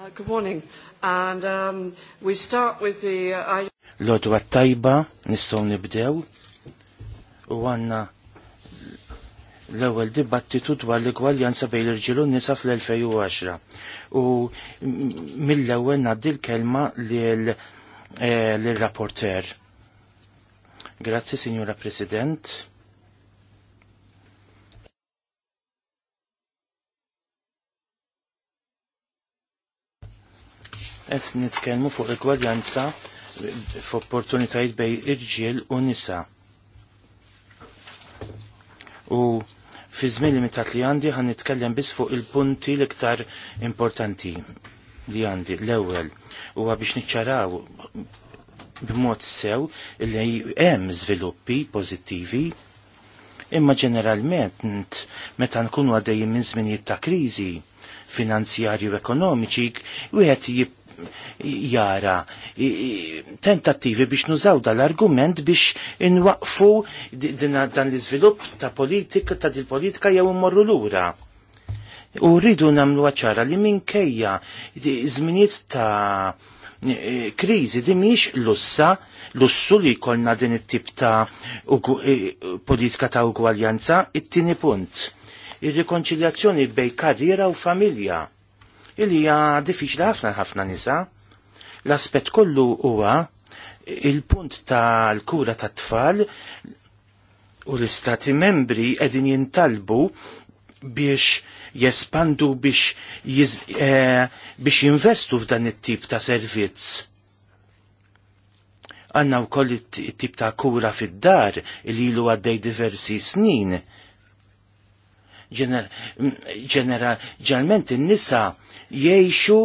Uh, good morning. And um, we start with the... Uh, L-odwa tajba, nissaw nibdew, u għanna l-ewwel dibattitu dwar l-igwaljanza bejn l-irġiel nisa fl-2010. U mill-ewwel ngħaddi l-kelma l eh, rapporter Grazzi, Signora President. qed nitkellmu fuq il-gwaljanza f'opportunitajiet bej irġiel u nisa. U fi żmien limitat li għandi ħan nitkellem biss fuq il-punti l-iktar importanti li għandi l-ewwel huwa biex niċċaraw b'mod sew li hemm żviluppi pożittivi imma ġeneralment meta nkunu għaddejjin minn żminijiet ta' kriżi finanzjarju ekonomiċi wieħed jara tentattivi biex nużaw dal-argument biex inwaqfu dan l-iżvilupp ta' politika ta' dil-politika jew immorru lura. U rridu namlu ċara li minkejja żminijiet ta' e, krizi di miex lussa, lussu li kolna din it-tip ta' e, politika ta' ugwaljanza, it-tini punt. Ir-rikonċiljazzjoni bej karriera u familja il-hija diffiċli ħafna ħafna nisa. l aspet kollu huwa il-punt tal-kura tat-tfal u l-istati membri edin jintalbu biex jespandu biex, jiz, eh, biex jinvestu f'dan it-tip ta' servizz. Għanna u koll it-tip ta' kura fid-dar il ilu għaddej diversi snin ġeneralment in-nisa jgħixu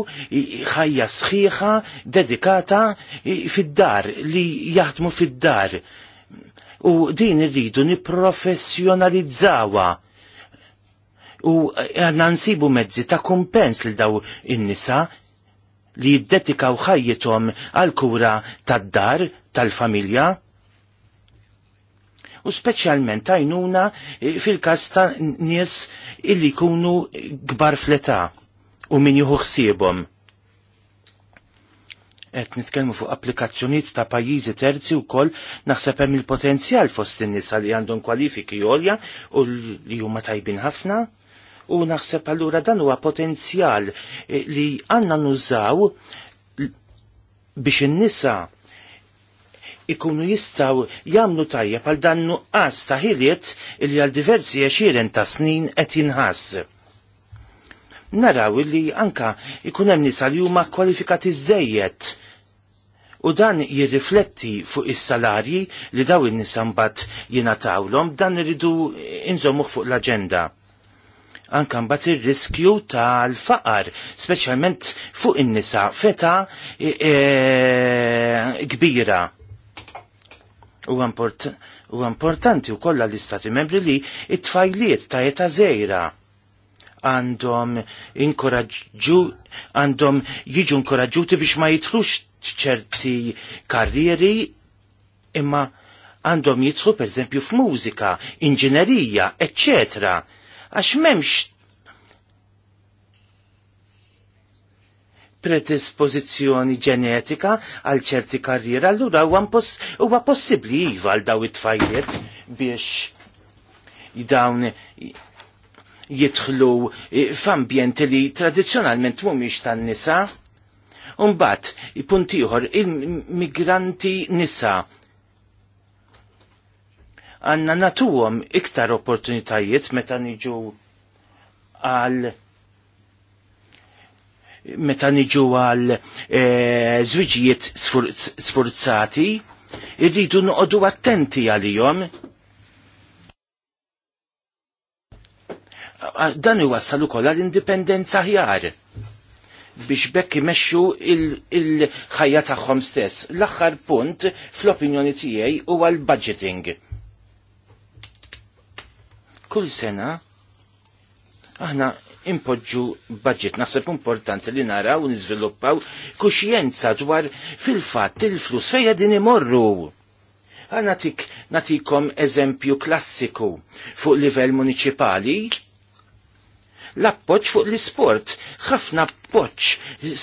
ħajja sħiħa dedikata fid-dar li jaħdmu fid-dar. U din irridu niprofessjonalizzawa. u eh, għanna nsibu mezzi ta' kumpens li daw in-nisa li jiddetikaw ħajjithom għal kura tad-dar tal-familja u speċjalment tajnuna eh, fil-kas ta' nies illi jkunu gbar fleta u min juhu xsibom. Et nitkelmu fuq applikazzjoniet ta' pajjiżi terzi u koll naħseb hemm il-potenzjal fost in nisa li għandhom kwalifiki għolja u li huma tajbin ħafna u naħseb allura dan huwa potenzjal eh, li għandna nużaw biex in-nisa ikunu jistaw jamlu tajja pal dannu qas ta' ħiliet illi għal diversi jaxiren ta' snin qed jinħass. Naraw illi anka ikun hemm nisa li huma kwalifikati żejjed u dan jirrifletti fuq is-salarji li daw in-nisa mbagħad jingħatawhom, dan iridu inżommuh fuq l-aġenda anka mbagħad ir-riskju tal-faqar, speċjalment fuq in-nisa feta e, e, kbira. U importanti u kolla l-istati membri li it-tfajliet ta' eta zejra għandhom inkoraġġu għandhom jiġu inkoraġġuti biex ma jitħlux ċerti karrieri imma għandhom jitħlu per f'mużika, inġinerija, eccetera. Għax memx predispożizzjoni ġenetika għal ċerti karriera, allura huwa possibbli iva għal daw it-tfajliet biex dawn jitħlu f'ambjenti li tradizzjonalment mhumiex tan-nisa. Umbat, punti uħor, il-migranti nisa għanna natuwom iktar opportunitajiet meta niġu għal meta niġu għal e, zwiġijiet sforzati, irridu noqogħdu attenti għalihom. Dan iwassal ukoll l indipendenza ħjar biex bekk imexxu il-ħajja il tagħhom stess. L-aħħar punt fl-opinjoni tiegħi huwa l-budgeting. Kull sena aħna impoġġu budget. Naħseb importanti li naraw u niżviluppaw kuxjenza dwar fil-fatt il-flus fejja din imorru. Għanatik natikom eżempju klassiku fuq livell municipali l-appoċ fuq l-sport. ħafna appoċ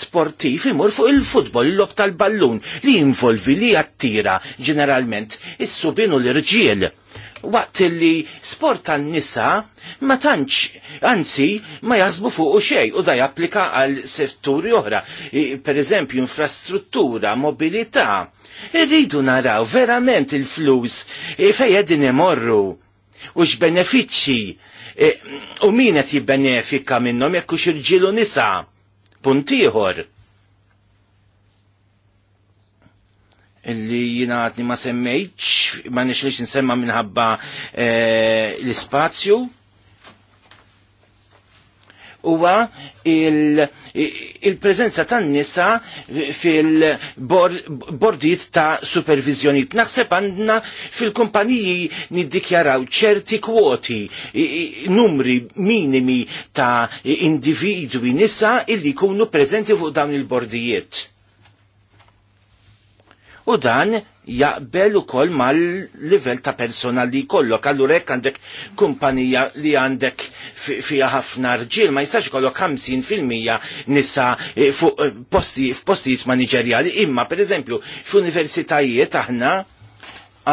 sportiv imur fuq il-futbol, l-lob tal-ballun, li involvi li attira ġeneralment is-subinu l-irġiel waqt li sport tan nisa ma tantx, anzi, ma jaħsbu fuq u xej u da japplika għal setturi oħra, per eżempju infrastruttura, mobilità. Irridu naraw verament il-flus e fejja din imorru u x'benefiċċji e, u min qed jibbenefika minnhom jekk hux irġilu nisa. Puntiħor. li jina għadni ma semmejċ, ma nixlix nsemma minħabba e, l-spazju. Uwa il-prezenza il tan nisa fil-bordijiet -bord ta' supervizjoni. Naħseb għandna fil-kumpaniji niddikjaraw ċerti kwoti, numri minimi ta' individwi nisa illi kunu prezenti fuq dawn il-bordijiet u dan jaqbel ukoll mal-livell ta' persona li kollok. Allura jekk għandek kumpanija li għandek fija ħafna rġiel ma jistax kollok 50% nisa eh, eh, f'postijiet maniġerjali, imma pereżempju f'universitajiet aħna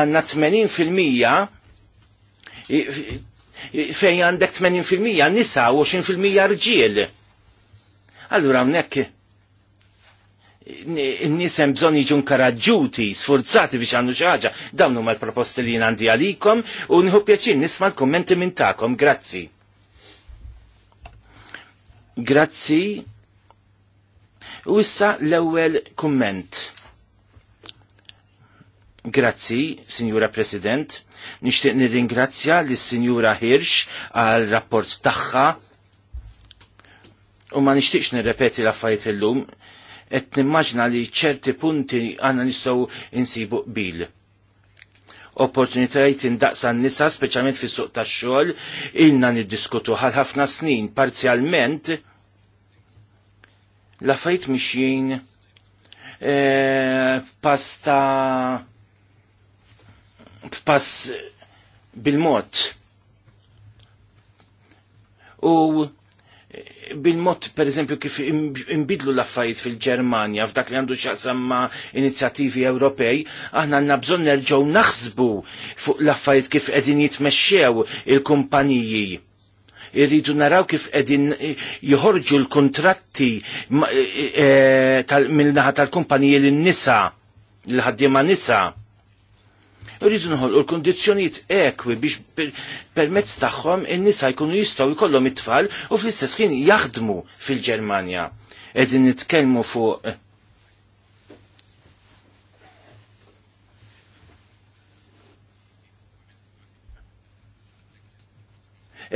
għandna 80% eh, fejn għandek 80% nisa u 20% rġiel. Allura hawnhekk n-nies hemm bżonn jiġu nkaraġġuti, sforzati biex għandu xi ħaġa. Dawn huma l-proposti li għandi għalikom u nħu pjaċir nisma' l-kummenti minn tagħkom. Grazzi. Grazzi. U issa l-ewwel kumment. Grazzi, Sinjura President. Nixtieq nirringrazzja lis sinjura Hirsch għal rapport tagħha u ma nixtieqx nirrepeti l-affarijiet illum qed nimmaġna li ċerti punti għanna nistgħu insibu bil. opportunitajiet indaqsa n-nisa, speċjalment fis suq tax-xogħol, ilna niddiskutu għal ħafna snin parzjalment la fajt mixin e, pasta pas bil-mod. U bil-mod per eżempju kif imbidlu l-affarijiet fil-Ġermanja f'dak li għandu xaqsam ma' inizjattivi Ewropej, aħna għanna bżonn nerġgħu naħsbu fuq l-affarijiet kif qegħdin jitmexxew il-kumpaniji. Irridu naraw kif edin joħorġu l-kontratti e, e, mill-naħa tal-kumpaniji lin-nisa l-ħaddiema nisa. Rridu u l kondizjoniet ekwi biex permezz tagħhom in-nisa jkunu jistgħu jkollhom it-tfal u fl-istess ħin jaħdmu fil-Ġermanja. Qegħdin nitkellmu fuq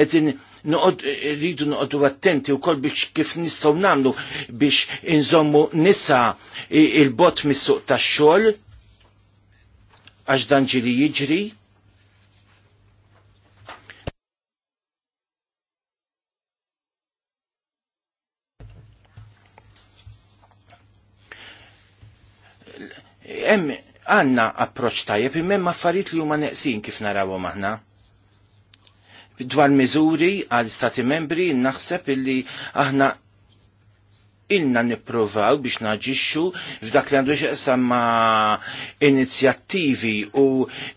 Edin eh, noqod rridu noqodu attenti u koll biex kif nistaw namlu biex inżommu nisa il-bot mis-suq tax xogħol għax dan ġili jiġri hemm għanna approċ tajjeb imma affarijiet li huma neqsin kif narawhom aħna. Dwar miżuri għal stati membri naħseb illi aħna ilna niprovaw biex naġixxu f'dak li għandu samma inizjattivi u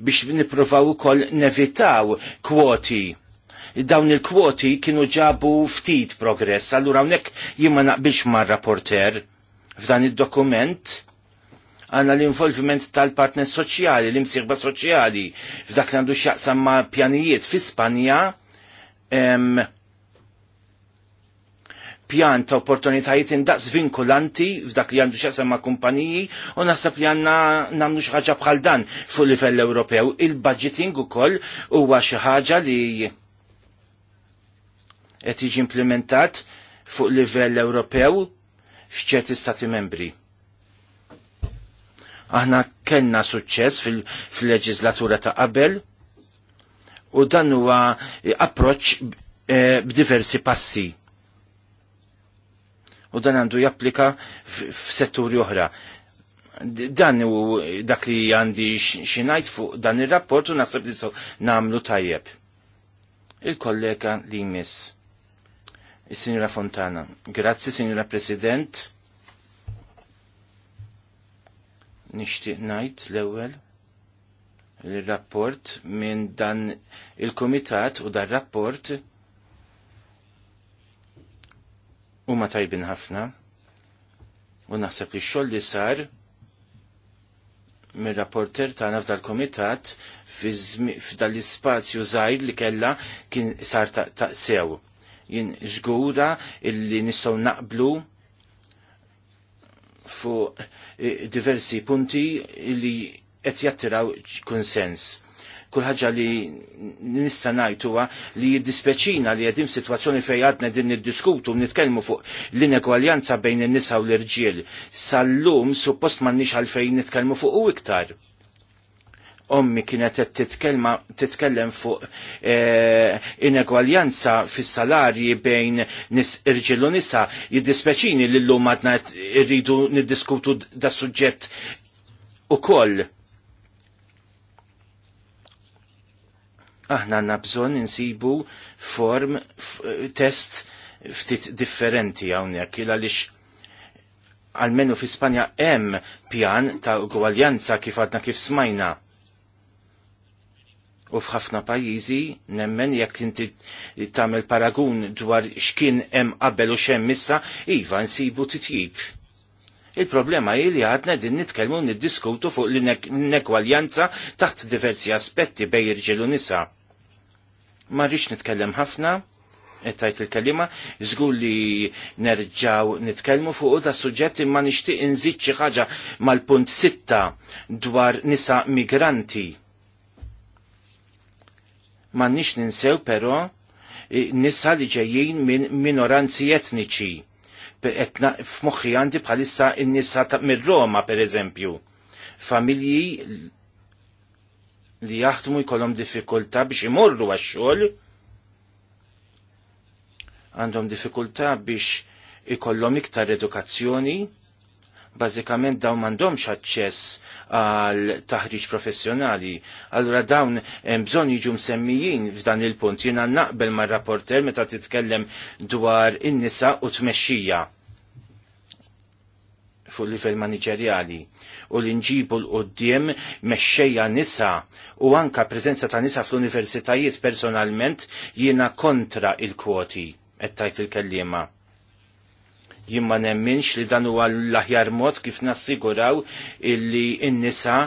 biex u ukoll nevitaw kwoti. Dawn il-kwoti kienu ġabu ftit progress, allura hawnhekk jien ma naqbilx mar-rapporter f'dan id-dokument għanna l-involviment tal-partner soċjali, l-imsirba soċjali, f'dak li għandu jaqsam ma' pjanijiet fi Spanja, pjan ta' opportunitajiet indaqs vinkulanti f'dak li għandu xasem ma' kumpaniji u nasab li għanna namlu xaħġa bħal dan fuq livell Ewropew. Il-budgeting u koll huwa xi ħaġa li qed jiġi implementat fuq livell Ewropew f'ċerti stati membri. Aħna kellna suċċess fil-leġislatura ta' qabel u dan huwa approċċ eh, b'diversi passi u dan għandu japplika f'setturi oħra. Dan u dak li għandi xinajt fuq dan il-rapport u nasib li so namlu tajjeb. Il-kollega li jmiss. Il-Sinjura Fontana. Grazzi, Sinjura President. Nishtiq najt l-ewel il-rapport minn dan il-komitat u dan rapport huma tajbin ħafna u naħseb li x li sar mir-rapporter tagħna l komitat f'dal ispazju żgħir li kellha kien sar ta' sew. Jien żgura illi nistgħu naqblu fuq eh, diversi punti li qed jattiraw konsens kulħaġa li nista' ngħid li jiddispeċina li jadim situazzjoni fejn għadna din niddiskutu u nitkellmu fuq l-inegwaljanza bejn in-nisa u l-irġiel. Sallum suppost m'għandniex għalfejn nitkellmu fuq u iktar. Ommi kienet qed titkellma titkellem fuq e, inegwaljanza fis-salarji bejn nis irġiel u nisa jiddispeċini li llum għadna rridu niddiskutu da' suġġett ukoll Aħna għanna bżon insibu form test ftit differenti għawnek, il lix għalmenu fi Spanja hemm pjan ta' gwaljanza kif għadna kif smajna. U f'ħafna pajjiżi nemmen jekk inti tagħmel paragun dwar x'kien hemm qabel u x'hemm issa, iva nsibu titjib. Il-problema hi li għadna din nitkellmu niddiskutu fuq l-inegwaljanza taħt diversi aspetti bej irġilu nisa ma rridx nitkellem ħafna, tajt il kellima żgur li nerġaw nitkellmu fuq da suġġetti ma nixtieq inżid xi ħaġa mal-punt sitta dwar nisa migranti. Ma nix ninsew però eh, nisa li ġejjin minn minoranzi etniċi. F'moħħi għandi bħalissa n-nisa ta' mir-Roma per eżempju. Familji li jaħdmu jkollhom diffikultà biex imorru għax-xogħol għandhom diffikultà biex ikollhom iktar edukazzjoni bażikament dawn m'għandhomx aċċess għal taħriġ professjonali. Allura dawn hemm bżonn jiġu msemmijin f'dan il-punt. Jiena naqbel mar-rapporter meta titkellem dwar in-nisa u tmexxija fuq livell maniġerjali u li nġibu l-qoddim mexxejja nisa u anka preżenza ta' nisa fl-universitajiet personalment jiena kontra il-kwoti qed tajt il-kellima. Jien ma nemminx li dan huwa l-aħjar mod kif nassiguraw illi n-nisa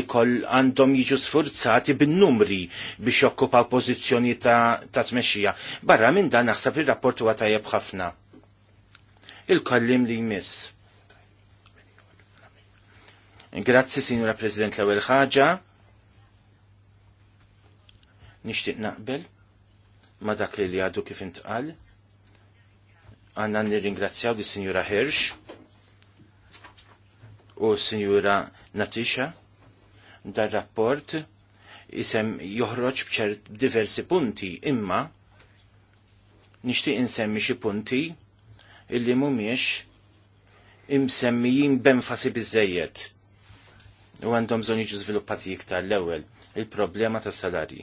ikoll għandhom jiġu sfurzati bin-numri biex jokkupaw pożizzjoni ta', ta tmexxija. Barra minn dan naħseb li rapport huwa tajjeb ħafna. Il-kollim li jmiss Grazzi, Sinjura President, l-ewwel ħaġa. Nixtieq naqbel ma dak li għadu kif intqal. Għanna nirringrazzjaw di Signora Hirsch u Sinjura Natisha dar rapport isem joħroġ bċert diversi punti imma nixtieq insemmi xi punti illi mhumiex imsemmijin b'enfasi biżejjed u għandhom bżonn jiġu żviluppati iktar l-ewwel il-problema tas salarji.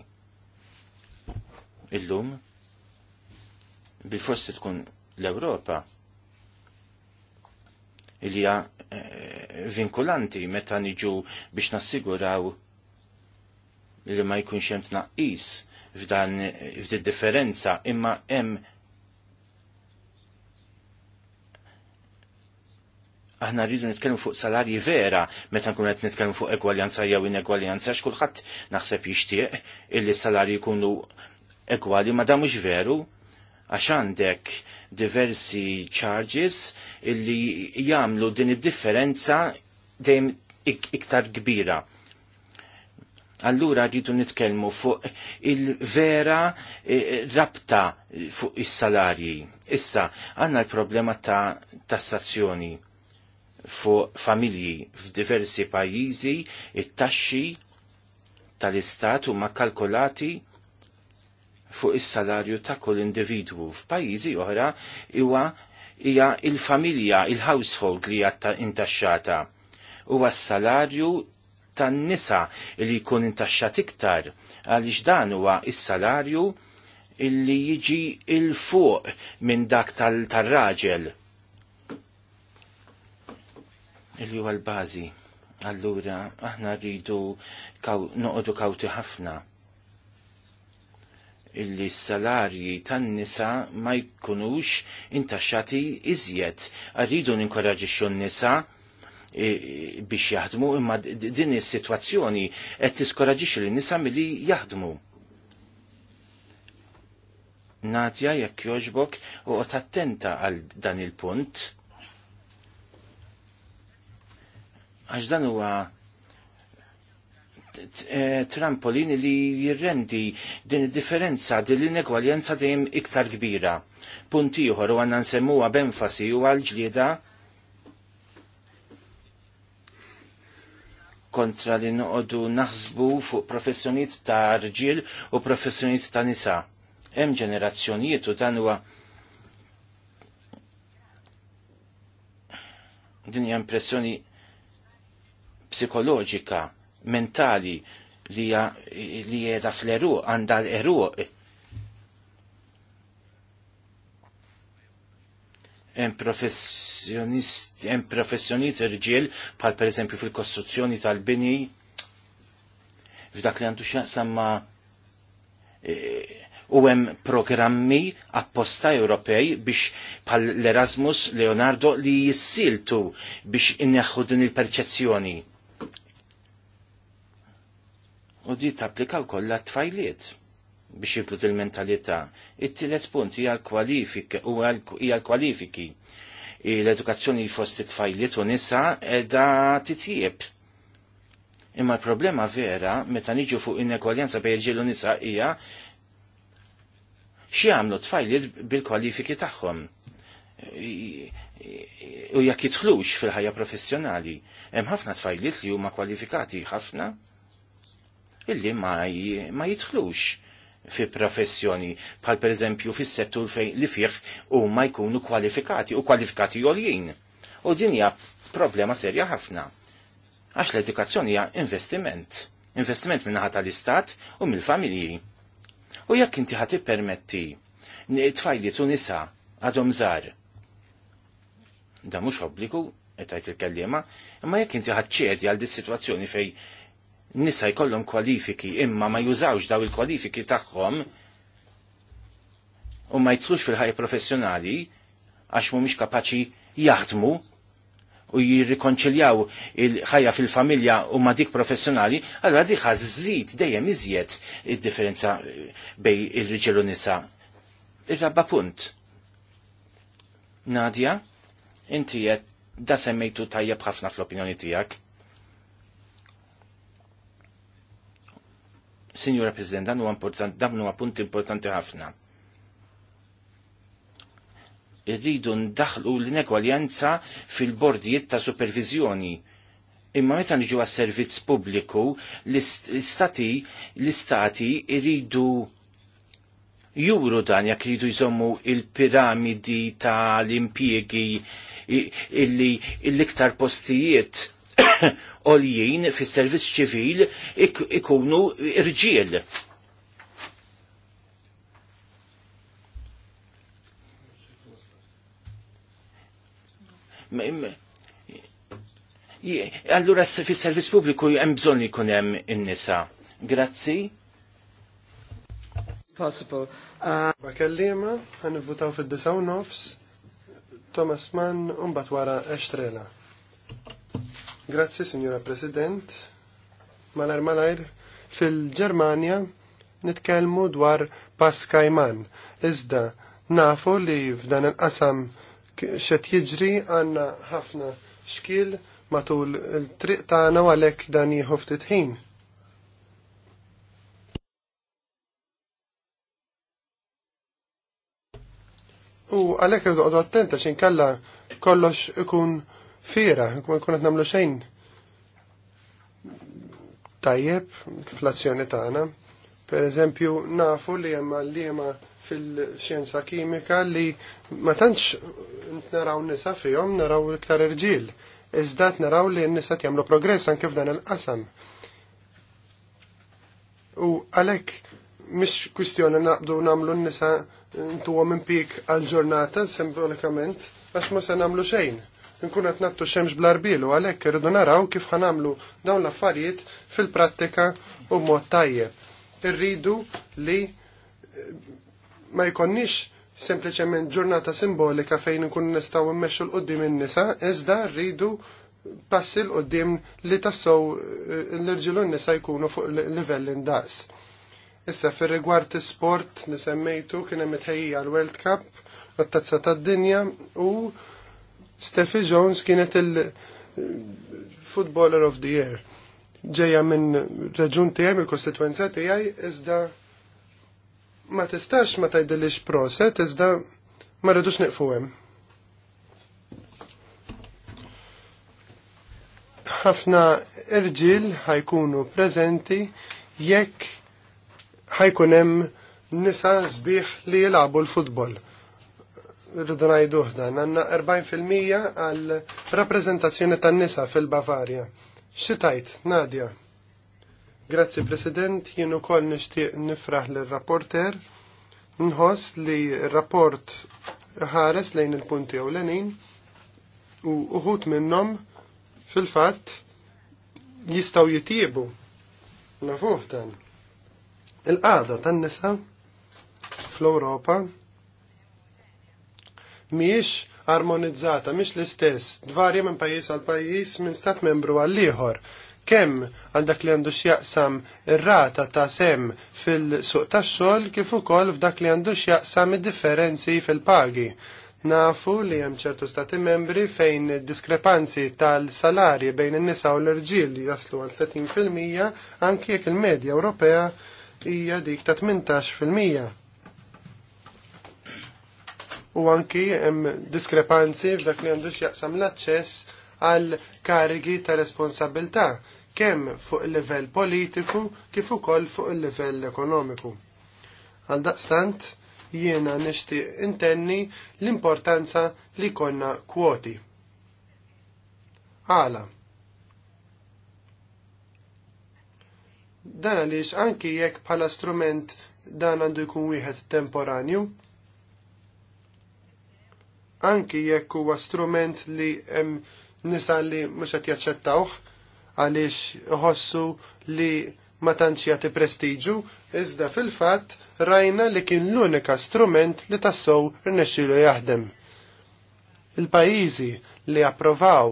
Illum bil-forsi tkun l-Ewropa il hija eh, vinkulanti meta niġu biex nassiguraw li ma jkunx hemm tnaqqis f'dan eh, f'din differenza imma hemm aħna rridu nitkellmu fuq salarji vera meta nkunu qed nitkellmu fuq egwaljanza jew inegwaljanza għax kulħadd naħseb jixtieq illi salarji jkunu egwali ma mhux veru għax għandek diversi charges illi jagħmlu din id-differenza dejjem iktar kbira. Allura rridu nitkellmu fuq il-vera e, e, rabta fuq is-salarji. Issa, għanna l-problema ta' tassazzjoni fuq familji f'diversi pajjiżi, it-taxxi tal-istat huma kalkolati fuq is-salarju ta' kull individwu. F'pajjiżi oħra huwa hija il-familja, il-household li hija intaxxata. Huwa s-salarju tan-nisa li jkun intaxxat iktar għaliex dan huwa is-salarju illi jiġi il-fuq minn dak tal-raġel. Tal li huwa l-bażi. Allura aħna rridu noqogħdu kawti ħafna illi s-salarji tan-nisa ma jkunux intaxxati iżjed. Rridu ninkoraġixxu n-nisa e, biex jaħdmu imma din is-sitwazzjoni qed tiskoraġixxi lin-nisa milli jaħdmu. Nadja jekk joġbok u attenta għal dan il-punt għax dan huwa eh, trampolin li jirrendi din id-differenza, din l inegwaljenza dejjem iktar kbira. Punt ieħor u għandna nsemmuha b'enfasi u għal-ġlieda kontra li noqogħdu naħsbu fuq professjonijiet ta' rġiel u professjonijiet ta' nisa. Hemm ġenerazzjonijiet u dan huwa din hija impressjoni psikoloġika, mentali li jeda fl-eru, għanda l-eru. Hemm rġil, irġiel bħal pereżempju fil-kostruzzjoni tal-bini f'dak li għandu x'jaqsam e, u hemm programmi apposta Ewropej biex pal l-Erasmus Leonardo li jissiltu biex inneħħu din il-perċezzjoni u di tapplika wkoll t tfajliet biex jiblu il-mentalità. It-tielet punt hija l-kwalifiki. L-edukazzjoni fost t tfajliet u nisa edha titjieb. Imma l-problema vera meta niġu fuq in bejn irġiel u nisa hija xi għamlu tfajliet bil-kwalifiki tagħhom u jekk jitħlux fil-ħajja professjonali, hemm ħafna tfajliet li huma kwalifikati ħafna illi ma jitħlux fi professjoni pal per eżempju fis settur li fih u ma jkunu kwalifikati u kwalifikati jolljien. U din hija problema serja ħafna. Għax l-edukazzjoni hija investiment. Investiment minnaħa tal-istat u mill-familji. U jekk inti ħati permetti tfajli tu nisa għadhom żar. Da mhux obbligu, qed tgħid il-kellima, imma jekk inti ħaċċedi għal dis-sitwazzjoni fej nisa jkollhom kwalifiki imma ma jużawx daw il-kwalifiki tagħhom u ma jitlux fil-ħajja professjonali għax mhumiex kapaċi jaħdmu u jirrikonċiljaw il-ħajja fil-familja u ma dik professjonali, allora dik żżid dejjem iżjed id-differenza bej ir-riġel u nisa. Ir-rabba punt. Nadja, inti qed da semmejtu tajjeb ħafna fl-opinjoni tiegħek Signora President, dan huwa important, dan huwa punt importanti ħafna. Irridu ndaħlu l-inegwaljanza fil-bordijiet ta' supervizjoni. Imma meta niġu għas-servizz pubbliku, l-istati l-istati irridu juru dan jak ridu jżommu il-piramidi tal impiegi illi l-iktar postijiet oljien fis-servizz ċivil ikunu irġiel. Allura fis-servizz pubbliku hemm bżonn ikun hemm in-nisa. Grazzi. Possible. Ma kellima, għan votaw fil-disaw Thomas Mann, un-bat wara eċtrela. Grazzi, Signora President. Malar malajr, fil-Germania nitkelmu dwar Paskajman. Iżda, nafu li f'dan il-qasam xet jiġri għanna ħafna xkil matul il-triq tagħna għalhekk dan jieħu ftit ħin. U għalhekk irdu attenta x'inkalla kollox ikun fiera, ma jkun qed nagħmlu xejn tajjeb fl-azzjoni tagħna. Per eżempju, nafu li hemm jemma fil-xjenza kimika li ma tantx naraw nisa fihom, naraw iktar irġiel. Iżda naraw li n-nisa jagħmlu progress anke f'dan il-qasam. U għalhekk mish kwistjoni naqdu namlu n-nisa intu impik għal-ġurnata, simbolikament, għax ma se namlu xejn nkun qed nattu xemx bl-arbilu għalhekk irridu naraw kif ħanamlu dawn l-affarijiet fil-prattika u mod tajjeb. Irridu li eh, ma jkonniex sempliċement ġurnata simbolika fejn nkun nistgħu mmexxu l-qudiem in-nisa, iżda rridu passi l qudiem li tassow eh, l-irġilu n-nisa jkunu fuq livell indaqs. Issa fir rigward sport nisemmejtu kien hemm itħejja l-World Cup u tazza tad-dinja u Steffi Jones kienet il-Footballer of the Year. Ġeja minn raġun tiegħi mill-kostituenza tiegħi iżda ma tistax ma tajdilix proset iżda ma rridux neqfuwem. hemm. Ħafna irġiel ħajkunu preżenti jekk ħajkunem hemm nisa sbieħ li jilagħbu l-futbol rridu ngħidu ħdan, għandna 40% għal rappreżentazzjoni tan-nisa fil-Bavarja. Xi tajt, Nadja? Grazzi President, jien ukoll nixtieq nifraħ lir-rapporter. Nħoss li r-rapport ħares lejn il-punti ewlenin u uħut minnhom fil-fatt jistaw jitiebu. Nafuħ dan. Il-qada tan-nisa fl-Ewropa miex armonizzata, miex l-istess, dvarja minn pajis għal pajis minn stat membru għal liħor. Kem għal dak li għandu x'jaqsam ir-rata ta' sem fil-suq tax-xogħol kif ukoll f'dak li għandu x'jaqsam id-differenzi fil-pagi. Nafu li hemm ċertu stati membri fejn diskrepanzi tal-salarji bejn in-nisa u l-irġiel jaslu għal 30% anki jekk il-medja Ewropea hija dik ta' 18% u anki hemm diskrepanzi f'dak li għandux jaqsam l-aċċess għal karigi ta' responsabilità kemm fuq il-livell politiku kif ukoll fuq il-livell ekonomiku. Għal daqstant jiena nixtieq intenni l-importanza li konna kwoti. Għala. Dan għaliex anki jekk bħala strument dan għandu jkun wieħed temporanju, anki jekk huwa strument li hemm nisa li mhux qed jaċċettawh għaliex ħossu li ma tantx jagħti prestiġu, iżda fil-fatt rajna li kien l-unika strument li tassow rnexxielu jaħdem. Il-pajjiżi li approvaw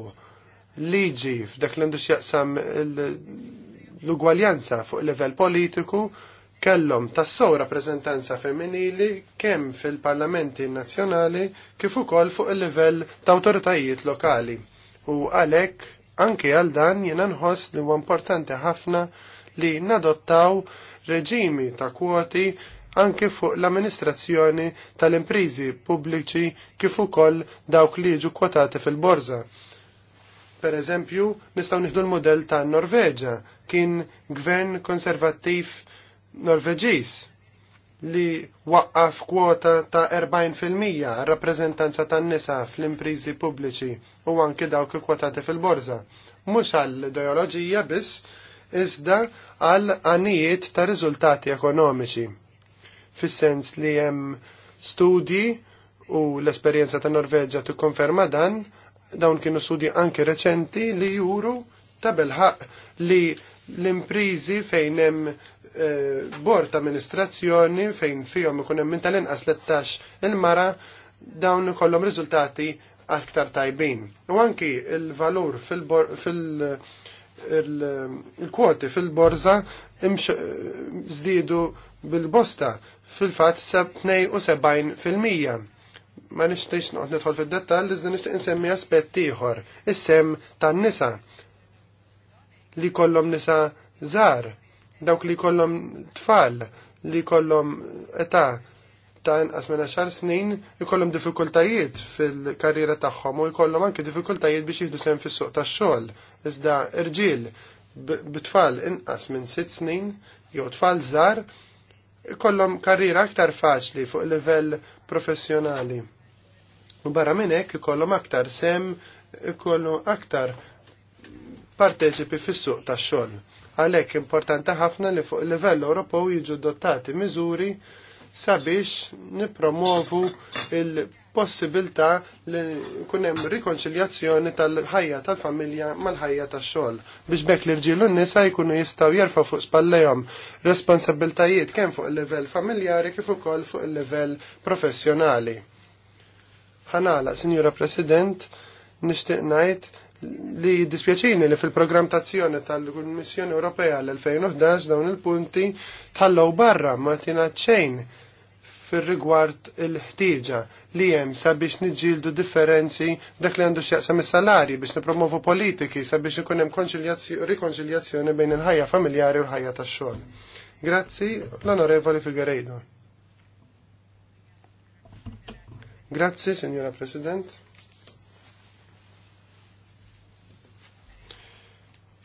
liġi f'dak l-indux jaqsam l-ugwaljanza fuq livell politiku kellhom tassaw rappresentanza femminili kemm fil-parlamenti nazzjonali kif ukoll fuq il-livell ta' awtoritajiet lokali. U għalhekk anke għal dan jiena nħoss li huwa importanti ħafna li nadottaw reġimi ta' kwoti anke fuq l-amministrazzjoni tal-imprizi pubbliċi kif ukoll dawk li jiġu kwotati fil-borża. Per eżempju, nistgħu nieħdu l-modell ta' Norveġa kien gvern konservattiv Norveġiż li waqqaf kwota ta' 40% rappreżentanza tan nisa fl-imprizi pubbliċi u anki dawk kwotati fil-borza. Mhux għall-ideoloġija biss, iżda għal għanijiet ta' riżultati ekonomiċi. Fis-sens li hemm studji u l-esperjenza ta' Norveġġa tikkonferma dan, dawn kienu studji anke reċenti li juru ta' belħaq li l-imprizi fejn hemm Eh, bord ta' amministrazzjoni fejn fihom ikun hemm minn tal-inqas 13 il-mara dawn ikollhom riżultati aktar tajbin. U anki il-valur fil-kwoti fil-borza zdidu bil-bosta fil-fat sab 72%. Ma nixtiex noqgħod nidħol fid-dettall iżda nixtieq insemmi aspett ieħor, is-sem tan-nisa li kollhom nisa żgħar dawk li kollom tfal li kollom età ta' inqas minn għaxar snin ikollhom diffikultajiet fil-karriera tagħhom u jkollhom anke diffikultajiet biex jieħdu sehem fis-suq tax-xogħol. Iżda irġiel b'tfal inqas minn sitt snin jew tfal żgħar ikollhom karriera aktar faċli fuq livell professjonali. U barra minn hekk ikollhom aktar sem ikollu aktar parteċipi fis-suq tax-xogħol Għalhekk importanti ħafna li fuq livell Ewropew jiġu dotati miżuri sabiex nipromovu il-possibilità li kun hemm rikonċiljazzjoni tal-ħajja tal-familja mal-ħajja tax-xogħol biex bekk l-irġiel u n-nisa jkunu jistgħu jerfgħu fuq spallejhom responsabiltajiet kemm fuq il-livell familjari kif ukoll fuq il-livell professjonali. Ħanala, Sinjura President, nixtieq ngħid li dispjaċini li fil-programm tazzjoni tal-Kummissjoni Ewropea l-2011 dawn il-punti tħallew barra ma tina ċejn fil-rigward il-ħtieġa li hemm sabiex niġġieldu differenzi dak li għandu x'jaqsam is-salarji biex nipromovu politiki sabiex ikun hemm rikonċiljazzjoni bejn il-ħajja familjari u l-ħajja tax-xogħol. Grazzi l-Onorevoli Figueiredo. Grazzi, Signora President.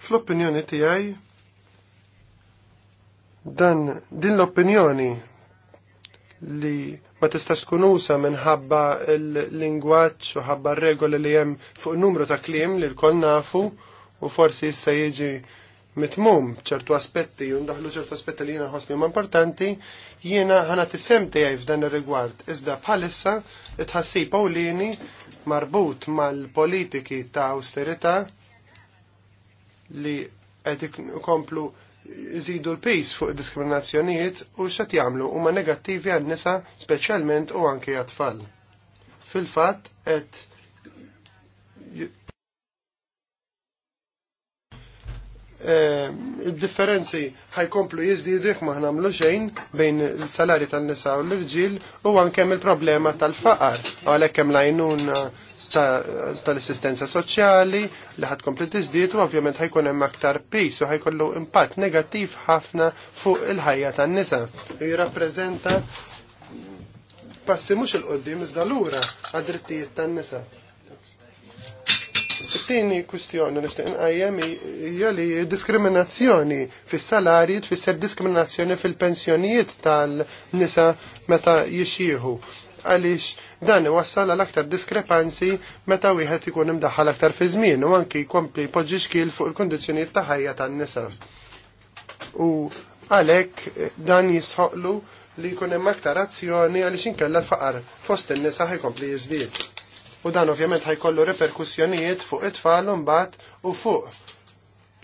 Fl-opinjoni tiegħi dan din l-opinjoni li ma tistax tkun usa minħabba l-lingwaġġ u ħabba regoli li hemm fuq numru ta' kliem li l-kol nafu u forsi issa jiġi mitmum ċertu aspetti u ndaħlu ċertu aspetti li jiena ħosni huma importanti, jiena ħana tisem tijaj f'dan ir-rigward. Iżda bħalissa itħassi Paulini marbut mal-politiki ta' austerità li qed komplu zidu l-pis fuq diskriminazzjonijiet u jamlu u huma negattivi għan-nisa speċjalment u anke għat-tfal. Fil-fatt qed ehm, il-differenzi ħajkomplu jizdidu ma ħnamlu xejn bejn il-salari tan-nisa u l-irġiel u anke il-problema tal-faqar għalhekk hemm lajnuna tal-assistenza soċjali li ħad kompli tiżdied u ovvjament ħajkun hemm aktar pis u ħajkollu impatt negattiv ħafna fuq il-ħajja tan-nisa. Jirrappreżenta passi mhux il-qoddim iżda lura għad-drittijiet tan-nisa. tieni kwistjoni stejn nqajjem hija li diskriminazzjoni fis-salarji tfisser diskriminazzjoni fil-pensjonijiet tal-nisa meta jixxieħu għaliex dan wassal għal aktar diskrepanzi meta wieħed ikun imdaħħal aktar fi żmien u anki jkompli jpoġġi xkil fuq il-kundizzjonijiet ta' ħajja tan-nisa. U għalhekk eh, dan jisħoqlu li jkun hemm aktar azzjoni għaliex inkella l-faqar fost in-nisa ħajkompli jiżdied. U dan ovvjament ħajkollu reperkussjonijiet fuq it-tfal mbagħad u fuq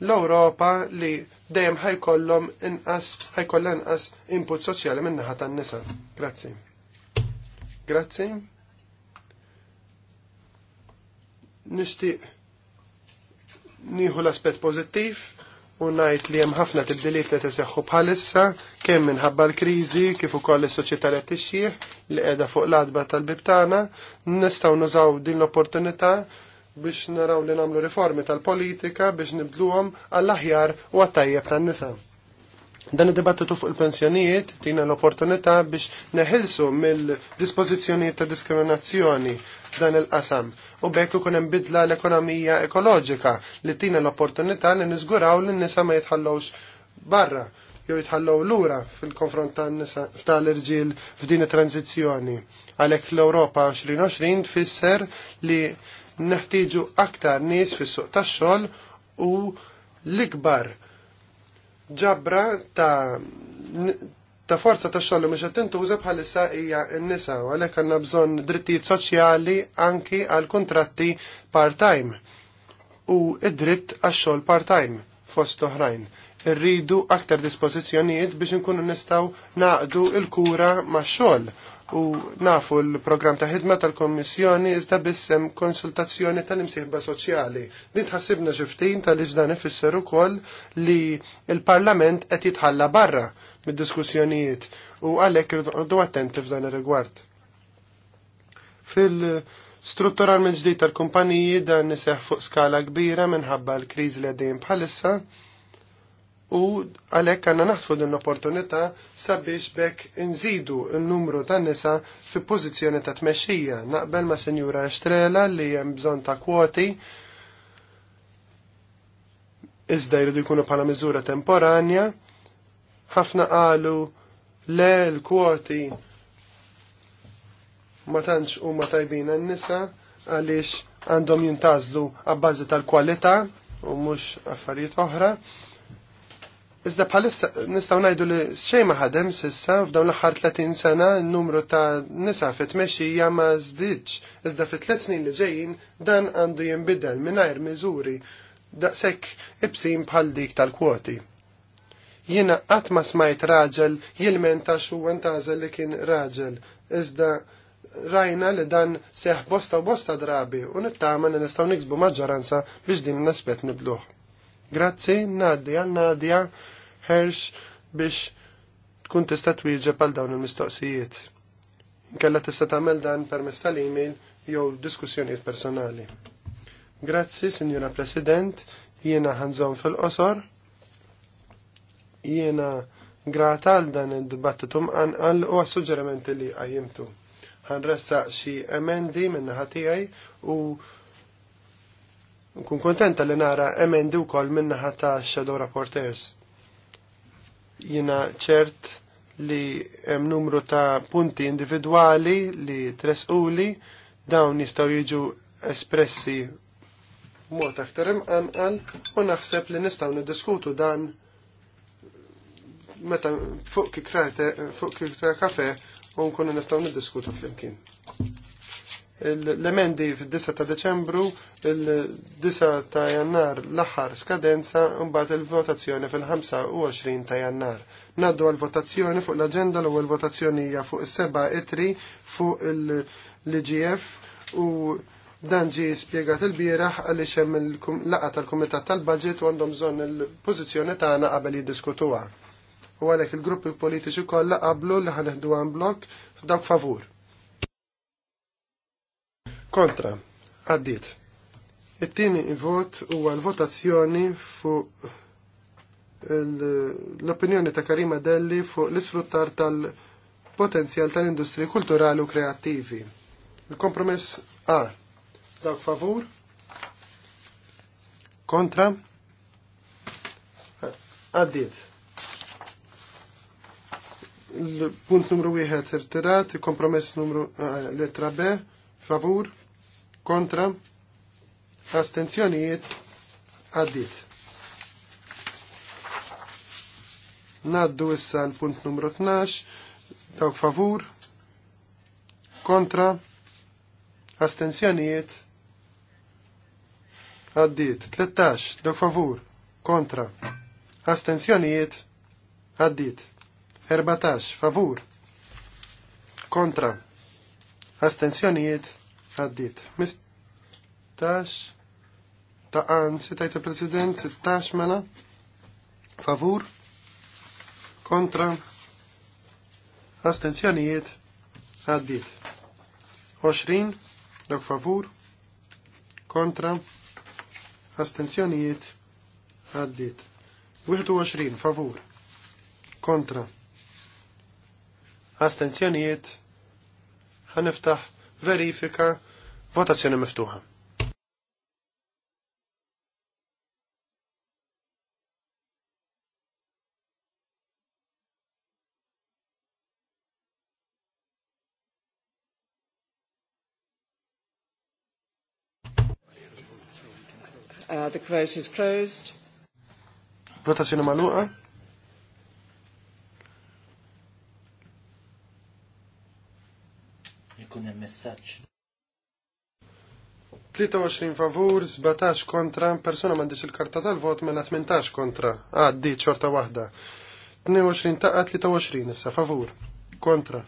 l-Ewropa li dejjem ħajkollhom inqas ħajkollha inqas input soċjali min-naħa tan-nisa. Grazzi. Grazzi. Nisti nieħu l-aspett pożittiv u ngħid li hemm ħafna tibdiliet li tiseħħu bħalissa kemm minħabba l-kriżi kif ukoll is-soċjetà li tixjih li qiegħda fuq l-adba tal-bibtana nistgħu nużaw din l-opportunità biex naraw li nagħmlu riformi tal-politika biex nibdluhom għall-aħjar u għat-tajjeb tan-nisa. Dan id-dibattitu fuq il-pensjonijiet tina l-opportunità biex neħilsu mill-dispożizzjonijiet ta' diskriminazzjoni dan il-qasam u bekk ikun hemm bidla l-ekonomija ekoloġika li tina l-opportunità li niżguraw li n-nisa ma jitħallowx barra jew jitħallow lura fil-konfront tan-nisa tal-irġiel f'din it-tranzizzjoni. Għalhekk l-Ewropa 2020 tfisser li neħtieġu aktar nies fis-suq tax-xogħol u l-ikbar ġabra ta' ta' forza ta' xogħol mhux qed tintuża bħalissa hija n-nisa u għalhekk għandna bżonn drittijiet soċjali anki għal kuntratti part-time u id-dritt għax xogħol part-time fost oħrajn. Irridu aktar dispożizzjonijiet biex inkunu nistgħu naqdu l-kura max xogħol u nafu l-programm ta' ħidma tal-Kommissjoni iżda bissem konsultazzjoni tal-imsieħba soċjali. Din tħassibna ġiftin tal-iġdan ifisser ukoll li l-Parlament qed jitħalla barra mid-diskussjonijiet u għalhekk irdu attenti f'dan ir-rigward. Fil-strutturalment ġdid tal-kumpaniji dan niseħ fuq skala kbira minħabba l-kriżi li għaddejjem bħalissa u għalhekk għandna naħtfu din l-opportunità sabiex bekk inżidu n-numru ta' nisa fi pożizzjoni ta' tmexxija naqbel ma' Sinjura Estrela li hemm bżonn ta' kwoti iżda jridu jkunu bħala miżura temporanja ħafna qalu le l-kwoti ma tantx huma tajbin għan-nisa għaliex għandhom jintazlu għabbażi tal-kwalità u mhux affarijiet oħra. Iżda bħalissa nistgħu ngħidu li xejn ma ħadem s'issa f'dawn l-aħħar 30 sena n-numru ta' nisa fit tmexxija ma żdidx iżda fit tliet snin li ġejjin dan għandu jinbidel mingħajr miżuri daqshekk ibsin bħal dik tal-kwoti. Jiena qatt ma smajt raġel jilmenta xu għantażel li kien raġel, iżda rajna li dan seħ bosta u bosta drabi u nittama li nistaw niksbu maġġoranza biex din l-aspet nibluħ. Grazzi, Nadja, Nadja, Hersh, biex tkun tista' twieġeb għal dawn il-mistoqsijiet. Inkella tista' tagħmel dan permezz tal-email jew diskussjonijiet personali. Grazzi, Sinjura President, jiena ħanżon fil-qosor. Jiena grata għal dan id-dibattitu mqanqal u għas-suġġerimenti li qajjimtu. Ħanressaq xi emendi minn naħa tiegħi u Nkun kontenta li nara emendi wkoll min-naħa ta' Shadow rapporters. Jiena ċert li hemm numru ta' punti individwali li tresquli dawn jistgħu jiġu espressi mod aktar imqanqal u naħseb li nistgħu niddiskutu dan meta fuq fuq kikra kafe u nkunu nistgħu niddiskutu flimkien l-emendi fil-10 ta' Deċembru, il-9 ta' Jannar l-aħħar skadenza mbagħad il-votazzjoni fil-25 ta' Jannar. Naddu għal-votazzjoni fuq l-aġenda l ewwel votazzjoni hija fuq is-seba' itri fuq l-IGF u dan ġi spjegat il-bieraħ għaliex hemm il-laqa tal-Kumitat tal-Budget u għandhom bżonn il-pożizzjoni tagħna qabel jiddiskutuha. U għalhekk il-gruppi politiċi kollha qablu li ħaneħdu għan blok f'dawk favur kontra, għaddit. It-tieni vot huwa l-votazzjoni fuq l-opinjoni ta' Karima Delli fuq l-isfruttar tal-potenzjal tal-industri kulturali u kreattivi. Il-kompromess A. Dawk favur? Kontra? Għaddit. Il-punt numru 1 irtirat, il-kompromess numru eh, letra B. Favur? kontra, astenzjonijiet, għaddit. Naddu issa l-punt numru 12, dawk favur, kontra, astenzjonijiet, għaddit. 13, dawk favur, kontra, astenzjonijiet, għaddit. 14, favur, kontra, astenzjonijiet, għaddit. Mistax, ta' anzi, tajt il-President, 16 mela, favur, kontra, astenzjonijiet, għaddit. 20, dok favur, kontra, astenzjonijiet, għaddit. 21, favur, kontra, astenzjonijiet, ħaniftaħ verifika, votazzjoni miftuħa. Uh, the quote is closed. Votazzjoni maluqa. jkun hemm messaġġ. 23 favur, 17 kontra, persona m'għandix il-karta tal-vot mela 18 kontra, għaddi ċorta waħda. 22 taqqa 23 issa favur, kontra.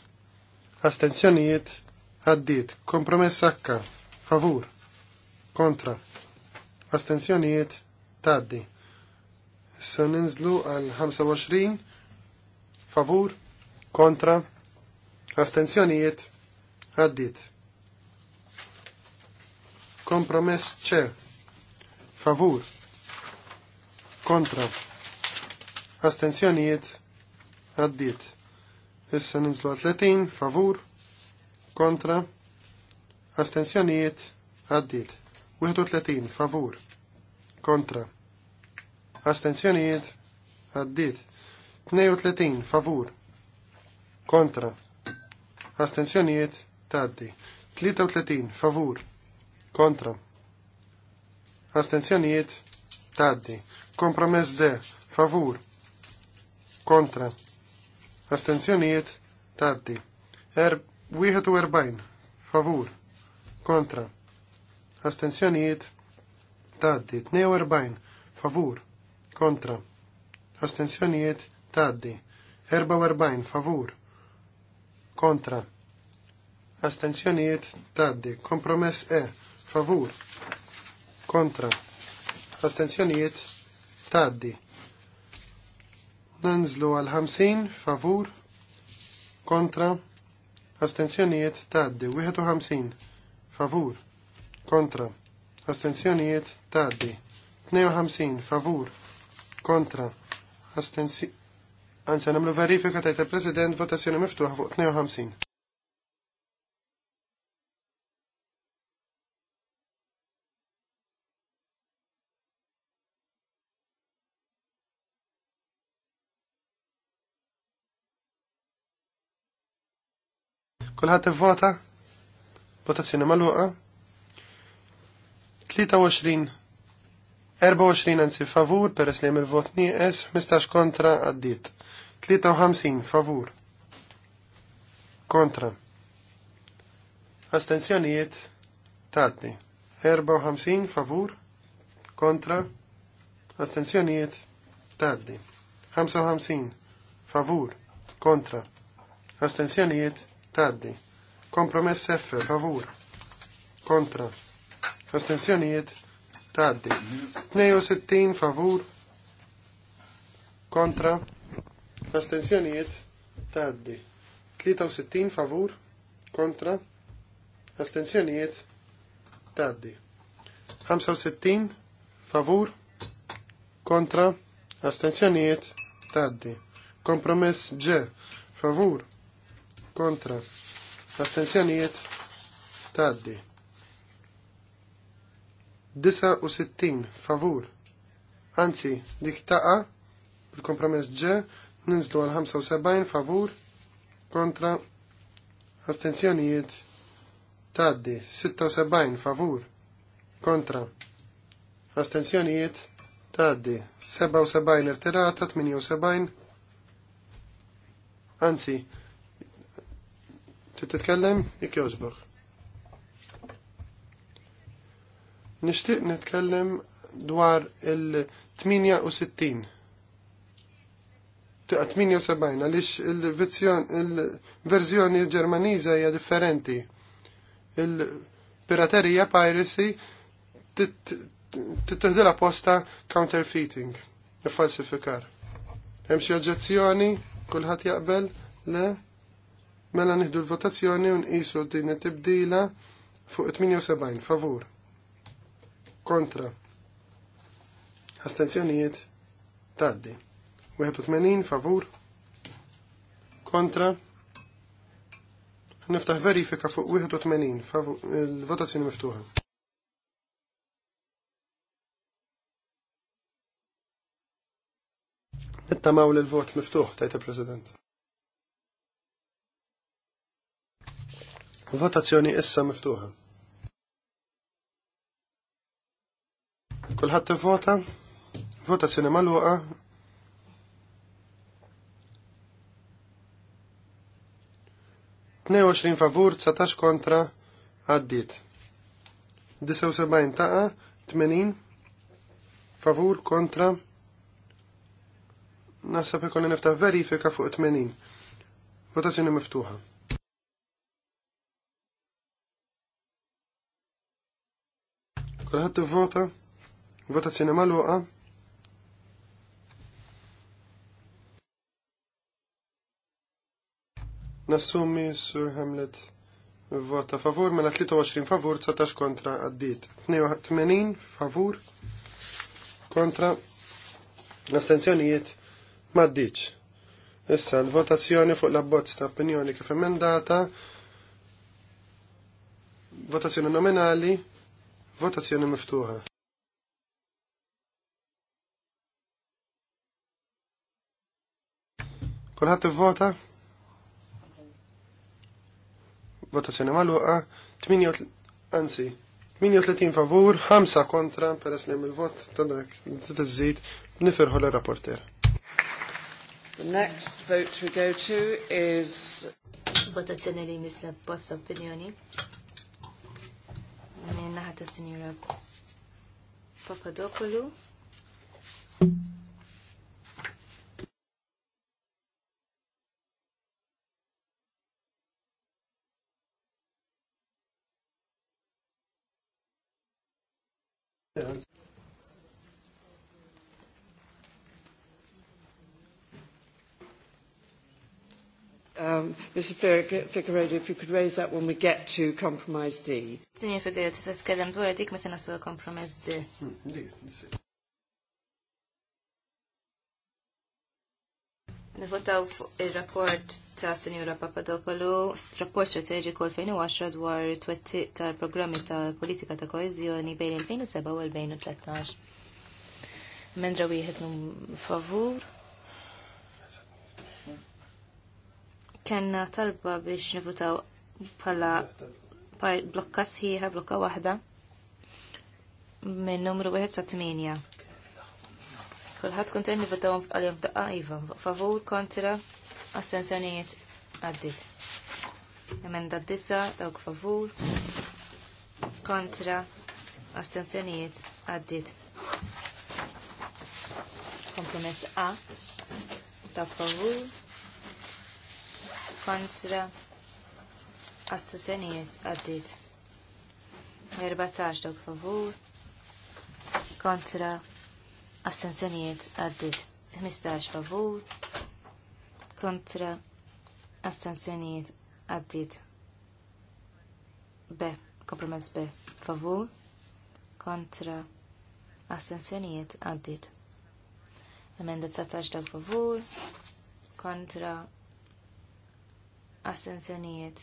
Astenzjonijiet, għaddit, kompromess akka, favur, kontra. Astenzjonijiet, taddi. Issa ninżlu għal 25, favur, kontra, astenzjonijiet, Għaddit. Kompromess ċe. Favur. Kontra. Astenzjonijiet. Għaddit. Issa ninslu 30. Favur. Kontra. Astenzjonijiet. Għaddit. 31. Favur. Kontra. Astenzjonijiet. Għaddit. 32. Favur. Kontra. Astenzjonijiet taddi. 33 favur kontra astenzjonijiet taddi. Kompromess de favur kontra astenzjonijiet taddi. Er 41 favur kontra astenzjonijiet taddi. 42 favur kontra astenzjonijiet taddi. 44 favur kontra Astenzjonijiet taddi. Kompromess E, favur, kontra, Astenzjonijiet taddi. Nanżlu għal 50, favur, kontra, astensjonijiet taddi. 51, favur, kontra, astensjonijiet taddi. 52, favur, kontra, astensjonijiet Anzi, namlu verifika tajt il-President votazzjoni miftuħa fuq 52. Kulħadd vota Votazzjoni magħluqa. 23 24 anzi favur peress li jemil vot nijes, 15 kontra għaddit. 53 favur. Kontra. Astenzjonijiet tatni. 54 favur. Kontra. Astenzjonijiet tatni. 55 favur. Kontra. Astenzjonijiet taddi. Kompromess F, favur, kontra, astenzjonijiet, taddi. 62 favur, kontra, astenzjonijiet, taddi. 63 favur, kontra, astenzjonijiet, taddi. 65 favur, kontra, astenzjonijiet, taddi. Kompromess G, favur, kontra astensjonijiet taddi. 69 favur. Anzi, dik taqa bil-kompromess ġe ninsdu għal 75 favur kontra astenzjonijiet. taddi. 76 favur kontra Astenzjonijiet. taddi. 77 irtirata 78 anzi titkellem, jek jozbok. Nishtiq nitkellem dwar il-68. 78, għalix il-verżjoni il ġermaniza hija differenti. Il-piraterija, piracy, titt-tuhdila posta counterfeiting, falsifikar. Hemm xi oġġezzjoni, kulħadd jaqbel, le, Mela nieħdu l-votazzjoni un nqisu din it-tibdila fuq 78 favur. Kontra. Astenzjonijiet taddi. 81 favur. Kontra. Niftaħ verifika fuq 81 favur il-votazzjoni miftuħa. Nittamaw l-vot miftuħ tajta president Votazzjoni issa miftuħa. Kulħadd ivvota? Votazzjoni magħluqa. Tnew 22 favur, tsatax kontra, għaddiet. 79 taqa, tmenin? favur kontra nasab ikolli niftaħ verifika fuq 80. Votazzjoni miftuħa. Kulħadd ivvota? Votazzjoni magħluqa? Nassumi Sur Hamlet vota favur mela 23 favur 19 kontra għaddiet. 82 favur kontra l-astenzjonijiet maddiċ. Issa l-votazzjoni fuq l-abbozz ta' opinjoni kif emendata votazzjoni nominali Votazzjoni miftuħa. Kulħadd ivvota? Votazzjoni magħluqa, 8 anzi, 38 favur, 5 kontra peress li il-vot ta' dak tiżżid nifirħu l-rapporter. The next vote we go to is votazzjoni li misla Boss Opinioni minnaħa ta' Papadopoulou. Mr. Figueredo, if you could raise that when we get to compromise D. Signor Figueredo, se tkellem dwar dik meta nasu compromise D. Mm, Nivotaw fuq il-rapport ta' Sinjura Papadopoulou, rapport strategiku 2010 dwar twetti tal-programmi tal-politika ta' koezjoni bejn il-2007 u l-2013. Mendra wieħed favur kena talba biex nifutaw pala blokka sħiħa, blokka wahda minn numru 1 sa 8. Kulħadd kont qed nivutawhom għalihom f'daqqa iva, favur kontra astensjonijiet għaddit. Emenda d-disa, dawk favur, kontra astensjonijiet għaddit. Kompromess A, dawk favur, kontra astazzjonijiet għaddit. 14 dok favur kontra astazzjonijiet għaddit. 15 favur kontra astazzjonijiet għaddit. B. Kompromess B. Favur kontra astazzjonijiet għaddit. Emenda 19 dawk favur kontra assenzjonijiet.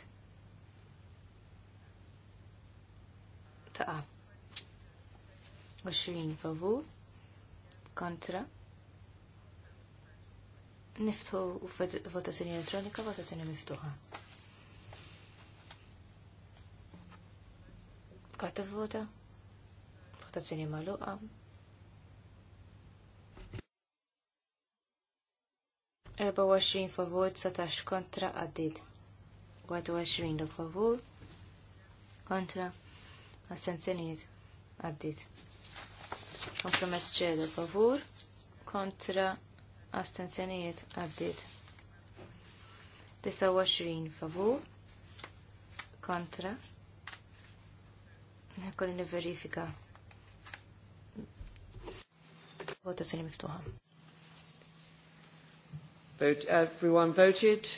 Taqa. 20 favur kontra. Niftu votazzjoni elettronika, votazzjoni miftuħa. Katta vota, votazzjoni maluqa. Erba' 24 favur, 19 kontra għaddit. 24 dak favur kontra assenzjoniet għaddit. Kompromess ċed ċedu favur kontra assenzjoniet għaddit. 29 favur kontra Nekkolli niverifika. Votazzjoni miftuħa. Vote, everyone voted.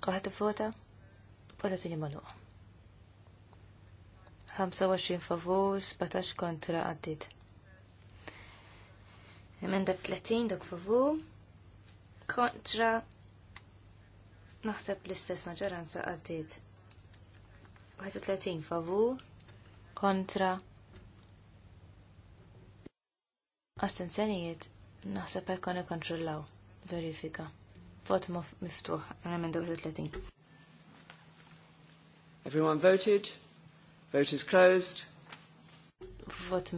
Go ahead to vote. Votazzjoni magħluqa. 25 favur, 17 kontra għaddit. Emenda 30 dok favur, kontra naħseb l-istess maġġoranza għaddit. 31 favur, kontra astenzjonijiet naħseb hekk kontrollaw verifika. Vot miftuħ għal emenda 30. Everyone voted? Vote is closed. Vot,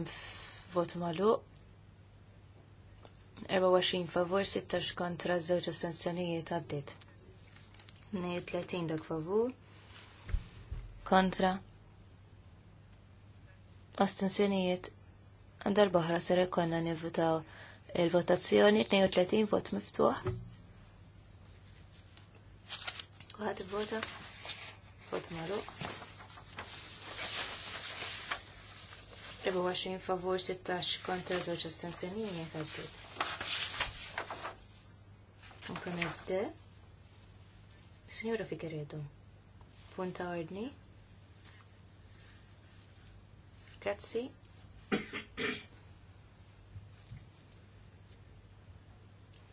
vot malu. washin favor, 16 kontra, żewġ astensjonijiet għaddit. tletin dak favor? Kontra. Astensjonijiet. Għandar baħra sere konna nivvutaw il-votazzjoni 32 vot miftuħ. Kuħat vota. Vot Ebu għaxin favor 16 kontra żewġ astenzjonijiet jitgħaddu. Kompromess D. Signora Figueredo. Punta ordni. Grazzi.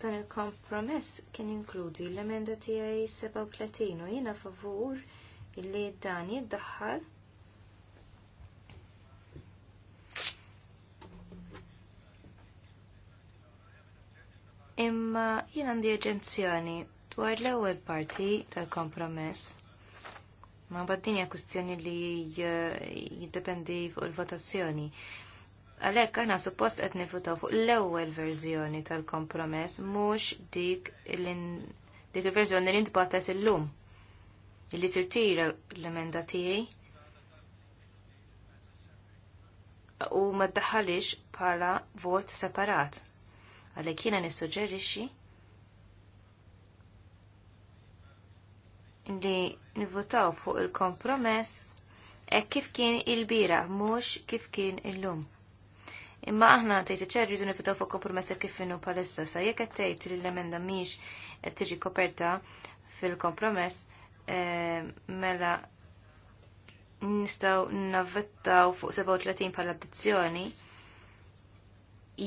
Dan il-kompromess kien inkludi l-emenda tiegħi 37 u jiena favur illi dan jiddaħħal Imma jien għandi eġenzjoni dwar l-ewwel parti tal-kompromess. Ma baddin hija kwistjoni li eh, jiddependi fuq il-votazzjoni. Għalhekk aħna suppost qed nifutaw fuq l-ewwel verżjoni tal-kompromess mhux dik il-verżjoni li ntbatet illum illi tirtira l-emenda tiegħi u ma ddaħħalix bħala vot separat. Għalhekk jiena nissuġġerixxi li nivvotaw fuq il-kompromess hekk kif kien il-bira mhux kif kien illum. Imma aħna tgħid iċerri jdu nifitaw fuq kompromess hekk kif innu palissa sa jekk qed tgħid li l-emenda mhix qed tiġi koperta fil-kompromess Eh, mela nistaw navvettaw fuq 37 pala addizzjoni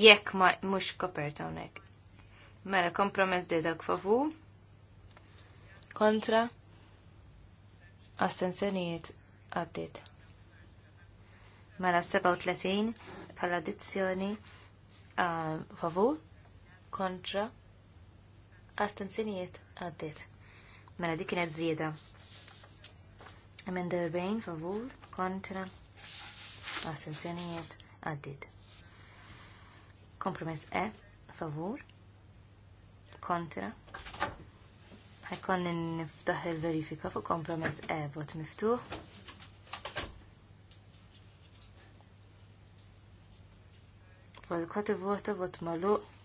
jekk ma mux koperta unek. Mela kompromess de dak favu kontra astenzjonijiet għaddit. Mela 37 pala addizzjoni eh, favu kontra astenzjonijiet għaddit. Mela dik kienet żieda. Emenda 40 favur kontra astenzjonijiet għaddit. Kompromess E favur kontra ħajkon niftaħ il-verifika fuq kompromess E vot miftuħ. Vot kati vota vot maluq.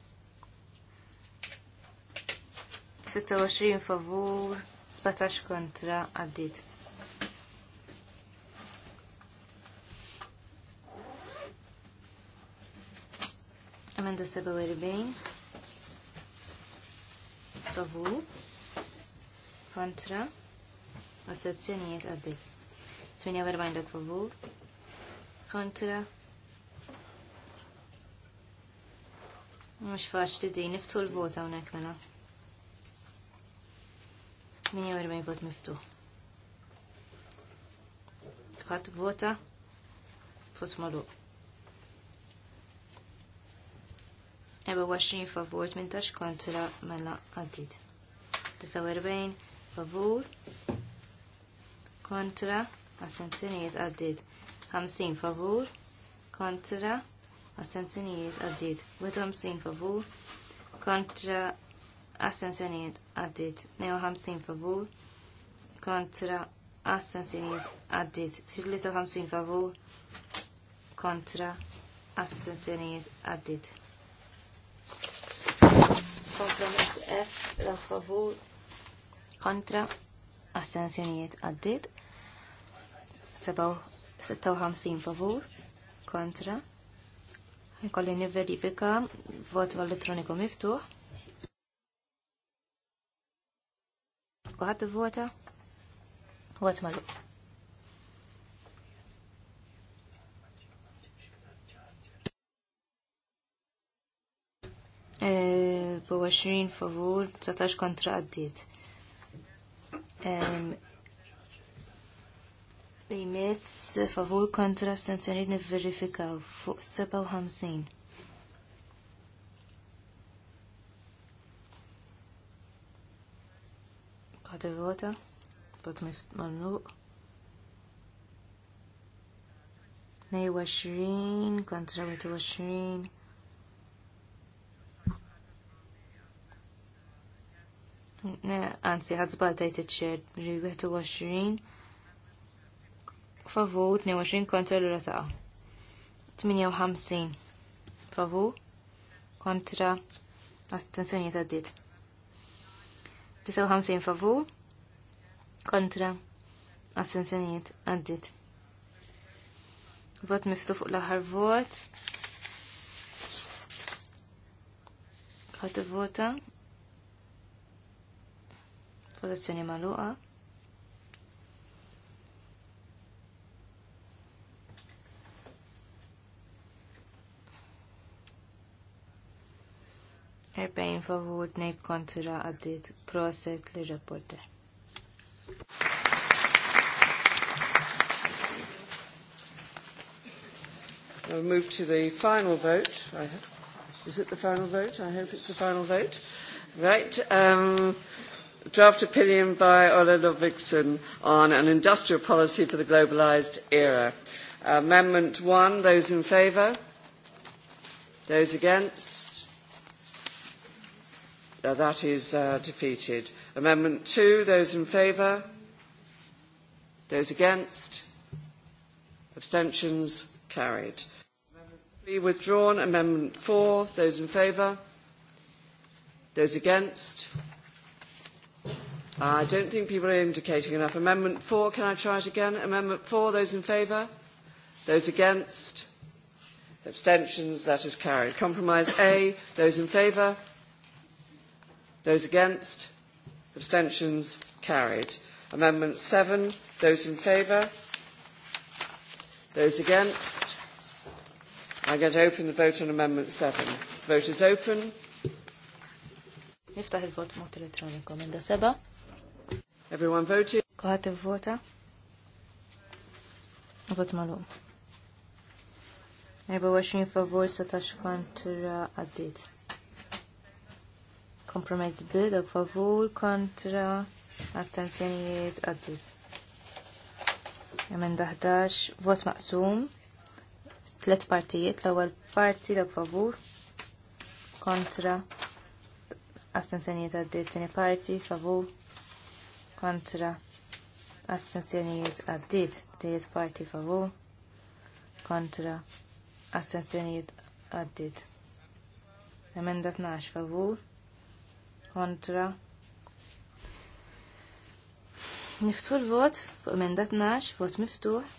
26 favur, 17 kontra għaddit. Amenda 47 favur, kontra għas għaddit. 48 dak favur, kontra Mux faċ li din, niftu l-vota unek mela. 48 vot miftuħ. Ħadd vota vot magħluq. Eba 20 favur, 18 kontra mela għaddit. 49 favur kontra assenzjonijiet għaddit. 50 favur kontra assenzjonijiet għaddit. 50 favur kontra astensjoniet għaddit 52 favur kontra astensjoniet għaddit 56 favur kontra astensjoniet għaddit. Kompromess F la favur kontra astensjoniet għaddit 56 favur kontra. Nkolli niverifika vot elettroniku miftuħ. Kuħat vota u għat malu. Eh, bu 20 favur, 19 kontra għaddit. Limits favur kontra stanzjoniet nivverifikaw fuq 57. Kulħadd ivvota. Vot magħluq. 22 kontra Ne, Anzi, ħadżbal tajt iċċer 21. Favur 22 kontra l-ura ta' 58. Favur kontra attenzjoni ta' dit. 59 favur kontra assenzjonijiet għaddit. Vot miftu fuq l-aħħar vot. Ħadd vota. Pozizjoni magħluqa. Erbejn favur, 2 kontra għaddit proset li rapporter. We'll move to the final vote. I, is it the final vote? I hope it's the final vote. Right. Um, draft opinion by Ola Ludvigsen on an industrial policy for the globalised era. Amendment one, those in favour? Those against? Uh, that is uh, defeated. Amendment 2, those in favour? Those against? Abstentions? Carried. Amendment 3 withdrawn. Amendment 4, those in favour? Those against? I don't think people are indicating enough. Amendment 4, can I try it again? Amendment 4, those in favour? Those against? Abstentions? That is carried. Compromise A, those in favour? Those against? Abstentions? Carried. Amendment 7. Those in favour? Those against? I'm going to open the vote on Amendment 7. The vote is open. Niftaħ il-vot mod elettroniku minn da seba. Everyone voted. Kuħat il-vota. Vot malum. 24 favor, 17 kontra għaddit. Kompromess B dawk favur kontra astensjonijiet għaddit. Jemen daħdax, vot maqsum, tlet partijiet, l-ewwel parti dawk favur kontra astensjonijiet għaddit, tieni parti favur kontra astensjonijiet għaddit, tini parti favur kontra astensjonijiet għaddit. Emenda 12 favur kontra. Niftu l-vot fuq emenda 12, vot miftuħ.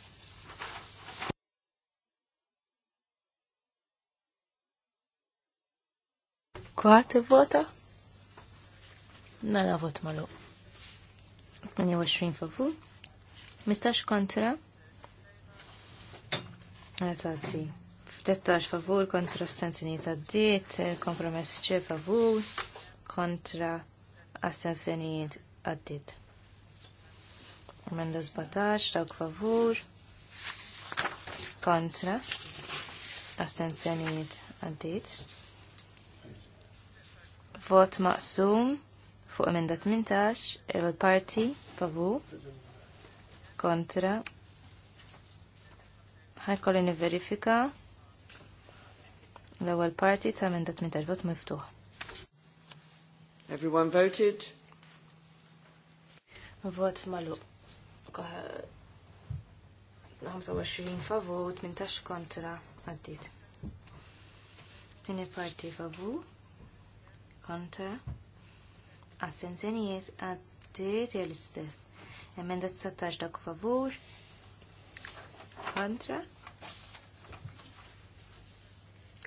Kwaħt vota Mela vot malu. 28 favur. Mistax kontra. Mela Għatati. 13 favur kontra stanzini ta' diet, kompromess ċe favur kontra astensjonijiet għaddit. Emenda 17 dawk favur kontra astensjonijiet għaddit. Vot maqsum fuq emenda 18 il parti pavu kontra ħajkolli niverifika l-ewwel parti ta' emenda 18 vot miftuħ. Everyone voted? Vot malu. 25 favur, 18 kontra, għaddit. Tini parti favur, kontra, assenzjonijiet għaddit jgħal istess. Emenda 19 dak favur, kontra,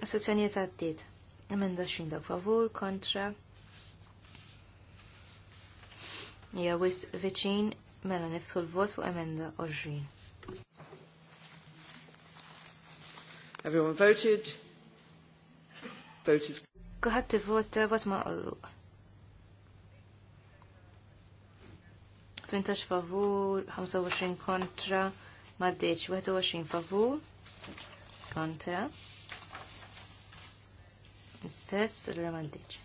assenzjonijiet għaddit. Emenda 20 dak favur, kontra, hija wis viċin mela niftħu l-vot fuq emenda 20. Everyone voted. Vote is... Kuħat t-vot, vot ma' għalluq. 18 favur, 25 kontra, maddeċ 21 favur, kontra. Istess, l-ra maddeċ.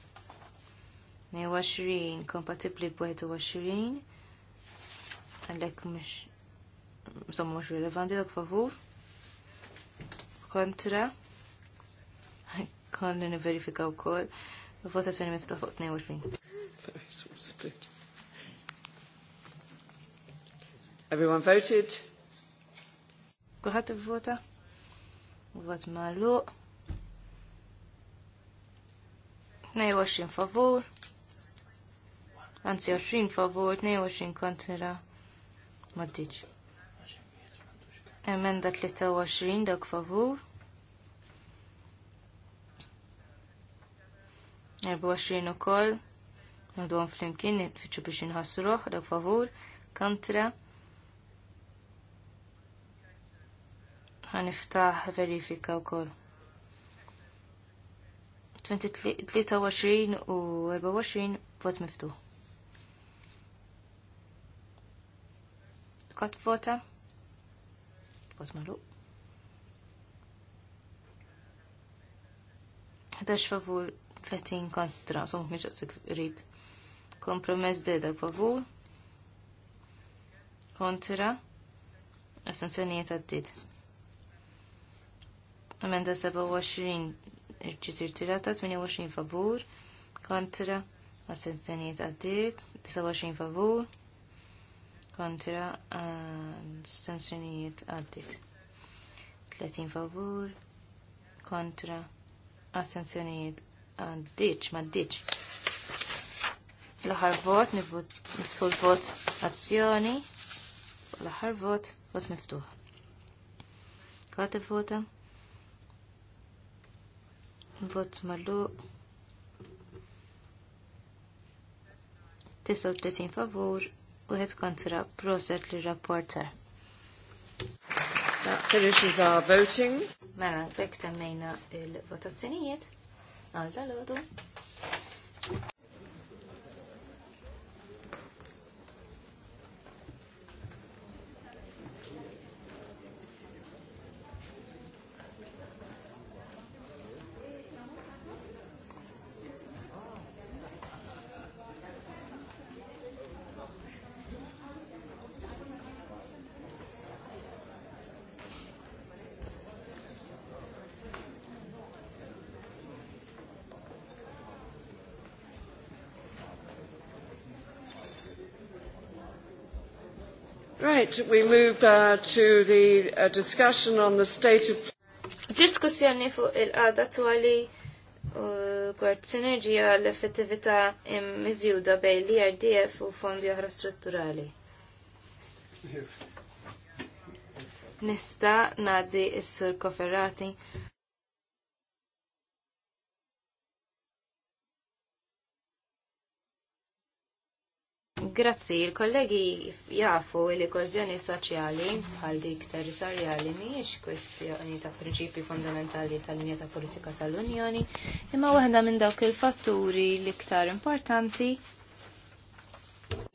22 kompatibli b-21 għalek mux insomma mux rilevanti dak favur kontra konni niverifika u kol koll sani mifta fuq 22 Everyone voted? Kuħat vota? Vot maluq. 22 favur, anzi 20 favor, 22 kontra maddiċ. Emenda 23 dak favur. 24 u koll, għandu għan flimkien, fiċu biex nħasruħ, dak favur, kontra. Għaniftaħ verifika u koll. 23 u 24 vot miftuħ. kot vota. Vot malu. 11 favur, 30 kontra, so mux għasik rib. Kompromess deda favur, kontra, astenzjoniet għaddit. Amenda 27 irċisir tirata, 28 favur, kontra, astenzjoniet għaddit, 29 favur, kontra astensjonijiet għaddit. 30 favur kontra astensjonijiet għaddiċ, maddiċ. L-ħar vot, niftu l-vot azzjoni, l-ħar vot, vot miftuħ. Kata vota, vot marlu, 39 favur, għed kontra proset li rapporta That finishes our voting. Mela, bekk temmejna il-votazzjonijiet. Għal tal Right, we move uh, to the uh, discussion on the state of... Diskussjoni fuq il-qada twali u gwart sinerġija l effettivita im mizjuda bej l-IRDF u fondi oħra strutturali. Nista nadi s-sur koferrati. Grazzi, il-kollegi jafu li kozjoni soċjali bħal dik territorjali mhijiex kwestjoni ta' prinċipi fondamentali tal-linja ta' politika tal-Unjoni, imma waħda minn dawk il-fatturi l-iktar importanti.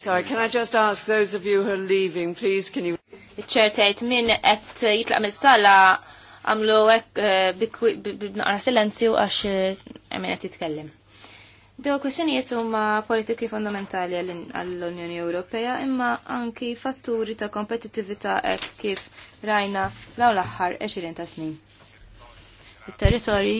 Sorry, can I just ask those of you who are leaving, please can you... Iċċertajt minn qed jitlaq mis-sala għamlu hekk eh, bibnaqra silenzju għax eh, hemm qed jitkellem. Dewa kwestjonijiet huma politiki fondamentali għall-Unjoni Ewropea imma anki fatturi ta' kompetittività hekk kif rajna law l-aħħar 20 ta' snin. Il-territori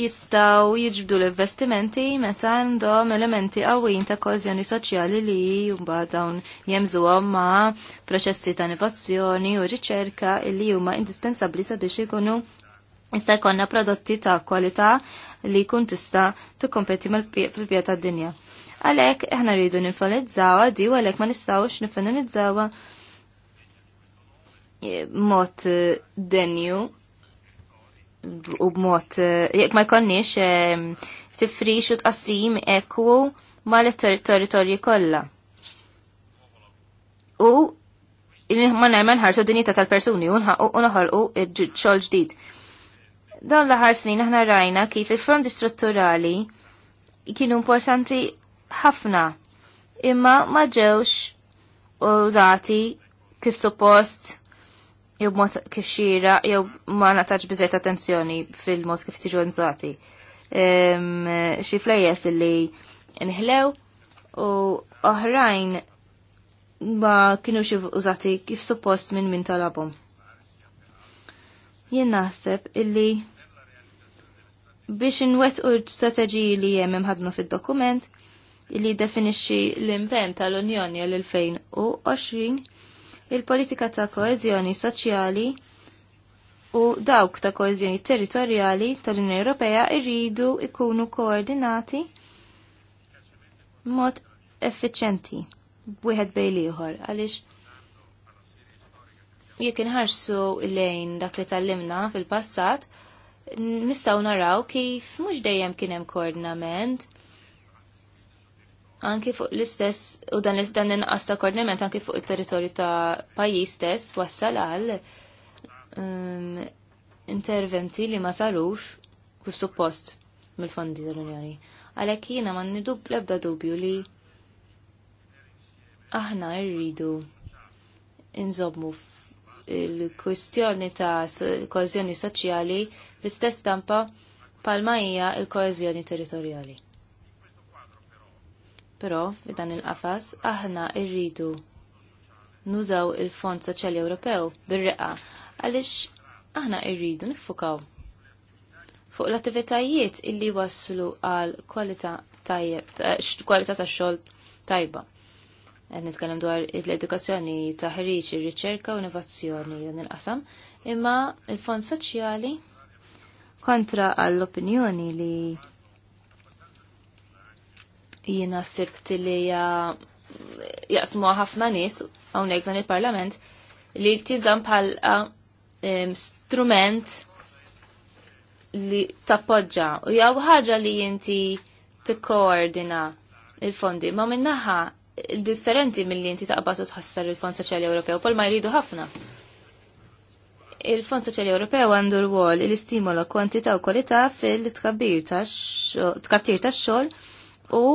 jistaw jiġbdu l-investimenti meta għandhom elementi għawin ta' kozjoni soċjali li jumba dawn jemżu ma' proċessi ta' innovazzjoni u riċerka li huma indispensabbli sabiex ikunu Issa jkollna prodotti ta' kwalità li jkun tista' tikkompeti fil-pija tad-dinja. Għalhekk aħna rridu ninfalizzaw di u għalhekk ma nistgħux nifinalizzaw mot eh, denju u b'mod eh, jekk ma jkollniex eh, tifrix u tqassim ma mal territorju kollha. U ma nagħmel ħarsu dinjita tal-persuni u naħolqu xogħol ġdid. Dan l-ħar snin aħna rajna kif il-fondi strutturali kienu importanti ħafna imma ma ġewx użati kif suppost jew mod kif xira jew ma nataġ biżejt attenzjoni fil-mod kif tiġu nżati. Xi flejjes illi nħlew u oħrajn ma kienu xi użati kif suppost minn min talabhom. Jien naħseb illi biex inwet u strategiji li jemem ħadnu fil-dokument li definixxi l-impen tal-Unjoni għal-2020, il-politika ta' koezjoni soċjali u dawk ta' koezjoni territorjali tal-Unjoni Ewropea irridu ikunu koordinati mod effiċenti wieħed bejliħor, ieħor għaliex jekk inħarsu lejn dak li tallimna fil-passat, nistaw naraw kif mhux dejjem kien hemm koordinament anki fuq l-istess u dan dan inqas ta' koordinament anki fuq it-territorju ta' pajjiż stess wassal għal um, interventi li ma sarux kif suppost mill-fondi tal-Unjoni. Għalhekk jiena ma nidub l-ebda dubju li aħna rridu nżommu il-kwistjoni ta' kozjoni soċjali l-istess stampa palma hija il koezjoni territorjali. Però f'dan il-qafas aħna rridu nużaw il-Fond Soċjali Ewropew bir-reqa għaliex aħna rridu niffukaw fuq l-attivitajiet illi waslu għal kwalità ta' tax-xogħol tajba. Qed nitkellem dwar l-edukazzjoni, taħriġ, ir-riċerka u innovazzjoni dan il-qasam, imma il-fond soċjali kontra għall-opinjoni li jiena sibt li jaqsmu ħafna nies hawnhekk dan il-Parlament li tiżam bħal ehm, strument li tappoġġa u jew ħaġa li inti tikkoordina il-fondi. Ma minnaħa differenti mill-li inti taqbad u tħassar il-Fond Soċjali Ewropew, pol ma jridu ħafna. Il-Fond Soċjali Ewropew għandu rwol li istimola kwantità u kwalità fil-tkabbir tax-xogħol u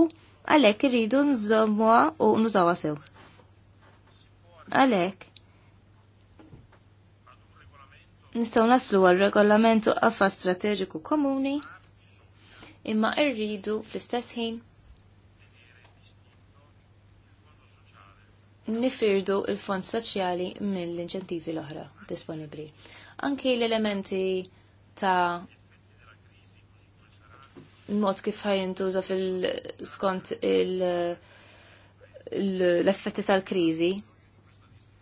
għalhekk irridu nżommuha u nużawha sew. Għalhekk nistgħu naslu għal regolamentu għaffa strateġiku komuni imma irridu fl-istess ħin nifirdu il-fond soċjali mill-inċentivi l-oħra disponibli. Anki l-elementi ta' mod kif ħajintuża fil-skont l-effetti tal-krizi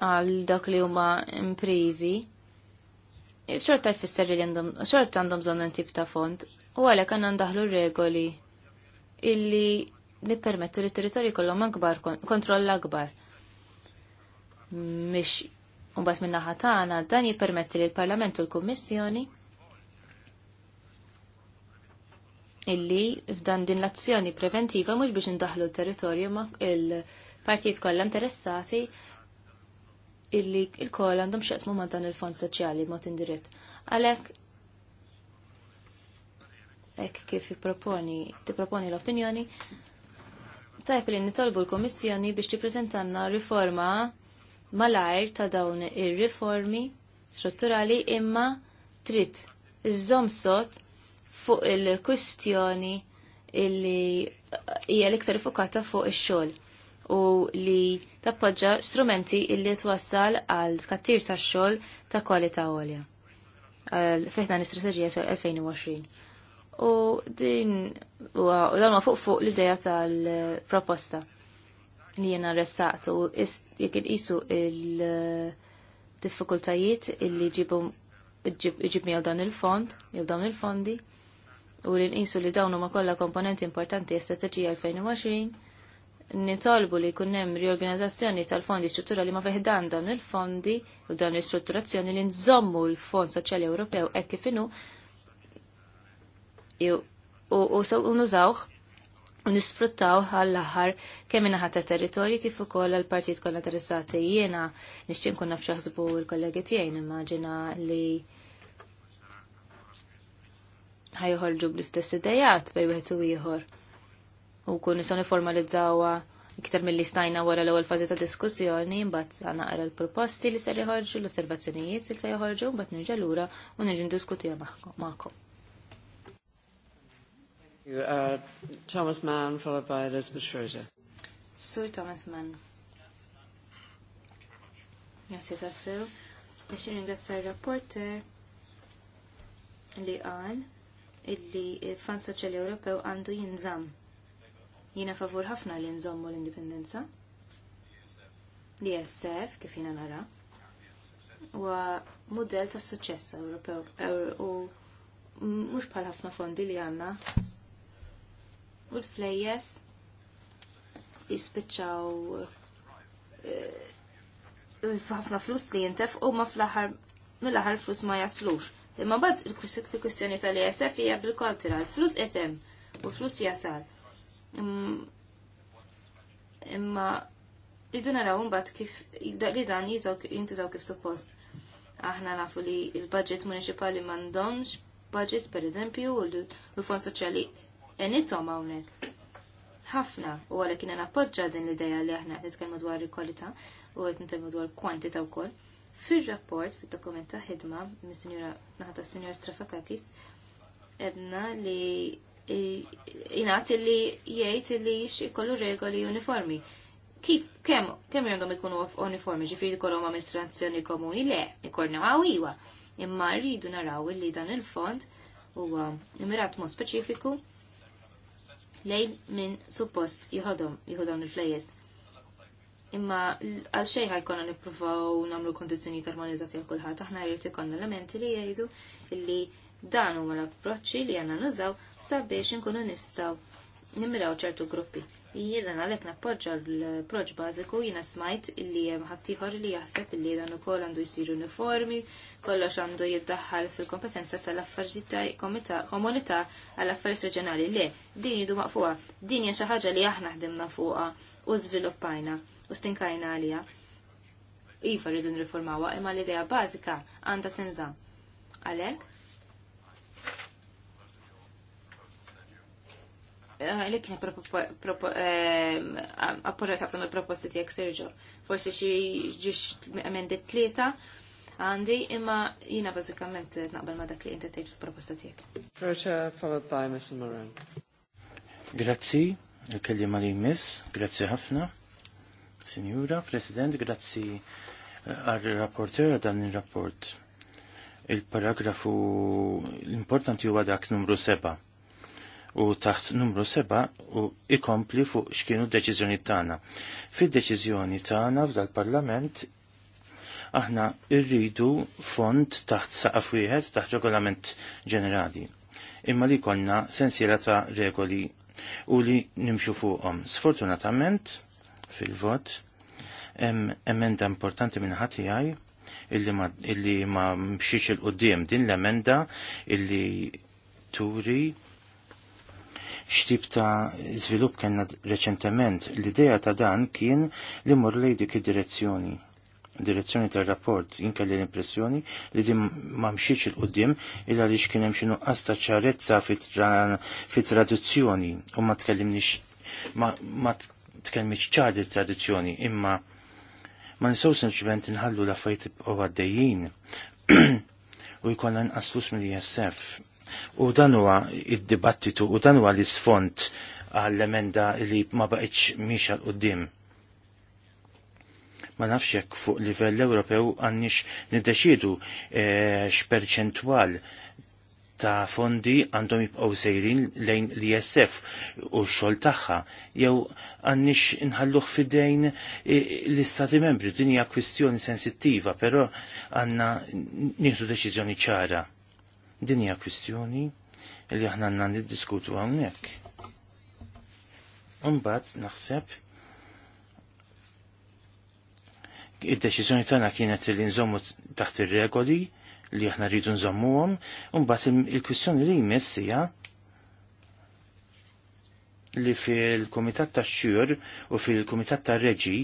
għal dak li huma imprizi. Xorta jfisser li għandhom, xorta għandhom bżonn tip ta' font, u għalhekk għanna ndaħlu regoli illi li permettu li territorji kollhom akbar kontroll akbar mish unbat minna ħatana dan jipermetti li l-Parlament u l-Kommissjoni illi f'dan din l-azzjoni preventiva mhux biex l territorju ma il-partijiet kollha interessati illi il-koll għandhom x'jaqsmu ma' dan il-fond soċjali mod indirett. Għalhekk ek kif proponi l-opinjoni tajf li nitolbu l-Komissjoni biex tippreżentanna riforma malajr ta' dawn ir-riformi strutturali imma trid iżżomm sod fuq il-kwistjoni illi hija l-iktar fokata fuq ix-xogħol u li tappoġġa strumenti illi twassal għal kattir ta' xogħol ta' kwalità għolja. Fejna l-istrateġija 2020. U din u dan fuq fuq l-idea tal-proposta li jena u jek il il-diffikultajiet illi ġibu ġib miegħu dan il-fond, jew dawn il-fondi, u li nqisu li dawn huma kollha komponenti importanti estrategija 2020, nitolbu li jkun hemm riorganizzazzjoni tal-fondi strutturali ma feħdan dawn il-fondi u dawn il istrutturazzjoni li nżommu l-Fond Soċjali Ewropew hekk kif u nużawh u nisfruttaw għall aħħar kemm inaħat ta' territorju kif ukoll għal partijiet kollha interessati jiena nixtieq nkun naf xaħsbu l-kollegi tiegħi nimmaġina li ħajħolġu bl-istess idejat bej wieħed u ieħor. U kun nistgħu niformalizzawha iktar mill-li stajna wara l-ewwel fażi ta' diskussjoni, mbagħad naqra l-proposti li ser joħorġu, l-osservazzjonijiet li se joħorġu, mbagħad nirġa' lura u nirġa' ndiskutuha magħkom. Uh, Thomas Mann, followed by Elizabeth Schroeder. Sir Thomas Mann. Grazie tassew. Biex ringrazzja il-rapporter li qal illi il-Fan Soċjali Ewropew għandu jinżamm. Jina favur ħafna li nżommu l-indipendenza. Li SF kif jina nara. Huwa mudell ta' suċċess Ewropew u mhux bħal ħafna fondi li għanna u l-flejjes jispiċċaw eh, ħafna flus li jintef u ma fl-aħar mill-aħar flus ma jaslux. Imma bad il-kwistjoni tal esf hija bil-kontra, l-flus etem u flus jasal. Imma rridu naraw mbagħad kif li dan jintużaw kif suppost. Aħna nafu li l-budget municipali m'għandhomx budget per eżempju u l-fond soċjali enitom hawnhekk. Ħafna u għalek kien appoġġa din l-idea li aħna qed nitkellmu dwar il-kwalità u qed nitkellmu dwar u wkoll. Fir-rapport fid-dokument ta' ħidma mis-Sinjura naħta tas-Sinjura Strafakakis edna li jingħad li jgħid li jkollu regoli uniformi kif kemm kem jandhom ikunu uniformi ġifieri ikollhom amministrazzjoni komuni le, ikorna għawiwa. Imma rridu naraw li dan il-fond huwa imirat mod speċifiku lejn minn suppost jħodhom jħodhom il-flejjes. Imma għal xejn ħajkonna nippruvaw nagħmlu kondizzjoni tal-monizzati għal kulħadd, aħna jrid ikollna elementi li jgħidu illi dan huma l-approċċi li għandna nużaw sabiex inkunu nistgħu nimmiraw ċertu gruppi. Jiena għalhekk nappoġġa l-proġ bażiku jiena smajt illi hemm ħaddieħor li jaħseb illi dan ukoll għandu jsir uniformi, kollox għandu jiddaħħal fil-kompetenza tal-affarijiet komunità għall affarijiet reġjonali. Le, din jidu maqfuha, din hija xi ħaġa li aħna ħdimna fuqha u żviluppajna u stinkajna għaliha. Iva rridu nriformawha imma l-idea bażika għandha tinżamm. Għalhekk Għalik eh, kien eh, appoġġat għafna mill-proposti tijek Sergio. Forse xie ġiġ emendit tlieta għandi imma jina bazzikament naqbel ma dak li jinti tijek fil proposti tijek. Georgia uh, followed by Mr. Moran. Grazzi, il-kelliema li jmiss, grazzi ħafna. Sinjura, President, grazzi eh, għal-rapporter dan il-rapport. Il-paragrafu l-importanti huwa dak numru seba' u taħt numru 7 u ikompli fuq xkienu deċiżjoni tagħna. Fid-deċiżjoni tagħna f'dal-Parlament aħna rridu font taħt saqaf wieħed taħt regolament ġenerali. Imma li konna sensiela ta' regoli u li nimxu fuqhom. Sfortunatament fil-vot hemm emenda importanti minn ħati għaj illi ma, illi ma mxiex il-qoddim din l-emenda illi turi xtib ta' zvilup kena reċentement. L-ideja ta' dan kien li mor lej dik id-direzzjoni. Direzzjoni tal rapport jinka li l-impressjoni li din ma mxiex il-qoddim illa li xkien hemm xi nuqqas ta' ċarezza fit traduzzjoni u ma tkellimniex ma tkellmiċ ċar il-tradizzjoni imma ma nisaw sempliċement nħallu la fajt u għaddejjin u jkollna nqas flus mill-ISF u dan huwa id-dibattitu u dan huwa l-isfont għall-emenda li ma baqitx miex għal qoddim ma nafx jekk fuq livell Ewropew għandix niddeċidu eh, x'perċentwal ta' fondi għandhom jibqgħu sejrin lejn l-ISF u x-xogħol tagħha jew għannix inħalluh fidejn eh, l-Istati Membri. Din hija kwistjoni sensittiva, però għandna nieħdu deċiżjoni ċara. Din hija kwistjoni li aħna għandna niddiskutu hawnhekk. Imbagħad naħseb id-deċiżjoni tagħna kienet li nżommu taħt ir-regoli li aħna rridu nżommuhom, u mbagħad il-kwistjoni li jmiss hija li fil kumitat ta' Xjur u fil kumitat ta' Reġi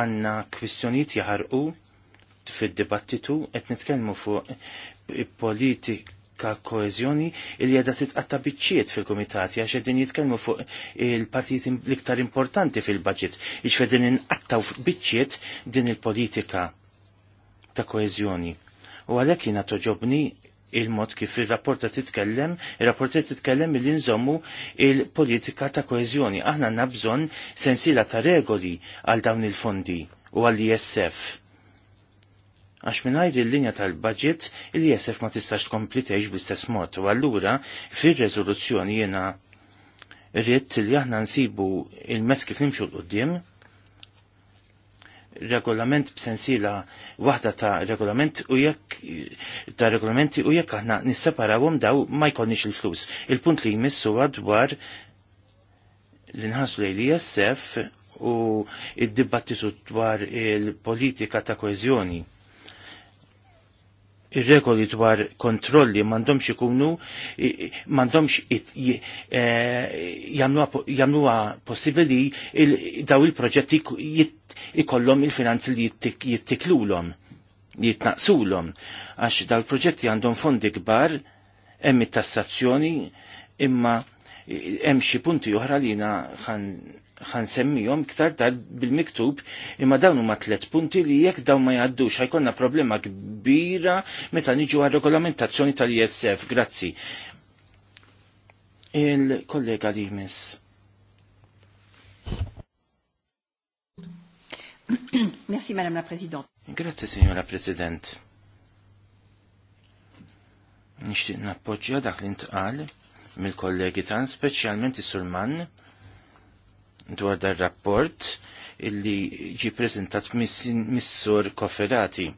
għanna kwistjonijiet jaħarqu fil-dibattitu qed nitkellmu fuq politik politika koezjoni li għedha titqatta biċċiet fil-komitati għax qegħdin jitkellmu fuq il-partijiet l-iktar importanti fil-budget. Iġfedin inqattaw biċċiet din il-politika ta' koezjoni. U għalhekk jiena toġobni il-mod kif il-rapporta titkellem, il-rapporta titkellem il nżommu il-politika ta' koezjoni. Aħna nabżon sensila ta' regoli għal dawn il-fondi u għall-ISF għax minnajr il-linja tal-budget il jesef ma tistax tkompli tgħix bl-istess mod u allura fir-reżoluzzjoni jiena rrid li aħna nsibu il mess kif nimxu l qoddim regolament b'sensila waħda ta' regolament u jekk ta' regolamenti u jekk aħna nisseparawhom daw ma jkollniex il-flus. Il-punt li jmissu dwar l-inħaslu l-ISF u id-dibattitu dwar il-politika ta' koezjoni ir-regoli dwar kontrolli m'għandhomx ikunu m'għandhomx e, jagħmluha possibbli daw il-proġetti ikollhom il-finanzi li jittiklulhom li jitnaqsulhom għax dal-proġetti għandhom fondi kbar hemm it-tassazzjoni imma hemm xi punti oħra li jiena ħansemmijom ktar tard bil-miktub imma dawn huma tliet punti li jekk dawn ma jgħaddux ħajkonna problema kbira meta niġu għal regolamentazzjoni tal-ISF. Grazzi. Il-kollega li jmiss. Merci, Madame la Présidente. Grazie, Signora President. Nixtieq nappoġġja dak li ntqal mill-kollegi tan, speċjalment is-Sulman dwar dar rapport illi ġi prezentat missur koferati.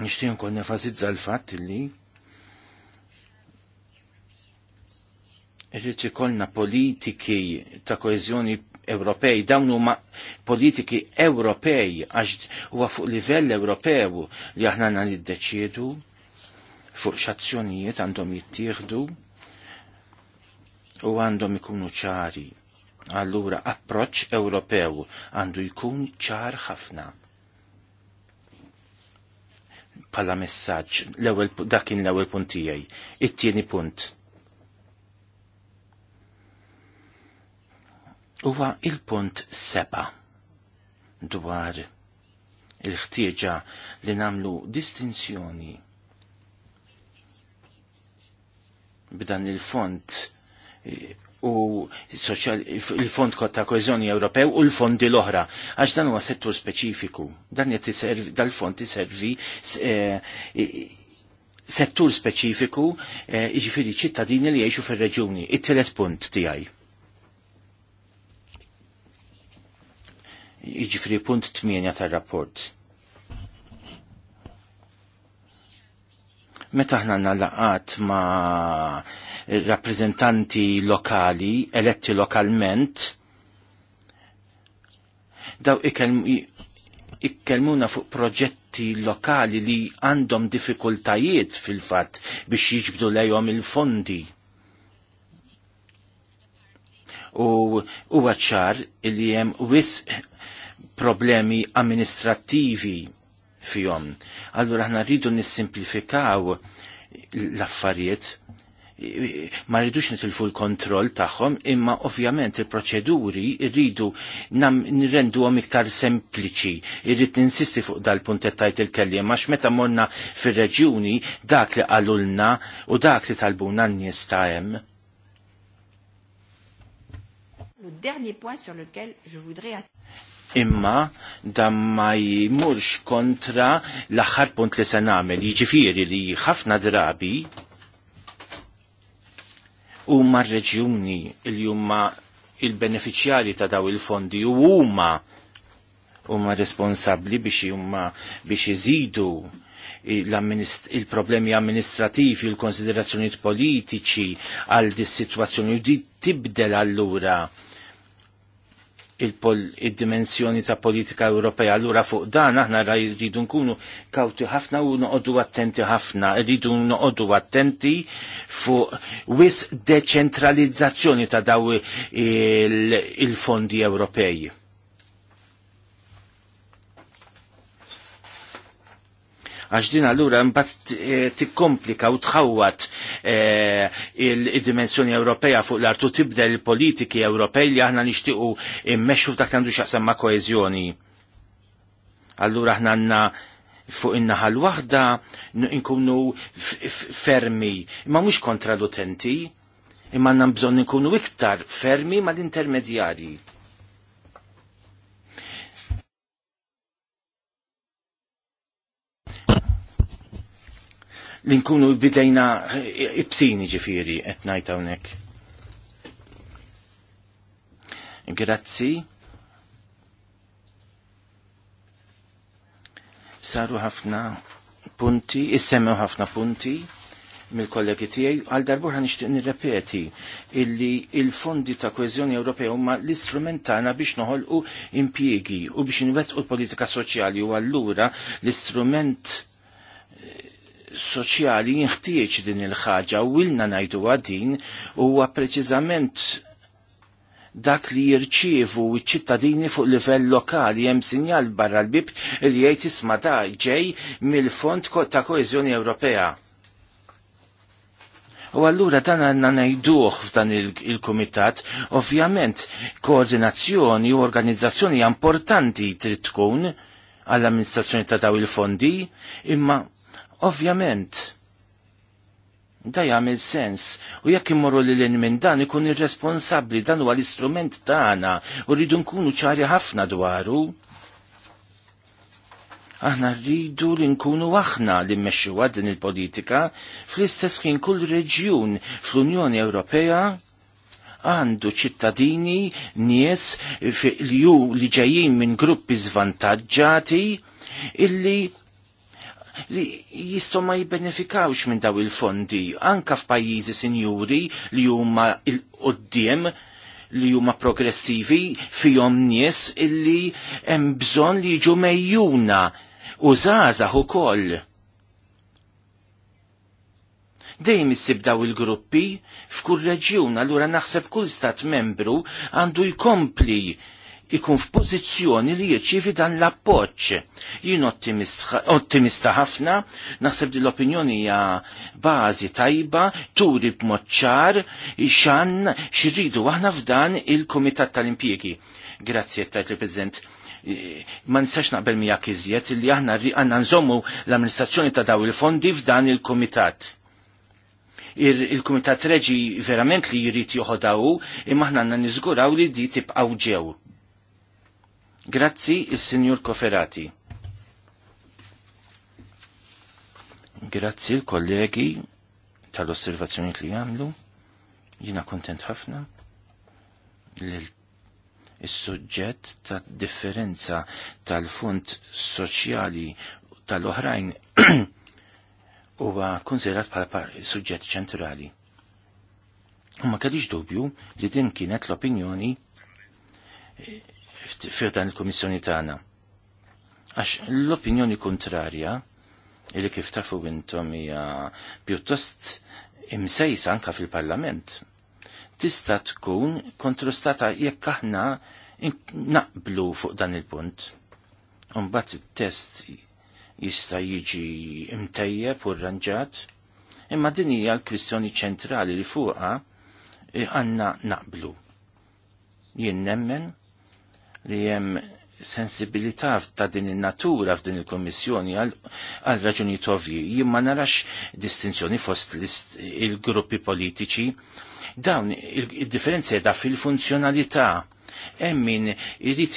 Nishtijon kon nefazizza l-fat illi irrid ikollna politiki ta' koeżjoni Ewropej, dawn huma politiki Ewropej għax huwa fuq livell Ewropew li aħna għandna niddeċiedu fuq x'azzjonijiet għandhom jittieħdu u għandhom ikunu ċari Allura approċċ Ewropew għandu jkun ċar ħafna. Pala messaġġ dakin l-ewwel punt tiegħi. It-tieni punt. Huwa il-punt seba dwar il-ħtieġa li namlu distinzjoni b'dan il-font u il-Fond ta' Koezjoni Ewropew u l-fondi l-oħra, għax dan huwa settur speċifiku. Dan dal-fond iservi eh, settur speċifiku jiġifieri ċittadini li jgħixu fir-reġuni. It-tielet punt tiegħi. Jiġifieri punt 8 tar-rapport. Meta ħna nalaqat ma' rappresentanti lokali, eletti lokalment, daw ikkelmuna fuq proġetti lokali li għandhom diffikultajiet fil-fat biex jiġbdu lejhom il-fondi. U huwa ċar li hemm wis problemi amministrattivi fihom. Allura aħna rridu nissimplifikaw l-affarijiet ma rridux nitilfu l-kontroll tagħhom, imma ovvjament il-proċeduri rridu nirrendu għom iktar sempliċi. Irrid ninsisti fuq dal-puntet tajt il kelli għax meta morna fir-reġjuni dak li qalulna u dak li talbuna n-nies ta' hemm. imma da ma jimurx kontra l-axar punt li se nagħmel. Jiġifieri li ħafna drabi u r-reġjuni li huma il-beneficjari ta' daw il-fondi u huma huma responsabbli biex huma biex iżidu il-problemi amministrativi, il-konsiderazzjonijiet politiċi għal dis-sitwazzjoni u di tibdel allura il-dimensjoni ta' politika Ewropea. Allura fuq dan aħna rridu nkunu kawti ħafna u noqogħdu attenti ħafna, rridu noqogħdu attenti fuq wis deċentralizzazzjoni ta' daw il-fondi Ewropej. għax din allura mbagħad e, tikkomplika u tħawwat e, il-dimensjoni Ewropea fuq l-artu tibdel il-politiki Ewropej li aħna nixtiequ immexxu f'dak għandu x'aqsam ma' koeżjoni. Allura aħna għandna fuq in-naħa l-waħda nkunu fermi, imma mhux kontra l-utenti, imma għandna bżonn nkunu iktar fermi mal-intermedjarji li nkunu bidejna ibsini ġifiri qed ngħid hawnhekk. Grazzi. Saru ħafna punti, issemmew ħafna punti mill-kollegi tiegħi għal ħan nixtieq nirrepeti illi il-fondi ta' kohezjoni Ewropea huma l-istrument tagħna biex noħolqu impjiegi u biex inwettqu l-politika soċjali u allura l-istrument soċjali jinħtieġ din il-ħaġa u ilna najdu għadin huwa preċiżament dak li jirċievu ċittadini fuq livell lokali hemm sinjal barra l-bib li jgħid isma' da ġej mill-Fond ta' Koeżjoni Ewropea. U allura dan għanna najduħ f'dan il-komitat, ovvjament koordinazzjoni u organizzazzjoni importanti trid tkun għall-amministrazzjoni ta' daw il-fondi, imma Ovvjament, da jagħmel sens u jekk immorru lil lin minn dan ikun irresponsabbli dan huwa l-istrument tagħna u rridu nkunu ċari ħafna dwaru. Aħna rridu li nkunu aħna li mmexxuha din il-politika fl-istess ħin kull reġjun fl-Unjoni Ewropea għandu ċittadini, nies li li ġejjin minn gruppi zvantagġati illi li jistgħu ma jibbenefikawx minn daw il-fondi, anka f'pajjiżi sinjuri li huma l-qoddim li huma progressivi fihom nies illi hemm bżonn li jiġu mejjuna u żgħażagħ ukoll. Dejjem issib daw il-gruppi f'kull reġjun, allura naħseb kull stat membru għandu jkompli ikun f'pożizzjoni li jirċievi dan l-appoġġ. Jien ottimista ħafna, naħseb li l-opinjoni hija bażi tajba, turi b'moċċar, ċar xan xirridu aħna f'dan il-Kumitat tal-Impjiegi. Grazzi tajt il-President ma nistax naqbel mija iżjed li aħna għanna nżommu l-amministrazzjoni ta' daw il-fondi f'dan il-kumitat il-Kumitat Reġi verament li jrid joħodaw imma ħna għandna niżguraw li di tibqgħu ġew. Grazzi il-Sinjur Koferati. Grazzi il-kollegi tal-osservazzjoni li għamlu. Jina kontent ħafna il suġġett ta' differenza tal funt soċjali tal-oħrajn huwa konsiderat bħala suġġett ċentrali. U ma kellix dubju li din kienet l-opinjoni fir dan il-Komissjoni tagħna. Għax l-opinjoni kontrarja illi kif tafu intom hija pjuttost imsejsa anka fil-Parlament tista' tkun kontrostata jekk aħna naqblu fuq dan il-punt. Umbat it-test jista' jiġi imtejjeb u rranġat, imma din hija l-kwistjoni ċentrali li fuqha eh, għandna naqblu. Jien nemmen li hemm sensibilità ta' din in-natura f'din il-Kommissjoni għal raġuni ovvji. Jien ma narax distinzjoni fost il-gruppi politiċi. Dawn il-differenza da fil-funzjonalità. Hemm min irid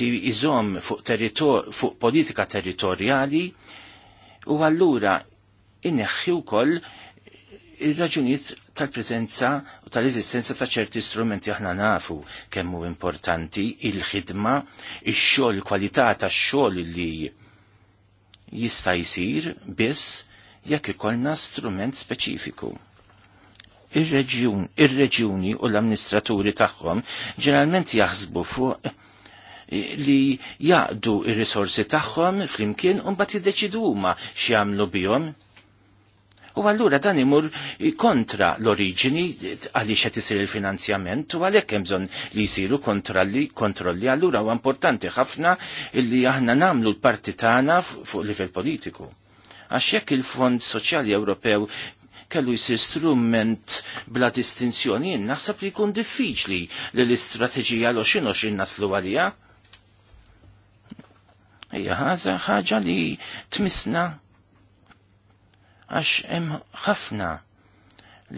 fuq, fuq politika territorjali u allura inneħħi wkoll ir-raġunijiet tal-prezenza u tal-eżistenza ta' ċerti strumenti aħna nafu kemm hu importanti il-ħidma, ix-xogħol, kwalità tax-xogħol li jista' jsir biss jekk ikollna strument speċifiku. ir reġjuni u l-amministraturi tagħhom ġeneralment jaħsbu fuq li jaqdu ir-risorsi tagħhom flimkien u mbagħad jiddeċidu huma x'jagħmlu bihom U allura dan imur kontra l-oriġini għaliex qed isir il-finanzjament u għalhekk hemm bżonn li jsiru kontrolli, kontrolli allura huwa importanti ħafna li aħna nagħmlu l-parti tagħna fuq livell politiku. Għax jekk il-Fond Soċjali Ewropew kellu jisir strument bla distinzjoni, naħseb li jkun diffiċli li l-istrateġija l-20 naslu għalija. Hija ħaġa li tmisna għax hemm ħafna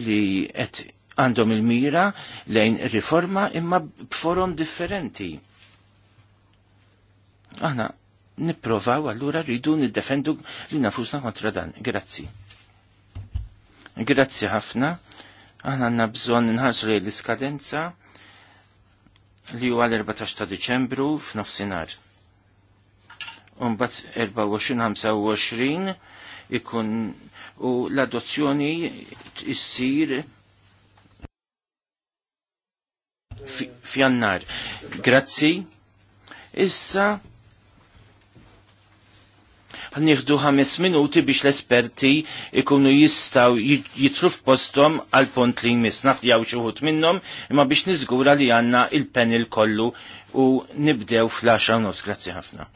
li qed għandhom il-mira lejn riforma imma b'forom differenti. Aħna nipprovaw allura rridu niddefendu li nafusna kontra dan. Grazzi. Grazzi ħafna. Aħna għandna bżonn nħarsu lejn l-iskadenza li huwa l-14 ta' Diċembru f'nofsinhar. Umbagħad 24-25 ikun u l-adozzjoni issir fjannar. Grazzi. Issa nieħdu ħames minuti biex l-esperti ikunu jistaw jitru f'postom għal pont li jmiss fjaw xuħut minnom imma biex nizgura li għanna il-panel kollu u nibdew fl-10 nofs. Grazzi ħafna.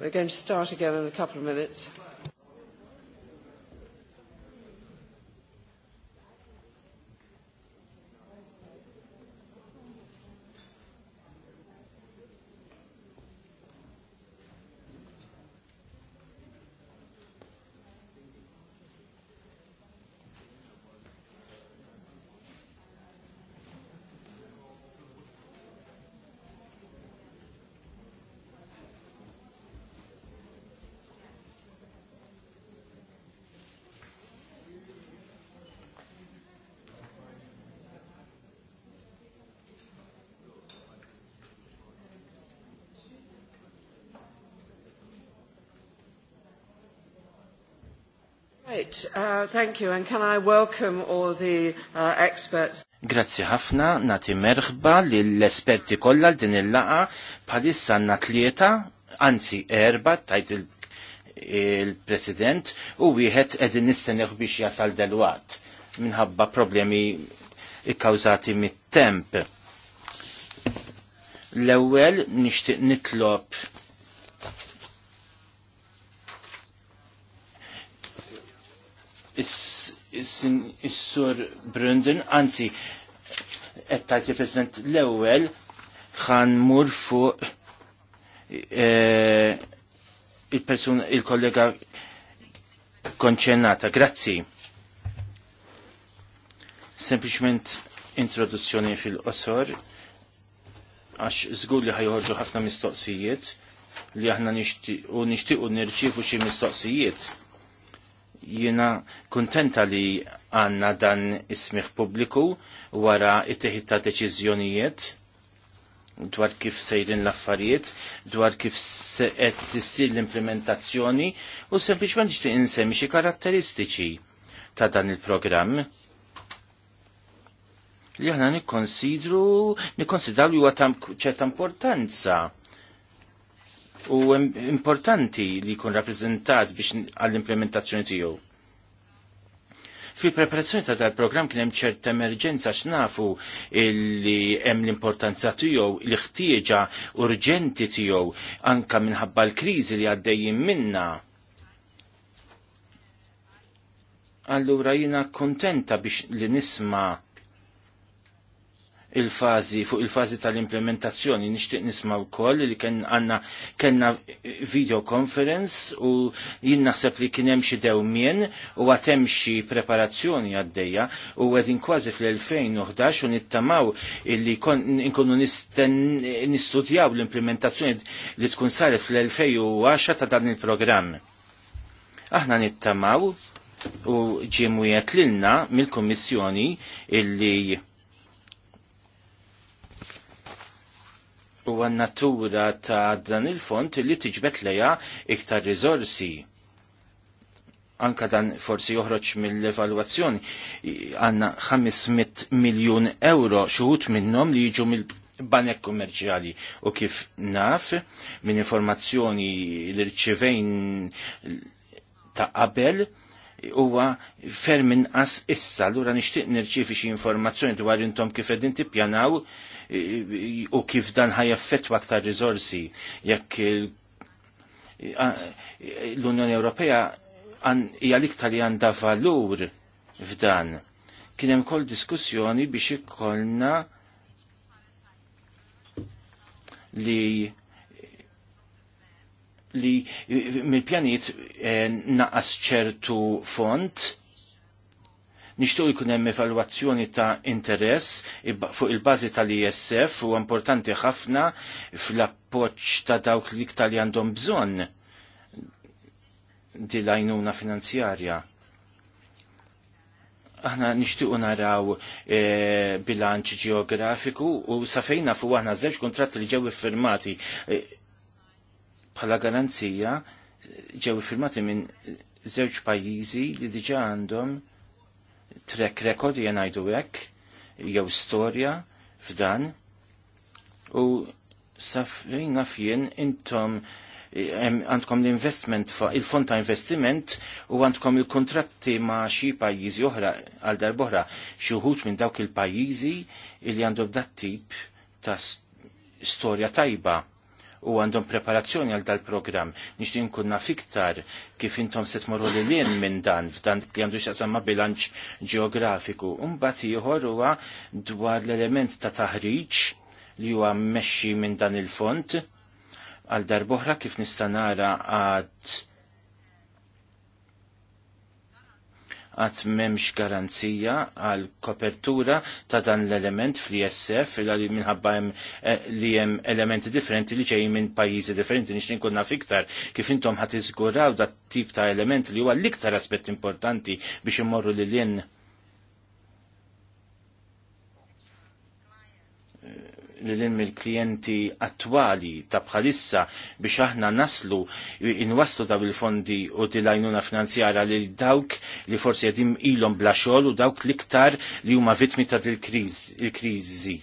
We're going to start again in a couple of minutes. it. Uh, thank you, and can I welcome all the uh, experts? Grazzi ħafna, nati merħba lill-esperti kollha din il-laqa bħalissa għandna tlieta, anzi erba, tajt il-President, u wieħed qegħdin nistenneħ biex jasal delwat minħabba problemi ikkawżati mit-temp. L-ewwel nixtieq nitlob is-sur Brunden, anzi, għettajt il-President l-ewel, għan mur fuq e, il-persuna, il-kollega konċenata. Grazzi. Sempliciment introduzzjoni fil-qosor, għax zgur li ħajħorġu ħafna mistoqsijiet li aħna nixtiqu nirċifu xi mistoqsijiet jina kontenta li għanna dan ismiħ publiku wara it-teħid ta' deċiżjonijiet dwar kif sejrin l-affarijiet, dwar kif qed tissir l-implementazzjoni u sempliċement nixtieq insemmi xi karatteristiċi ta' dan il-programm li aħna nikkonsidru nikkonsidraw li huwa ċerta importanza u importanti li jkun rappreżentat biex għall-implementazzjoni tiegħu. Fil-preparazzjoni ta' tal-programm kien hemm ċerta emerġenza x'nafu li hemm l-importanza tiegħu, l-ħtieġa urġenti tiegħu anka minħabba l-kriżi li għaddejjin minna. Allura jina kontenta biex li nisma' il-fazi, fuq il-fazi tal-implementazzjoni, nishtiq nisma u koll li kien għanna kena video conference u jien naħseb li kien hemm xi dewmien u għat hemm xi preparazzjoni għaddejja u għedin kważi fl-2011 u nittamaw illi nkunu nistudjaw l-implementazzjoni li tkun saret fl-2010 ta' dan il-programm. Aħna nittamaw u ġimujet lilna mill kummissjoni illi u għannatura natura ta' dan il-font li tiġbet leja iktar rizorsi. Anka dan forsi joħroġ mill-evalwazzjoni għanna 500 miljon euro xuħut minnom li jiġu mill banek kommerċjali. u kif naf minn informazzjoni li rċivejn ta' qabel huwa ferm inqas issa, allura nixtieq nirċievi xi informazzjoni dwar intom kif qegħdin tippjanaw u kif dan ħajaffetwa aktar rizorsi jekk l-Unjoni Ewropea hija l-iktar li għandha valur f'dan. Kien hemm ukoll diskussjoni biex ikollna li li mill-pjaniet eh, naqas ċertu font nixtuq jkun hemm evalwazzjoni ta' interess fuq il-bażi tal-ISF u importanti ħafna fl-appoġġ ta' dawk li iktar li għandhom bżonn di lajnuna finanzjarja. Aħna nixtiequ naraw e, bilanċ ġeografiku u safejna fuq aħna żewġ kuntratt li ġew iffirmati e, bħala e, garanzija ġew iffirmati minn żewġ pajjiżi li diġà għandhom track record jien ngħidu hekk jew storja f'dan u naf fien intom għandkom l-investment, il-fond ta' investiment u għandkom il-kontratti ma' xi pajjiżi oħra għal darbohra xi wħud minn dawk il-pajjiżi li għandhom dat tip ta' storja tajba u għandhom preparazzjoni għal dal-program. Nixtin nkun fiktar kif intom se tmorru li lien minn dan f'dan li għandu xaqsamma bilanċ ġeografiku. Umbat ieħor huwa dwar l-element ta' taħriġ li huwa mmexxi minn dan il-font għal darboħra kif nista' nara għad għat memx garanzija għal kopertura ta' dan l-element fl-ISF li minħabba eh, li jem elementi differenti li ġej minn pajizi differenti nix ninkunna fiktar kif intom ħat iżguraw dat tip ta' element li huwa l-iktar aspett importanti biex immorru li l-jen l-lim il-klienti attuali ta' bħalissa biex aħna naslu inwaslu ta' bil-fondi u tilajnuna finanzjara li dawk li forsi jadim ilom bla xol u dawk ktar li huma vitmi ta' il-krizi.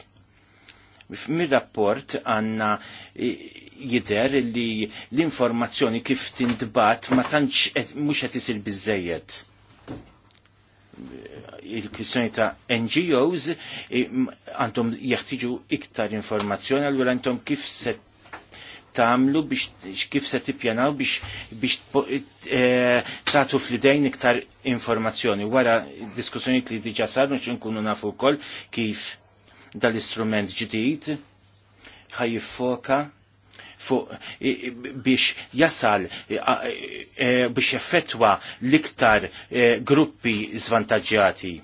Mir-rapport għanna jider li l-informazzjoni kif tindbat ma tantx mhux qed isir biżejjed il-kwistjoni ta' NGOs e, għandhom jeħtiġu iktar informazzjoni għallura għandhom kif se tagħmlu biex kif se tippjanaw biex biex e, e, tagħtu fl-idejn iktar informazzjoni. Wara d-diskussjoni li diġà saru nkunu nafu wkoll kif dal-istrument ġdid ħaj foka fuq biex jasal e, biex effettwa liktar e, gruppi zvantagġati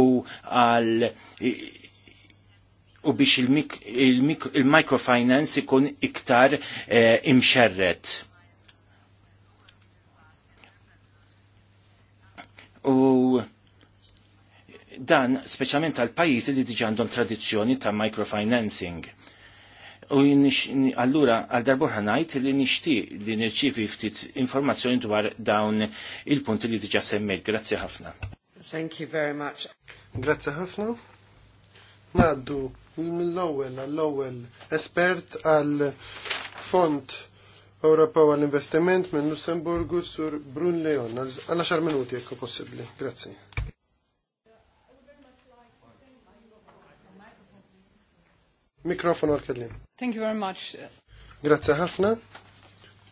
u għal u biex il-microfinance ikun iktar e, imxerret. U dan speċjalment għal pajjiżi li diġa għandhom tradizzjoni ta' microfinancing U allura għal darbuħa najt li nishti li nirċivi ftit informazzjoni dwar dawn il-punti li diġa semmejt. Grazzi ħafna. Thank you very much. Grazzi ħafna. Naddu mill lowel għall lowel espert għal Fond Europa għall-Investiment minn Lussemburgu sur Brun Leon għal 10 minuti jekk possibli. Grazzi. Mikrofon għal-kellim. Thank you very much. Grazie ħafna.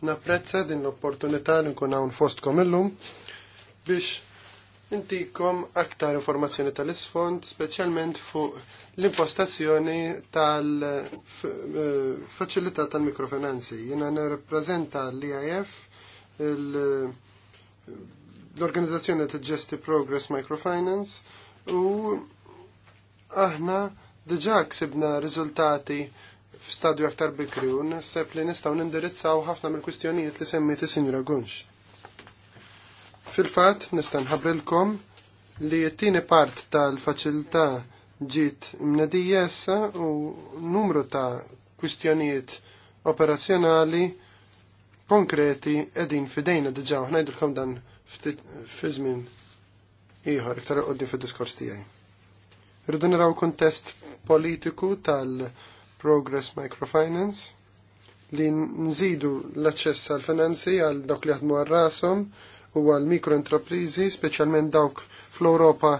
Napprezza din l-opportunità li nkun hawn fostkom illum biex intikom aktar informazzjoni tal-isfond, speċjalment fuq l-impostazzjoni tal-faċilità eh, tal-mikrofinanzi. Jena nirrappreżenta l-IAF, l-organizzazzjoni tal ġesti Progress Microfinance u aħna Diġà ksibna riżultati f'stadju aktar bikri un sepp li nistgħu nindirizzaw ħafna mill-kwistjonijiet li semmiet sinjura Gunx. Fil-fatt nista' nħabbrilkom li t-tieni part tal-faċilità ġiet mnedija u numru ta' kwistjonijiet operazzjonali konkreti edin fidejna diġa, ħnajdilkom dan fi żmien ieħor iktar qoddim fid-diskors tiegħi. Irridu naraw kontest politiku tal-Progress Microfinance li nżidu l-aċċess għal finanzi għal dawk li jaħdmu għal rasom u għal mikroentreprizi, speċjalment dawk fl-Europa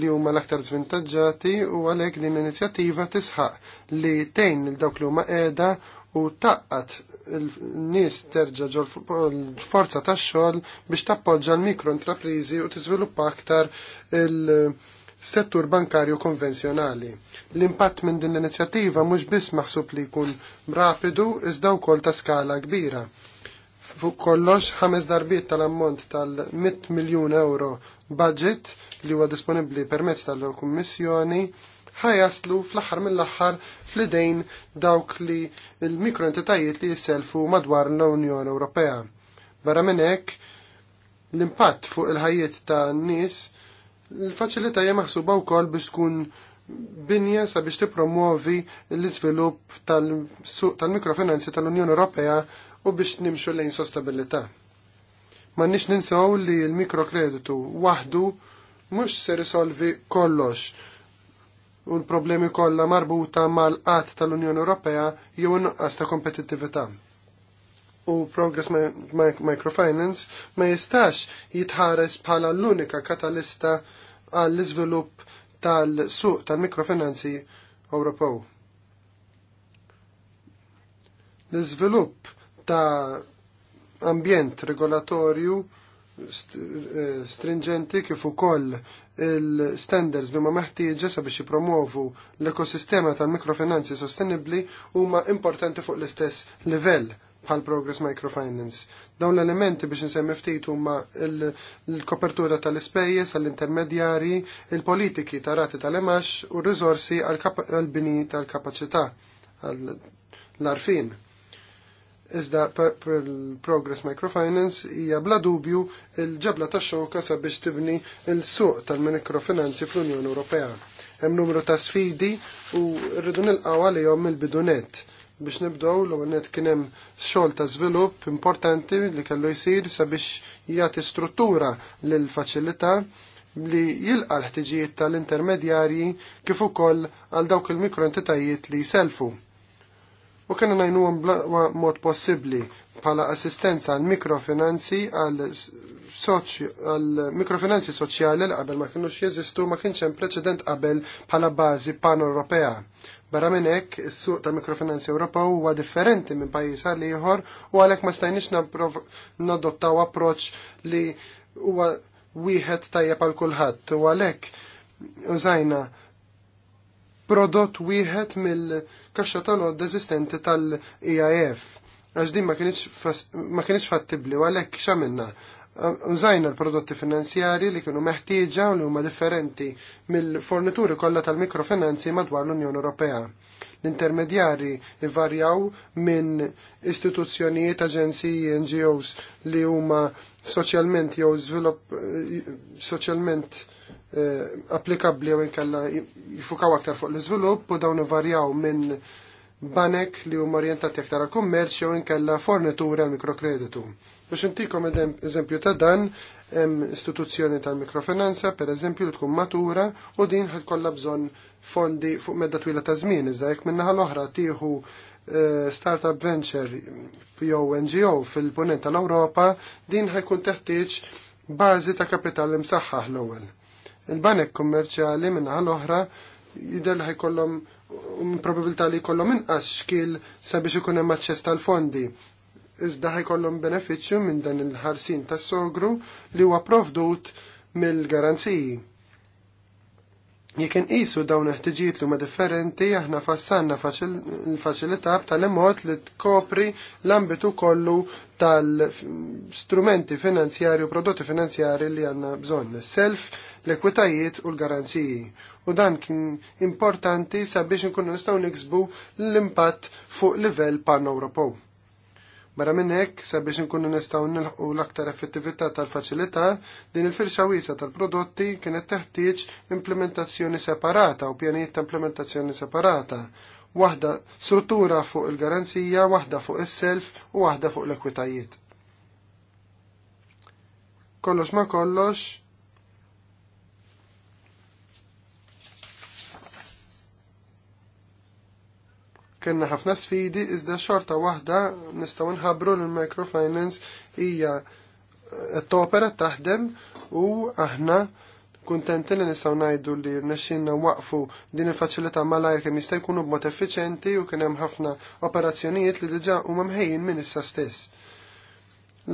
li huma l-aktar zvantaġġati u għalhekk din l-inizjattiva tisħaq li tejn il dawk li huma qiegħda u taqqat n-nies terġa' l-forza tax-xogħol biex tappoġġa l-mikroentreprizi u tiżviluppa aktar il- settur bankarju konvenzjonali. L-impatt minn din l-inizjattiva mhux biss maħsub li jkun rapidu iżda wkoll ta' skala kbira. Fuq kollox ħames darbiet tal-ammont tal-100 miljun euro budget li huwa disponibbli permezz tal-Kummissjoni ħajaslu fl-aħħar mill-aħħar fl-idejn dawk li l-mikroentitajiet li jisselfu madwar l-Unjoni Ewropea. Barra minn hekk, l-impatt fuq il-ħajjiet ta' nies Il-faċilità hija maħsuba wkoll biex tkun binja biex tippromuovi l-iżvilupp tal-suq tal-mikrofinanzi tal-Unjoni Ewropea u biex nimxu lejn sostabilità. Ma nix ninsaw li l-mikrokreditu waħdu mhux se risolvi kollox u l-problemi kollha marbuta mal-qatt tal-Unjoni Ewropea jew inqas ta' kompetittività u Progress Microfinance ma jistax jitħares bħala l-unika katalista għall-iżvilupp tal-suq tal-mikrofinanzi Ewropew. L-iżvilupp ta' ambjent regolatorju eh, stringenti kif ukoll il-standards li ma meħtieġa sabiex jipromovu l-ekosistema tal-mikrofinanzi sostenibbli huma importanti fuq l-istess livell bħal Progress Microfinance. Dawn l-elementi biex nsemmi ftit huma l-kopertura tal-ispejjeż għall-intermedjari, il-politiki ta' rati tal-emax u r-riżorsi għall-bini tal-kapaċità l-arfin. Iżda Progress Microfinance hija bla dubju il-ġabla ta' xewka sabiex tibni il-suq tal-mikrofinanzi fl-Unjoni Ewropea. Hemm numru ta' sfidi u rridu nilqgħu għalihom il-bidunet Biex nibdow l għonet kienem xol ta' zvilup importanti li kellu jisir sabiex jgħati struttura l-facilita li jilqa l-ħtiġijiet tal-intermedjarji kif ukoll għal dawk il-mikroentitajiet li jiselfu. U kena najnuhom mod possibbli bħala assistenza għal mikrofinanzi għal mikrofinanzi soċjali l qabel ma kienux jeżistu ma kienx hemm preċedent qabel bħala bażi pan europea Barra minn hekk, is-suq ta' mikrofinanzi Ewropa huwa differenti minn pajjiż għal ieħor u għalhekk ma stajniex nadottaw approċċ li huwa wieħed tajjeb għal kulħadd u għalhekk użajna prodott wieħed mill-kaxxa tal-għodda eżistenti tal-EIF. Għax din ma kienx fattibli u għalhekk x'għamilna użajna l-prodotti finanzjari li kienu meħtieġa u li huma differenti mill-fornituri kollha tal-mikrofinanzi madwar l-Unjoni Ewropea. L-intermedjari varjaw minn istituzzjonijiet, aġenziji, NGOs li huma soċjalment jew żvilupp soċjalment eh, applikabbli jew inkella jifukaw aktar fuq l-iżvilupp u dawn ivarjaw minn banek li huma orjentati aktar għal kummerċ jew inkella fornituri għal mikrokreditu Biex intikom eżempju ta' dan, hemm istituzzjoni tal-mikrofinanza, per eżempju, li tkun matura u din kolla bżonn fondi fuq medda twila ta' żmien, iżda jekk minna l-oħra tieħu eh, startup venture jew NGO fil-punent tal-Ewropa, din ħajkun teħtieġ bażi ta' kapital imsaħħaħ l-ewwel. Il-banek kummerċjali minna l-oħra jidher ħajkollhom probabilità li jkollhom inqas xkil sabiex ikun hemm aċċess tal-fondi iżda ħajkollhom benefiċċju minn dan il-ħarsin tas-sogru li huwa provdut mill-garanziji. Jekk inqisu dawn il-ħtiġijiet li huma differenti, aħna fassanna l-faċilità tal-imot li tkopri l-ambitu kollu tal-strumenti finanzjari u prodotti finanzjari li għanna bżonn, self l-ekwitajiet u l-garanziji. U dan kien importanti sabiex nkunu nistgħu niksbu l-impatt fuq livell pan-Ewropew. Barra minn hekk, sabiex inkunu nistgħu nilħqu l-aktar effettività tal-faċilità, din il-firxa wiesa tal-prodotti kienet teħtieġ implementazzjoni separata u pjanijiet ta' implementazzjoni separata. Waħda struttura fuq il-garanzija, waħda fuq is-self u waħda fuq l-ekwitajiet. Kollox ma kollox, Kenna ħafna sfidi, iżda xorta waħda nistgħu nħabru l microfinance hija t eh, topera taħdem u aħna kuntenti li nistgħu ngħidu li rnexxinna waqfu din il-faċilità malajr kemm jista' jkunu b'mod effiċenti u kien hemm ħafna operazzjonijiet li diġà huma mħejjin minn issa stess.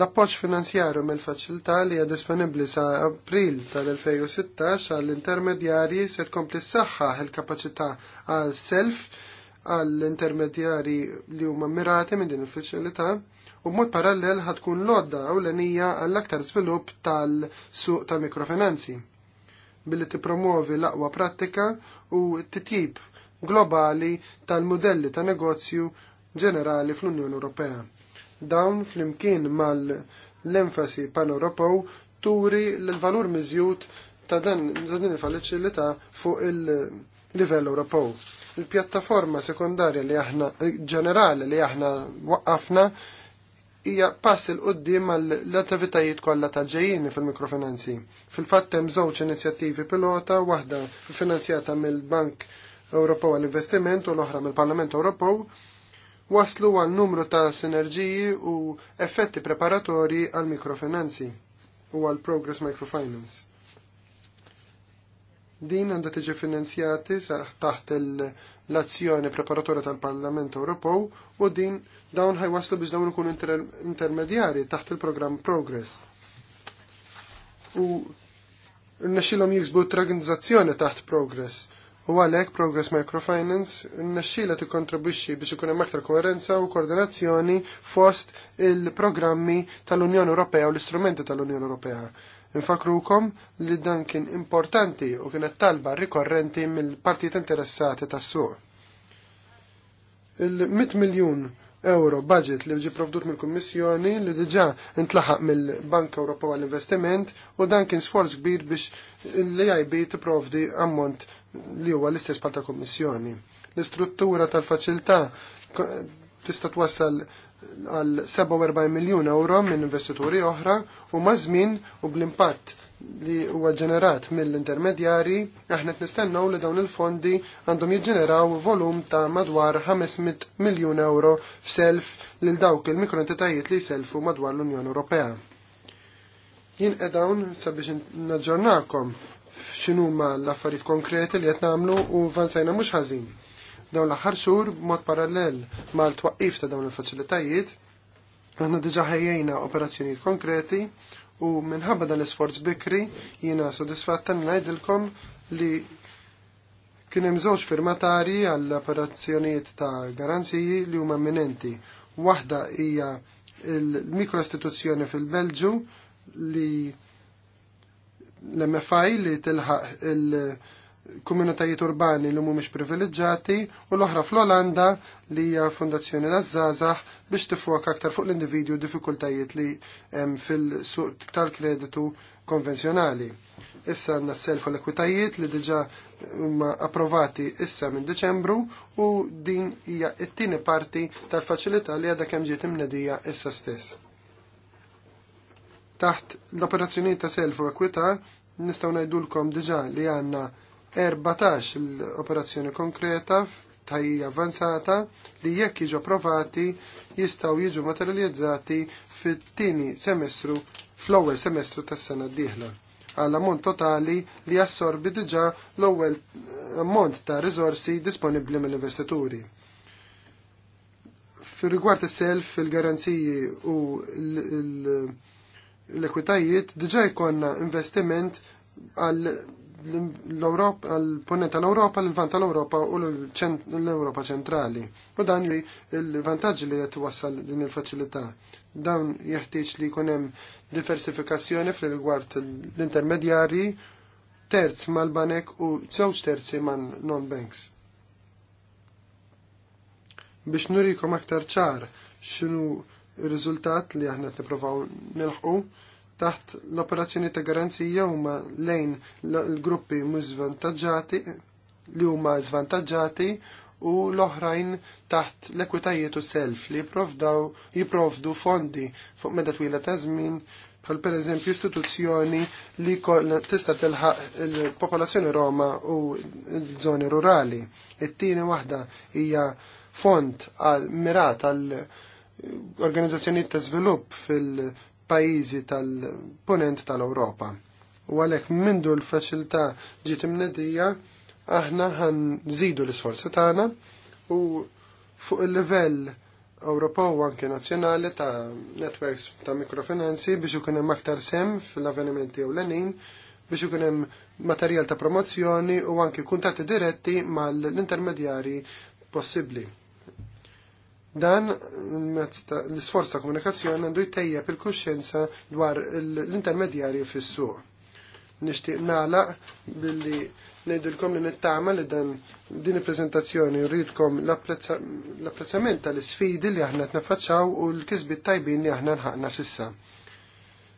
L-appoġġ finanzjarju mill-faċilità li hija disponibbli sa April tal-2016 għall intermedjarji se tkompli s-saħħa il-kapaċità għal self għall-intermedjari li huma mirati minn din il-fiċilità u b'mod parallel ħatkun lodda u l-enija għall-aktar svilupp tal-suq tal-mikrofinanzi billi tipromuovi l-aqwa prattika u titjib globali tal-modelli ta' negozju ġenerali fl-Unjoni Ewropea. Dawn fl-imkien mal-enfasi pan-Europow turi l-valur miżjud ta' dan il-falicilità fuq il-livell Ewropew. Il-pjattaforma sekundarja li aħna ġenerali li aħna waqqafna hija pass il qoddim għall-attivitajiet kollha ta' ġejjini fil-mikrofinanzi. Fil-fatt hemm żewġ inizjattivi pilota, waħda finanzjata mill-Bank Ewropew għall-Investiment u l-oħra mill-Parlament Ewropew, waslu għal numru ta' sinerġiji u effetti preparatorji għal mikrofinanzi u għal Progress Microfinance. Din għandha tiġi finanzjati taħt l-azzjoni preparatorja tal-Parlament Ewropew u din dawn ħajwaslu biex dawn ikunu intermedjari taħt il-programm Progress. U n-naxilom jizbu t-organizzazzjoni taħt Progress. U għalek Progress Microfinance n-naxxila t-kontribuixi biex ikun hemm aktar koerenza u koordinazzjoni fost il-programmi tal-Unjoni Ewropea u l-istrumenti tal-Unjoni Ewropea. Infakrukom li dan kien importanti u kienet talba rikorrenti mill-partijiet interessati tas-suq. Il-100 miljun euro budget li ġi provdut mill-Kummissjoni li diġa intlaħaq mill-Bank Ewropew għall-Investiment u dan kien sforz kbir biex l-EIB tipprovdi ammont li huwa l-istess bħal tal-Kummissjoni. L-istruttura tal-faċilità tista' twassal għal 47 miljun euro minn investituri oħra u mażmin u bl-impatt li huwa ġenerat mill-intermedjari aħna nistennew li dawn il-fondi għandhom jiġġeneraw volum ta' madwar 500 miljun euro f'self lil dawk il-mikroentitajiet li jselfu madwar l-Unjoni Ewropea. Jien qedawn sabiex naġġornakom x'inhuma l-affarijiet konkreti li qed nagħmlu u vansajna mhux ħażin. Dawn l-aħħar xhur b'mod parallel mal-twaqqif ta' dawn il-faċilitajiet, aħna diġà ħejjejna operazzjonijiet konkreti u minħabba dan l-isforz bikri jiena sodisfatta ngħidilkom li kien hemm żewġ firmatari għall operazzjonijiet ta' garanziji li huma imminenti. Waħda hija l-mikroistituzzjoni fil-Belġu li l-MFI li tilħaq il- komunitajiet urbani li mhumiex privileġġati u l-oħra fl-Olanda li hija Fondazzjoni Lażżażaħ biex tifwok aktar fuq l-individwu diffikultajiet li hemm fil-suq tal-kreditu konvenzjonali. Issa għandna s-self l-ekwitajiet li diġa huma approvati issa minn Deċembru u din hija t-tieni parti tal-faċilità li għadha kemm ġiet imnedija issa stess. Taħt l-operazzjoni ta' self u ekwità nistgħu ngħidulkom diġà li għandna 14 l-operazzjoni konkreta tajja avanzata li jekk jiġu approvati jistgħu jiġu materializzati fit-tieni semestru fl-ewwel semestru tas-sena d-dieħla għal ammont totali li assorbi diġà l-ewwel eh, ammont ta' riżorsi disponibbli mill-investituri. Fir-rigward is-self, il-garanziji u l-ekwitajiet diġà jkollna investiment għal l-ponent tal-Europa, l-vant tal-Europa u l-Europa ċentrali. U dan li l-vantagġi li jett wassal din il-facilità. Dan jeħtieġ li kunem diversifikazzjoni fil rigward l-intermedjari terz mal-banek u zewġ terzi man non-banks. Biex nurikom aktar ċar xinu il-rizultat li aħna t-niprofaw nilħu, taħt l-operazzjoni ta' garanzija huma lejn l-gruppi mhux żvantaġġati li huma żvantaġġati u l-oħrajn taħt l-ekwitajiet u self li jiprovdaw jiprovdu fondi fuq meda twila ta' żmien bħal pereżempju istituzzjoni li tista' telħaq il-popolazzjoni Roma u l-żoni rurali. It-tieni waħda hija fond għal mirat għal organizzazzjonijiet ta' żvilupp fil pajizi pajjiżi tal-ponent tal-Ewropa. U għalhekk mindu l-faċilità ġiet imnedija aħna ħan zidu l-isforzi tagħna u fuq il-livell Ewropew u anke nazzjonali ta' networks ta' mikrofinanzi biex ikun hemm aktar sem fil-avvenimenti ewlenin biex ikun hemm materjal ta' promozzjoni u anke kuntatti diretti mal-intermedjari possibbli. Dan l-isforz ta' komunikazzjoni għandu jtejjeb il-kuxjenza dwar l-intermedjarju fis-suq. Nixtieq billi ngħidilkom li nittama li dan din il-preżentazzjoni rridkom l-apprezzament tal-isfidi li aħna t-nafacċaw u l-kisbit tajbin li aħna nħakna sissa.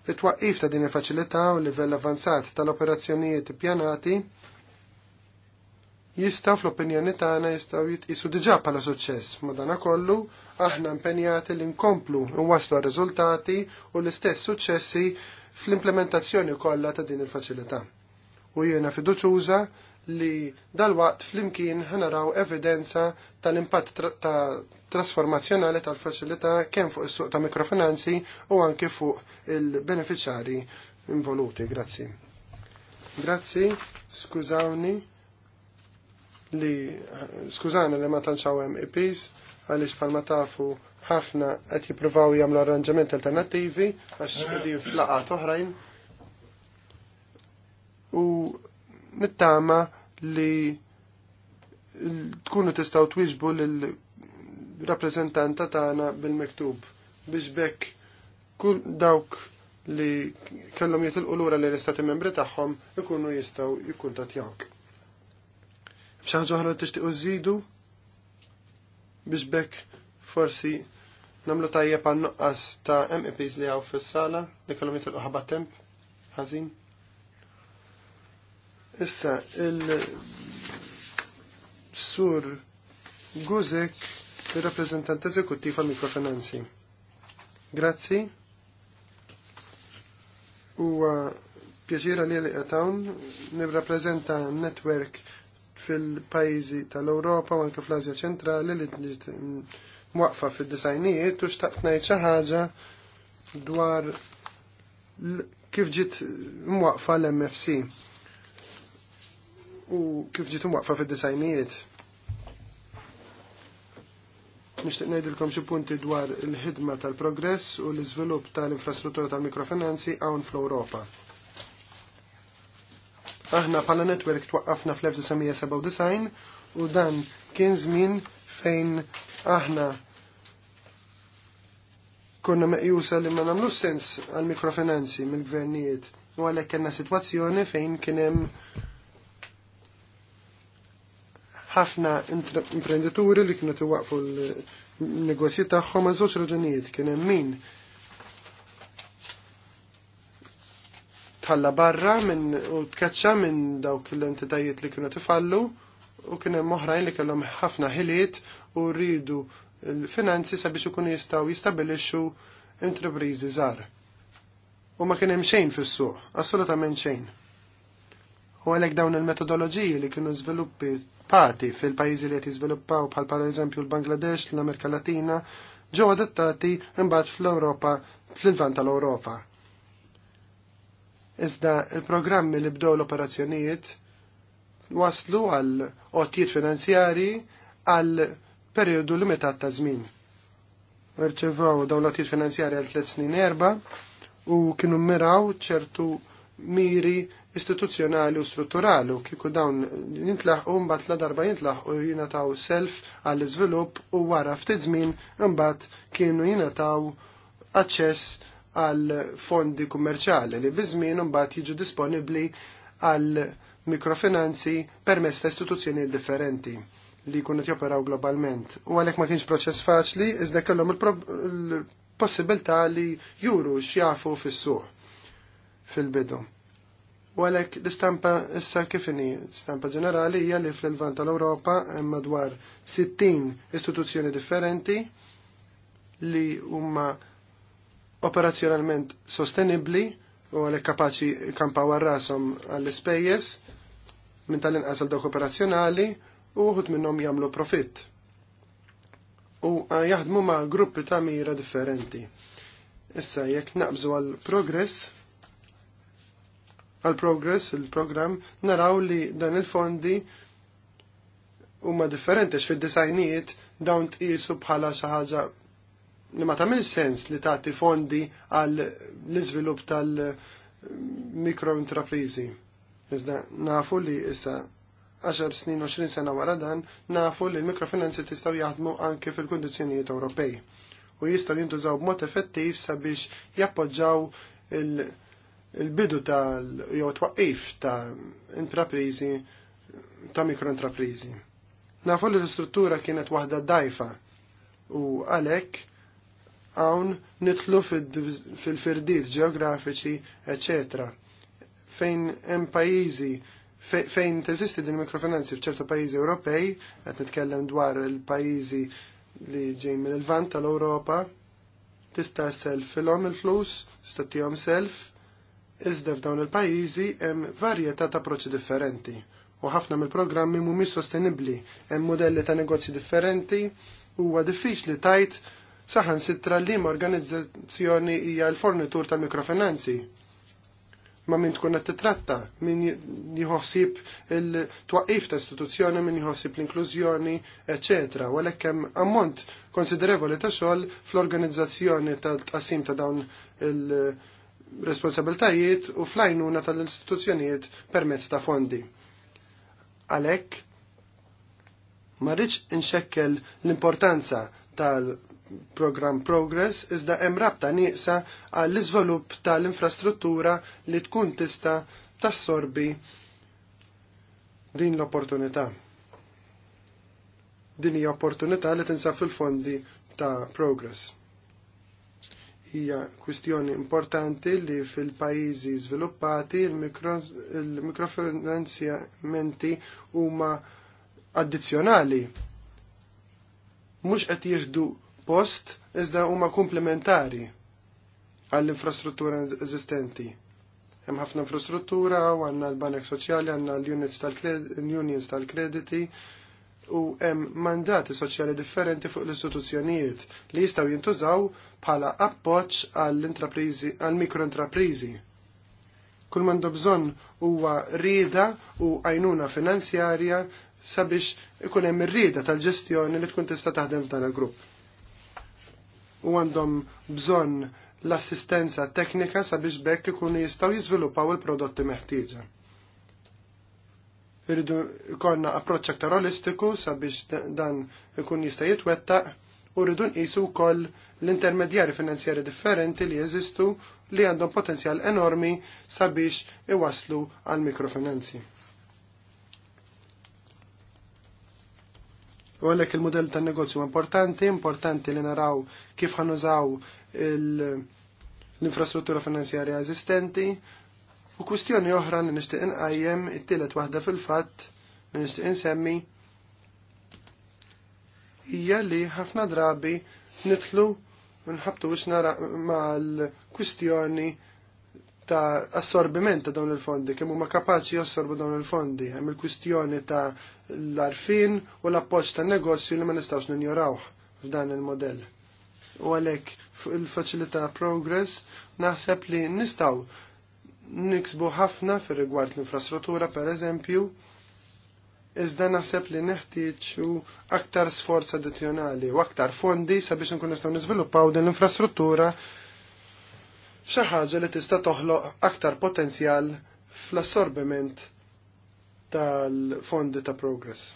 it twaqif ta' din il-faċilità u l-livell avanzat tal-operazzjonijiet ippjanati jista' fl-opinjoni tagħna jistgħu jitqisu diġà bħala suċċess. Madanakollu aħna impenjati li nkomplu nwaslu riżultati u l-istess suċċessi fl-implementazzjoni kollha ta' din il-faċilità. U jiena fiduċuża li dal-waqt flimkien ħanaraw evidenza tal-impatt ta' trasformazzjonali tal-faċilità kemm fuq is-suq ta' mikrofinanzi u anke fuq il-beneficjari involuti. Grazzi. Grazzi, skużawni li skużana li ma hemm EPs għaliex palma tafu ħafna qed jippruvaw jagħmlu arranġament alternattivi għax qegħdin flaqat oħrajn. U nittama li tkunu tistgħu twiġbu lil rappreżentanta tagħna bil-miktub biex bekk kull dawk li kellhom jitilqu lura l istati membri tagħhom ikunu jistgħu jikkuntattjawk ħaġa oħra tixtiequ żidu biex bekk forsi namlu tajjeb għan nuqqas ta' MEPs li għaw fil-sala li kellhom jitilqu ħabba temp ħażin. Issa il-sur Guzek il-rappresentant eżekuttiv għal mikrofinanzi. Grazzi. U pjaċira li li għatawn nirrapprezenta netwerk fil-pajzi tal-Europa u anke fl-Azja ċentrali li waqfa fil-disajnijiet u xtaqt ngħid xi ħaġa dwar kif ġiet mwaqfa l-MFC u kif ġiet mwaqfa fil-disajnijiet. Nixtieq ngħidilkom xi punti dwar il-ħidma tal-progress u l-iżvilupp tal-infrastruttura tal-mikrofinanzi hawn fl-Ewropa Aħna bħala netwerk twaqqafna fl-1997 u dan kien żmien fejn aħna konna meqjusa li ma nagħmlu sens għal mikrofinanzi mill-gvernijiet u għalhekk kellna sitwazzjoni fejn kien hemm ħafna imprenditur li kienu tiwaqfu l-negozji tagħhom għal żewġ raġunijiet kien hemm min bħalla barra minn u tkaċċa minn dawk l-entitajiet li kienu tifallu u kien hemm oħrajn li kellhom ħafna ħiliet u rridu l-finanzi sabiex ikunu jistgħu jistabilixxu entreprizi żgħar. U ma kien hemm xejn fis-suq, assolutament xejn. U għalhekk dawn il-metodoloġiji li kienu żviluppi pati fil-pajjiżi li qed jiżviluppaw bħal eżempju l-Bangladesh, l-Amerika Latina, ġew adattati imbagħad fl-Ewropa fl-Lvant tal-Ewropa Iżda il-programmi li bdew l-operazzjonijiet waslu għal qottijiet finanzjari għal periodu limitat ta' żmien. Irċevaw dawn l-qotjiet finanzjari għal tliet snin erba' u kienu miraw ċertu miri istituzzjonali u strutturali u kiku dawn jintlaħqu mbagħad la darba jintlaħqu jingħataw self għall iżvilupp u wara ftit żmien imbagħad kienu jingħataw aċċess għal fondi kummerċali li bizmin mbagħad jiġu disponibbli għal mikrofinanzi permess ta' istituzzjoni differenti li jkunu joperaw globalment. U għalhekk ma kienx proċess faċli, iżda kellhom il-possibilità li juru x'jafu fis-suq fil-bidu. U għalhekk l-istampa issa kif inhi stampa ġenerali hija li fl-Lvant tal-Ewropa hemm madwar 60 istituzzjoni differenti li huma operazzjonalment sostenibli u għalek kapaċi kampaw għarrasom għall-spejjes minn tal-inqas għal dok operazzjonali u uħut minnhom jagħmlu profitt. U jaħdmu ma' gruppi ta' mira differenti. Issa jekk naqbżu għal progress għal progress il-programm naraw li dan il-fondi huma differenti fid disajniet dawn tqisu bħala xaħġa ħaġa li ma tagħmel sens li tagħti fondi għal l-iżvilupp tal-mikrointraprizi. Eh, Iżda nafu li issa 10 snin 20 sena wara dan nafu li l-mikrofinanzi tistgħu jaħdmu anke fil-kundizzjonijiet Ewropej u jistgħu jintużaw b'mod effettiv sabiex jappoġġaw il- il-bidu tal jew twaqqif ta' intraprizi ta' mikrointraprizi. Nafu li l-istruttura kienet waħda dajfa u għalhekk hawn nitlu fil-firdiet ġeografiċi, eċetera. Fejn hemm pajjiżi fejn teżisti din mikrofinanzi f'ċertu pajjiżi Ewropej, qed nitkellem dwar il-pajjiżi li ġejn mill vant tal-Ewropa, tista' self filhom il-flus, tista' tihom self, iżda f'dawn il-pajjiżi hemm varjetà ta' approċċi differenti u ħafna mill-programmi mhumiex sostenibbli, hemm modelli ta' negozji differenti, huwa diffiċli tajt Saħan sitra li organizzazzjoni hija l-fornitur tal-mikrofinanzi. Ma min tkun qed titratta, min jħossib il-twaqif ta' istituzzjoni, min jħossib l-inklużjoni, eċetera. Walhekk hemm ammont konsiderevoli ta' xogħol fl-organizzazzjoni tal qasim ta' dawn il-responsabiltajiet u fl-għajnuna tal-istituzzjonijiet permezz ta' fondi. Għalhekk ma rridx inxekkel l-importanza tal program Progress iżda hemm rabta nieqsa għall iżvilupp tal-infrastruttura li tkun tista tassorbi din l-opportunità. Din hija opportunità li tinsab fil-fondi ta' Progress. Hija kwistjoni importanti li fil-pajjiżi żviluppati il-mikrofinanzjamenti huma addizzjonali mhux qed jieħdu post iżda huma komplementari għall-infrastruttura eżistenti. Hemm ħafna infrastruttura u għandna l-banek soċjali, għandna l-unions units tal tal-krediti u hemm mandati soċjali differenti fuq l-istituzzjonijiet li jistgħu jintużaw bħala appoġġ għall-intraprizi għall-mikrointraprizi. Kull mandu bżonn huwa rieda u għajnuna finanzjarja sabiex ikun hemm ir-rieda tal-ġestjoni li tkun tista' taħdem f'dan il-grupp u għandhom bżonn l-assistenza teknika sabiex bekk ikunu jistgħu jizviluppaw il-prodotti meħtieġa. Irridu jkollna approċċ aktar olistiku sabiex dan ikun jista' jitwettaq u rridu nqisu wkoll l-intermedjari finanzjari differenti li jeżistu li għandhom potenzjal enormi sabiex iwaslu għal mikrofinanzi. U għalhekk il-modell tan-negozju importanti, importanti li naraw kif ħanużaw l-infrastruttura finanzjarja eżistenti. U kwistjoni oħra li nixtieq inqajjem it-tielet waħda fil-fatt li nixtieq insemmi hija li ħafna drabi nitlu nħabtu wix nara ma' l-kwistjoni ta' assorbiment ta' dawn il-fondi, kemm huma kapaċi jossorbu dawn il-fondi, hemm il-kwistjoni ta' l-arfin u l-appoġġ tan negozju li ma nistgħux ninjorawh f'dan il-modell. U għalhekk il-faċilità progress naħseb li nistgħu niksbu ħafna fir rigward l-infrastruttura per eżempju, iżda naħseb li neħtieġu aktar sforz addizzjonali u aktar fondi sabiex nkun nistgħu niżviluppaw din l-infrastruttura xi ħaġa li tista' toħloq aktar potenzjal fl-assorbiment tal-fondi ta' progress.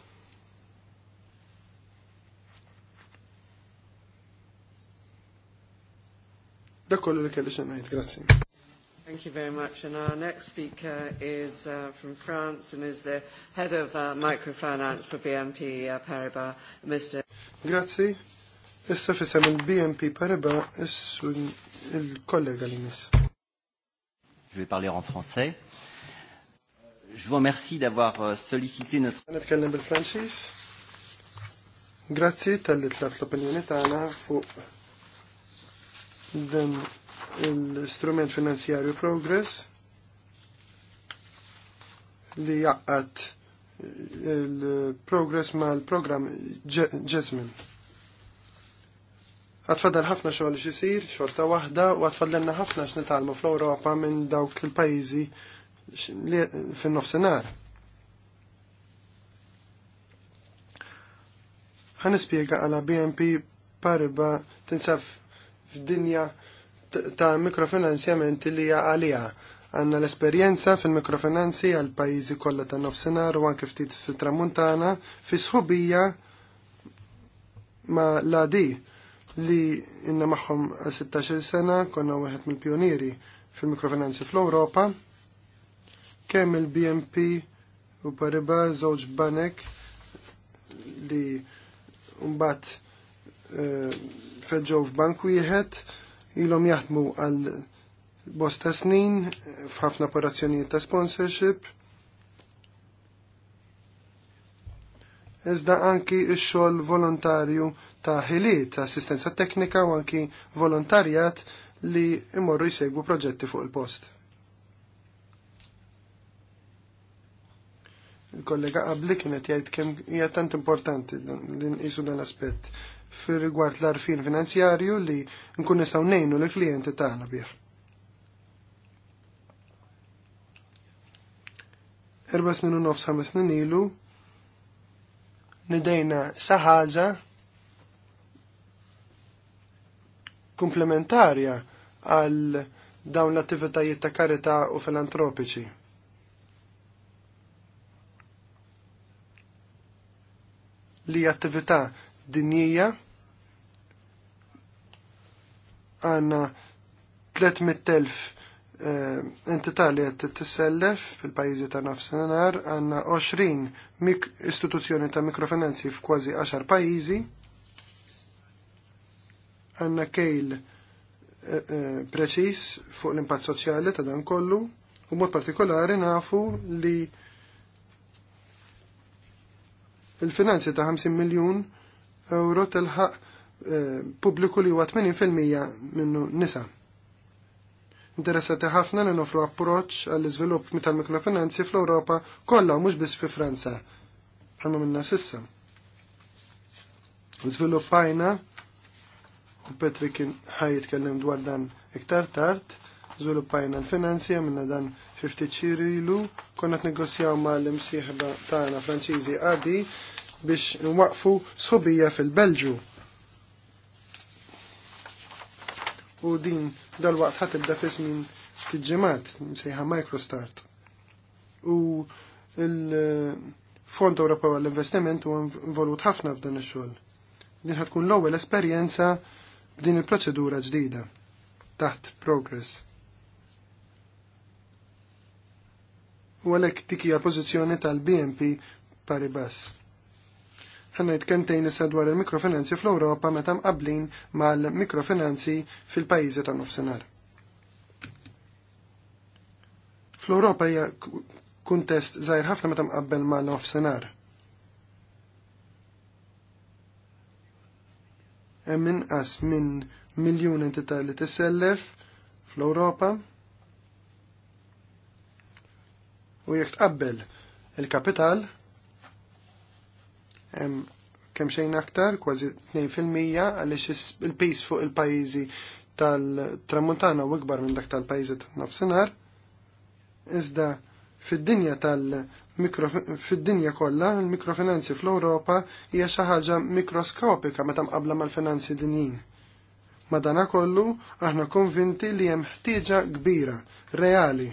Dak kollu li kelli xanajt, grazie. Thank you very much. And our next speaker is uh, from France and is the head of uh, microfinance for BNP uh, Paribas, Mr. Grazie. Issa fissam il-BNP Paribas, il-kollega li mis. Je vais parler en français. Je vous remercie d'avoir euh, sollicité notre... Nitkellem bil-Franċis. Grazzi tal-li tlabt l-opinjoni tagħna fuq dan l-istrument finanzjarju Progress li jaqqat il-Progress ma l program Jasmine. Għatfadal ħafna xogħol xisir, xorta waħda, u għatfadlenna ħafna x'nitalmu fl-Ewropa minn dawk il-pajjiżi fin-nofsinhar. Ħanispjega għala BNP pariba tinsaf f'dinja ta' mikrofinanzjamenti li hija għalija. Għanna l-esperjenza fil-mikrofinanzi għal pajjiżi kollha ta' nofsinhar u anke ftit fit-Tramuntana fi sħubija ma' l-AD li inna maħħom 16 sena konna wieħed mill-pionieri fil-mikrofinanzi fl-Ewropa. Kemm il-BMP u pariba żewġ banek li mbagħad eh, feġġew f'bank wieħed ilhom jaħdmu għal bosta snin f'ħafna operazzjonijiet ta' sponsorship. Iżda anki x-xogħol volontarju ta' ħiliet ta' assistenza teknika u anki volontarjat li imorru jsegwu proġetti fuq il-post. Il-kollega qabli kienet jgħid kemm hija tant importanti li nqisu dan aspett fir rigward l-arfin finanzjarju li nkun nistgħu nejnu lill-klijenti tagħna bih. 4 snin u nofs ħames snin ilu nidejna saħaġa komplementarja għal dawn l-attivitajiet ta' karità u filantropiċi. Li attività dinjija għanna 300.000 eh, entità li għed t-sellef fil-pajizi ta' nafsenar, għanna 20 istituzzjoni ta' mikrofinanzi f'kważi 10 pajizi, għanna kejl eh, eh, preċis fuq l-impatt soċjali ta' dan kollu u mod partikolari nafu li il-finanzi ta' 50 miljun euro telħaq eh, pubbliku li huwa 80% minnu nisa. Interessati ħafna li nofru approċċ għall iżvilupp tal-mikrofinanzi fl-Ewropa kollha mhux biss fi Franza Ħalma minna sissa. Żviluppajna u Petri kien ħaj jitkellem dwar dan iktar tard, żviluppajna l-finanzi għamilna dan 50 ċirilu, konna t-negozjaw ma l-imsieħba tagħna Franċiżi għadi biex nwaqfu sħubija fil-Belġu. U din dal-waqt ibda fi żmien ġimgħat msejħa MicroStart. U il-Fond Ewropew għall-Investiment u involut ħafna f'dan ix-xogħol din ħatkun l-ewwel esperjenza b'din il-proċedura ġdida taħt progress. U għalhekk dik hija pożizzjoni tal-BNP Paribas. Ħanajt jitkentejn issa dwar il-mikrofinanzi fl-Ewropa meta mqablin mal-mikrofinanzi fil-pajjiżi ta' nofsinhar. Fl-Ewropa hija kuntest żgħir ħafna meta mqabbel mal-nofsinhar hemm inqas minn miljun entità li tisellef fl-Ewropa. U jekk tqabbel il-kapital hemm kemm xejn aktar, kważi 2% għaliex il-pis fuq il-pajjiżi tal-Tramuntana u ikbar minn dak tal-pajjiżi tan-nofsinhar. Iżda fid-dinja -tal fid-dinja kollha il-mikrofinanzi fl-Ewropa hija xi ħaġa mikroskopika meta mqabbla mal-finanzi dinjin. Madanakollu aħna konvinti li hemm ħtieġa kbira, reali.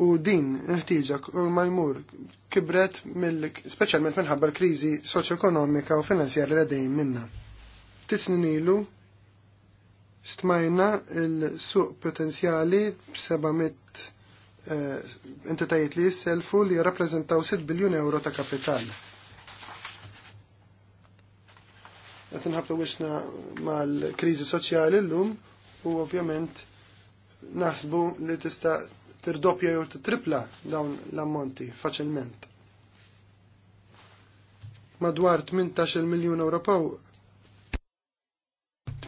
U din il-ħtieġa kull ma jmur kibret mill speċjalment minħabba l-kriżi soċjoekonomika u finanzjarja li dejjem minnha. Tit snin ilu stmajna il-suq potenzjali b Eh, entitajiet li jisselfu li jirrappreżentaw 6 biljun euro ta' kapital. Qed inħabtu wiexna mal-kriżi soċjali llum u ovvjament naħsbu li tista' tirdoppja jew titripla dawn l-ammonti faċilment. Madwar 18 miljun Ewropew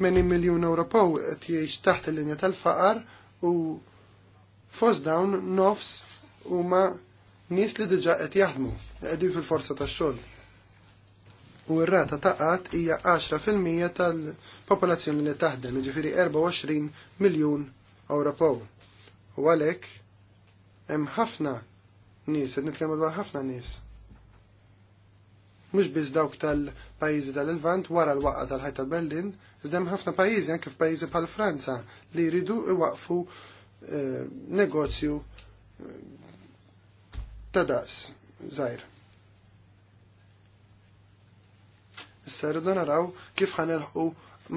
80 miljun Ewropew qed jgħix taħt il-linja tal-faqar u Fost dawn nofs huma nies li diġa qed jaħdmu, qegħdin fil-forza tax-xogħol. U r-rata ta' qatt hija 10% tal-popolazzjoni li taħdem, jiġifieri 24 miljun Ewropew. U għalhekk hemm ħafna nies, qed nitkellmu dwar ħafna nies. Mhux biss dawk tal-pajjiżi tal-Ilvant wara l-waqgħa tal-ħajt tal-Berlin, iżda hemm ħafna pajjiżi anke f'pajjiżi bħal Franza li jridu iwaqfu Eh, negozju eh, ta' daqs zaħir. Issa rridu naraw kif ħanelħu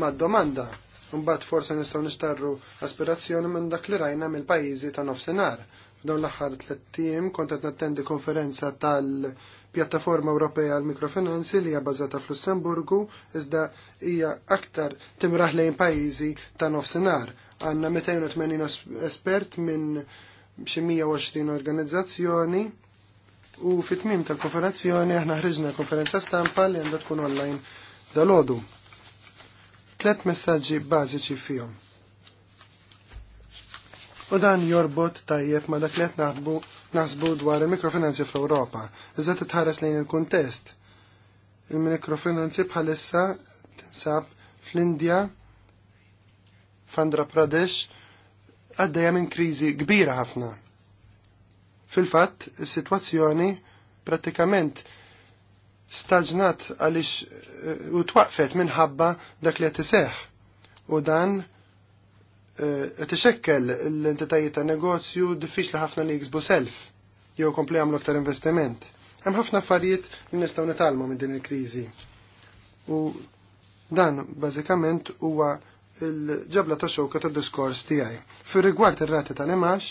mad-domanda Mbagħad forsi nistgħu nixtarru aspirazzjoni minn dak li rajna mill-pajjiżi ta' nofsinhar. F'dawn l-aħħar tliet tim kont qed nattendi konferenza tal-Pjattaforma Ewropea għal Mikrofinanzi li hija bażata f'Lussemburgu iżda hija aktar timraħ lejn pajjiżi ta' nofsinhar Għanna 280 espert minn xi 120 organizzazzjoni u fit-tmim tal-konferenzazzjoni aħna ħriġna konferenza stampa li għandha tkun online dal-ħodu. Tlet messaġġi bażiċi fihom. U dan jorbot tajjeb ma dak li qed naħbu naħsbu dwar il-mikrofinanzi fl-Ewropa. Iżda titħares lejn il-kuntest. Il-mikrofinanzi bħalissa tinsab fl-Indja f'Andhra Pradesh għaddejja minn kriżi kbira ħafna. Fil-fatt, is-sitwazzjoni prattikament staġnat għaliex eh, u twaqfet minħabba dak li qed iseħħ. U dan eh, qed ixekkel l-entitajiet ta' negozju diffiċli ħafna li jiksbu self jew kompli jagħmlu aktar investiment. Hemm ħafna affarijiet li nistgħu nitalmu minn din il-kriżi. U dan bażikament huwa il-ġabla ta' xewka ta' diskors tiegħi. Fi rigward ir-rati tal nemax,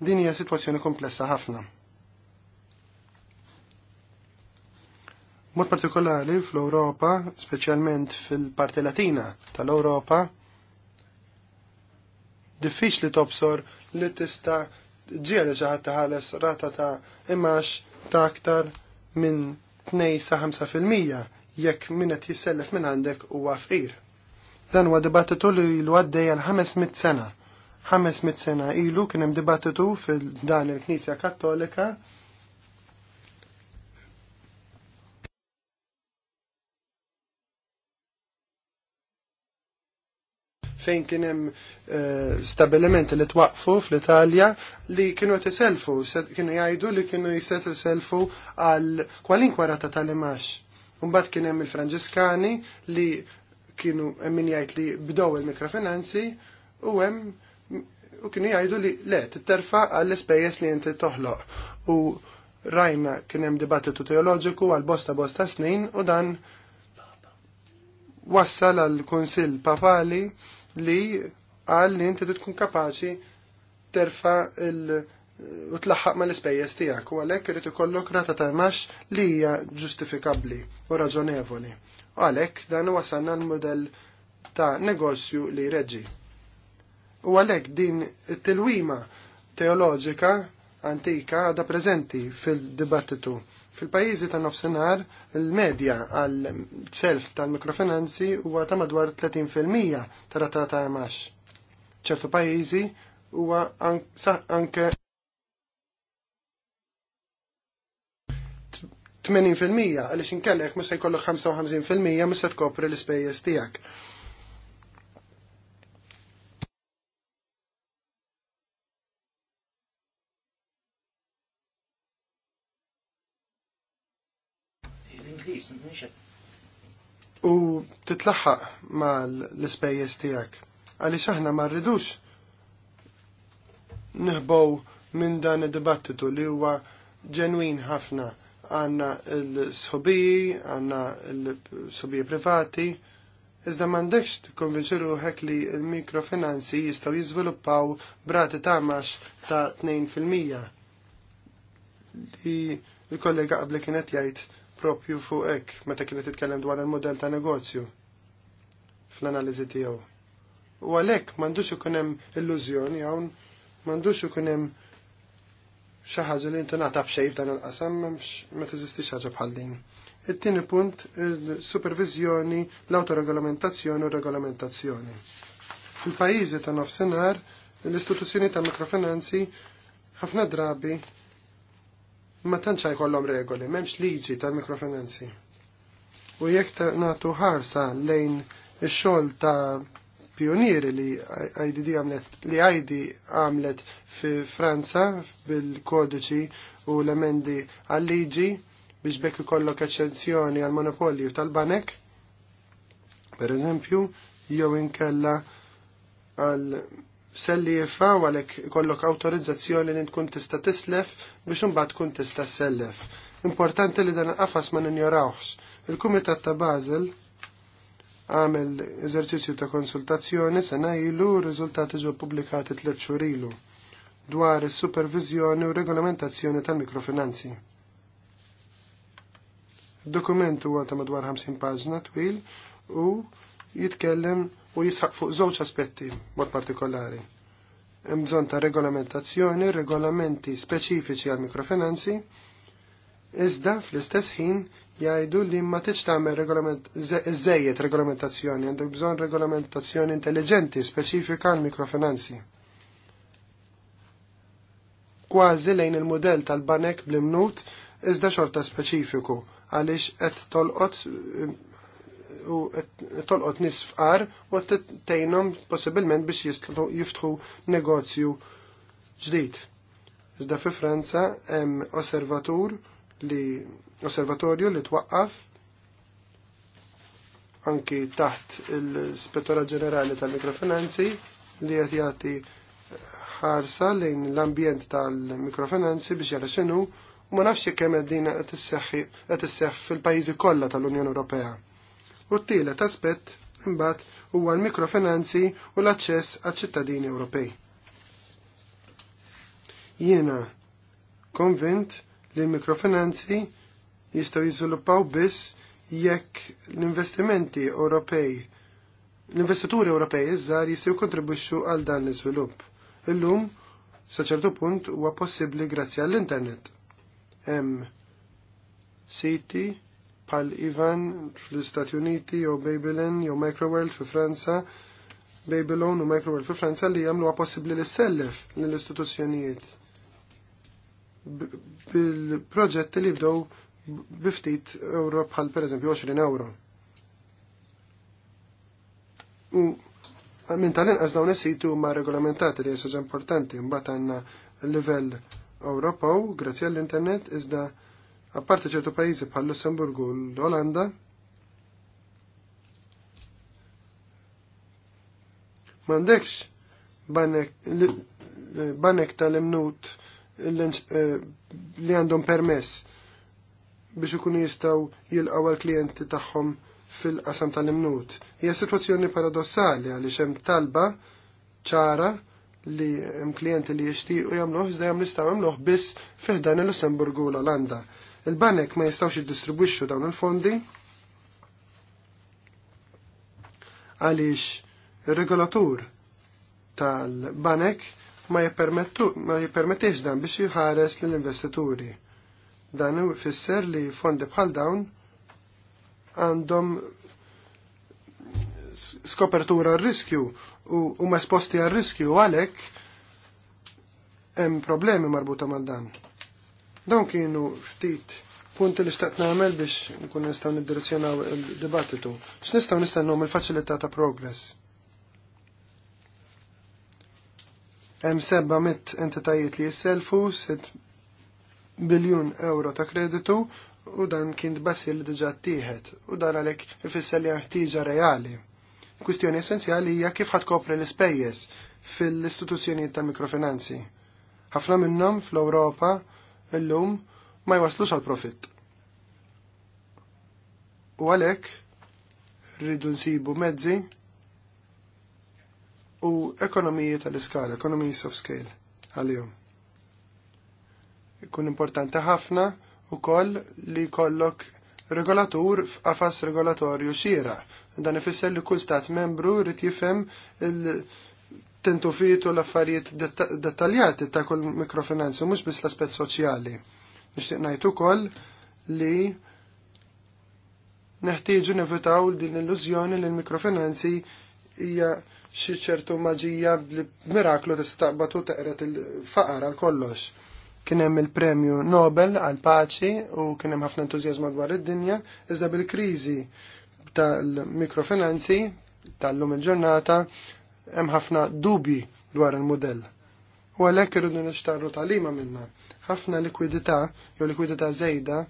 din hija sitwazzjoni komplessa ħafna. Mod partikolari fl-Europa, specialment fil-parti latina tal-Europa, diffiċ li tobsor li tista ġieli ġaħat taħales rata ta' imax ta' aktar minn 2 sa' 5% jekk minnet jissellef minn għandek u għafqir. Dan huwa dibattitu li ilu għaddejja għal 500 sena. 500 sena ilu kien hemm dibattitu fil-dan il-Knisja Kattolika fejn kien hemm eh, stabilimenti li twaqfu fl-Italja li kienu tiselfu, kienu jgħidu li kienu jistet iselfu għal kwalinkwa rata tal-imax. Umbat kien hemm il-Franġiskani li kienu min jgħid li bdow il-mikrofinanzi u hemm u kienu jgħidu li le terfa għall ispejjeż li inti toħloq u rajna kien hemm dibattitu teoloġiku għal bosta bosta snin u dan wassal għal konsil papali li għal li inti tkun kapaċi terfa il- u tlaħħaq ma l-ispejjeż tiegħek u għalhekk irid ikollok rata ta' li hija ġustifikabbli u raġonevoli. Għalek dan wasanna l-modell ta' negozju li reġi. U għalek din it-tilwima teoloġika antika għada prezenti fil-dibattitu. Fil-pajizi ta' nofsenar, il-medja għal self tal-mikrofinanzi huwa ta' madwar 30% ta' rata ta' jamax. ċertu pajizi huwa anke 80% għaliex inkellek musa se jkollok 55% musa tkopri l-ispejjeż tiegħek. U titlaħħaq mal l-ispejjeż tiegħek. Għaliex aħna ma rridux nħbow minn dan id-dibattitu li huwa ġenwin ħafna għanna l-sħobiji, għanna l-sħobiji privati, iżda mandekx t-konvinċi li l-mikrofinanzi jistaw jizviluppaw brati tamax ta' 2% li l-kollega qabli kienet jgħid propju fuq hekk meta kienet titkellem dwar il-modell ta' negozju fl-analiżi tiegħu. U għalhekk m'għandux ikun hemm illużjoni hawn, m'għandux ikun hemm xaħġa ħaġa li inti nagħta xejf dan il-qasam m'hemmx t teżistix xaħġa bħal din. It-tieni punt supervizjoni l-autoregolamentazzjoni u regolamentazzjoni. il pajjiżi ta' nofsinhar l-istituzzjoni ta' mikrofinanzi ħafna drabi ma tantx jkollhom regoli, m'hemmx liġi tal-mikrofinanzi. U jekk nagħtu ħarsa lejn ix-xogħol ta' pionieri li ID għamlet li ID għamlet fi Franza bil-kodiċi u l-emendi għal-liġi biex bekk ikollok eċċenzjoni għal monopolju tal-banek per eżempju jew inkella għal selliefa u għalek kollok autorizzazzjoni li tkun tista tislef biex imbagħad tkun tista sellef. Importanti li dan qafas ma ninjorawx. Il-Kumitat ta' Basel għamel eżerċizzju ta' konsultazzjoni sena ilu riżultati ġo publikati t-letxur ilu dwar is-supervizjoni u regolamentazzjoni tal-mikrofinanzi. Dokumentu huwa ta' madwar 50 paġna twil u jitkellem u jisħaq fuq żewġ aspetti mod partikolari. Hemm bżonn ta' regolamentazzjoni, regolamenti speċifiċi għal mikrofinanzi, iżda fl-istess ħin jgħidu li ma tiġ tagħmel regolament żejjed regolamentazzjoni, għandek bżonn regolamentazzjoni intelligenti speċifika għal mikrofinanzi. Kważi lejn il-modell tal-banek bl-imnut iżda xorta speċifiku għaliex qed tolqot u tolqot nis fqar u tejnom possibilment biex jiftħu negozju ġdid. Iżda fi Franza hemm osservatur li osservatorju li twaqqaf anki taħt l spettora Ġenerali tal-Mikrofinanzi li qed jagħti ħarsa lejn l-ambjent tal-mikrofinanzi biex jara x'inhu u ma nafx kemm din qed isseħħ fil-pajjiżi kollha tal-Unjoni Ewropea. U t-tielet aspett imbagħad huwa l-mikrofinanzi u l-aċċess għaċ-ċittadini Ewropej. Jiena konvint li l-mikrofinanzi jistgħu jiżviluppaw biss jekk l-investimenti Ewropej l-investituri Ewropej iżgħar jistgħu kontribwixxu għal dan l-iżvilupp. Illum sa ċertu punt huwa possibbli grazzi għall-internet. Hemm siti pal Ivan fl-Istati Uniti jew Babylon jew Microworld fi Franza Babylon u Microworld fi Franza li huwa possibbli li sellef lill-istituzzjonijiet bil-proġetti li bdew biftit euro bħal eżempju 20 euro. U minn tal-inqas dawn is-situ ma regolamentati li jesu importanti mbagħad għandna l-livell Ewropew grazzi għall-internet iżda apparti ċertu pajjiżi bħal Lussemburgu u l-Olanda m'għandekx banek tal-imnut eh, li għandhom permess biex ikunu jistgħu jilqgħu għal klijenti tagħhom fil-qasam tal-imnut. Hija sitwazzjoni paradossali għaliex hemm talba ċara li hemm klijenti li jixtiequ jagħmluh iżda jagħmlu jistgħu jagħmluh biss fih dan il-Lussemburgu u l-Olanda. Il-banek ma jistgħux jiddistribwixxu dawn il-fondi għaliex ir-regolatur tal-banek ma jippermettix dan biex jħares lill investituri Dan ifisser li fondi bħal dawn għandhom skopertura r-riskju u huma sposti għal-riskju għalhekk hemm problemi marbuta mal dan. Dawn kienu ftit punti li xtaqt nagħmel biex nkun nistgħu niddirezzjonaw il-dibattitu. X'nistgħu nistennhom il-faċilità ta' progress. Hemm seba' mit entitajiet li jisselfu, sitt biljun euro ta' kreditu u dan kien bassi li diġa tieħed u dan għalhekk ifisser li ħtiġa reali. Kwistjoni essenzjali hija kif kopri l-ispejjeż fil-istituzzjonijiet ta' mikrofinanzi Ħafna minnhom fl-Ewropa llum ma jwaslux għal profitt. U għalhekk rridu nsibu mezzi u ekonomiji tal-iskala, ekonomiji soft scale għal-jum. Kun importanti ħafna u koll li kollok regolatur f'qafas regolatorju xira. Dan ifisser li kull stat membru rrit jifhem il-tentufiet u l-affarijiet dettaljati ta' kull mikrofinanzi, mhux biss l-aspett soċjali. Nixtieq ngħid ukoll li neħtieġu nevitaw din l-illużjoni li l-mikrofinanzi hija xi ċertu maġija li miraklu tista' taqbad u taqret il-faqar għal kollox Kien hemm il-premju Nobel għal paċi u kien hemm ħafna entużjażmu dwar id-dinja, iżda bil-kriżi tal-mikrofinanzi tal-lum il-ġurnata hemm ħafna dubi dwar il-modell. U għalhekk irridu nixtarru talima minna. Ħafna likwidità jew likwidità żejda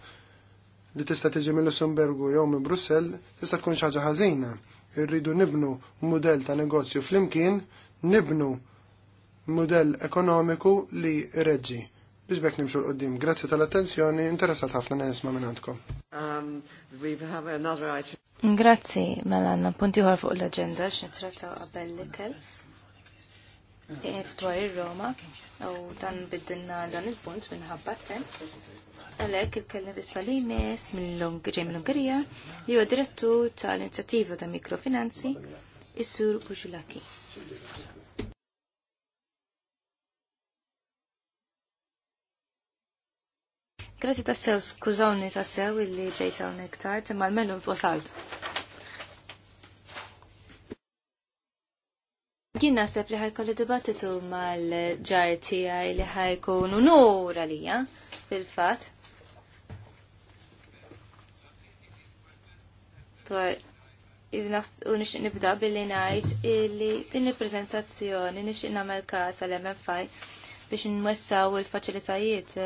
li tista' tiġi mill-Lussemburgu jew minn Brussell tista' tkun xi ħaġa ħażina. Irridu nibnu mudell ta' negozju flimkien, nibnu mudell ekonomiku li reġġi biex bekk nimxu l-qoddim. Grazzi tal-attenzjoni, interesat ħafna nisma minn għandkom. Um, Grazzi, mela għanna punti ħor fuq l-agenda x'nittrattaw qabel l-ikel. Eh, dwar ir-Roma, u dan biddinna dan il-punt minn ħabba t tent. Għalek il-kellem il-Salimis minn l ungerija li huwa direttur tal inizjativa ta' mikrofinanzi, is-Sur Kuxulaki. Grazie sew skużawni tassew illi ġejta unek tard, imma l-menu wasalt. Jien naħseb li ħajkolli dibattitu mal-ġar tiegħi li ħajkun unur għalija fil-fatt. Dwar unix nixtieq nibda billi najt illi din il-preżentazzjoni nixtieq nagħmel każ għal MFI biex nwessaw il-faċilitajiet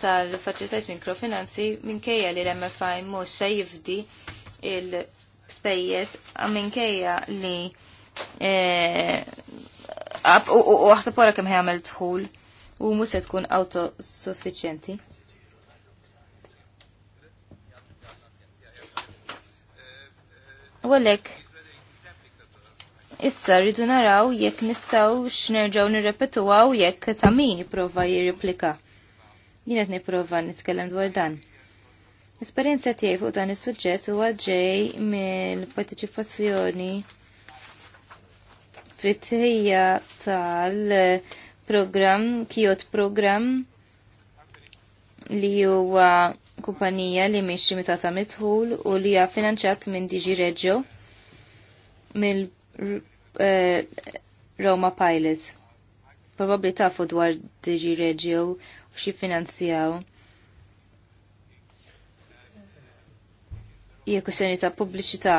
tal-faċilitajt mikrofinanzi minkejja li l-MFI mhux se jifdi il-spejjeż minkejja li e, u ħsab wara kemm ħamel dħul u mhux se tkun autosuffiċjenti. U għalhekk Issa rridu naraw jekk nistgħu x'nerġgħu nirrepetuha u jekk ta' min jipprova jirreplika. Jien qed nipprova nitkellem dwar dan. L-esperjenza tiegħi fuq dan is-suġġett huwa ġej mill-partiċipazzjoni fit-tħejja tal-programm, Kjot program li huwa kumpanija li mixi mitata mitħul u li hija finanċjat minn Digi Reggio mill eh, Roma Pilot. Probabli tafu dwar Digi Reggio x'jiffinanzjaw. Hija kwestjoni ta' pubbliċità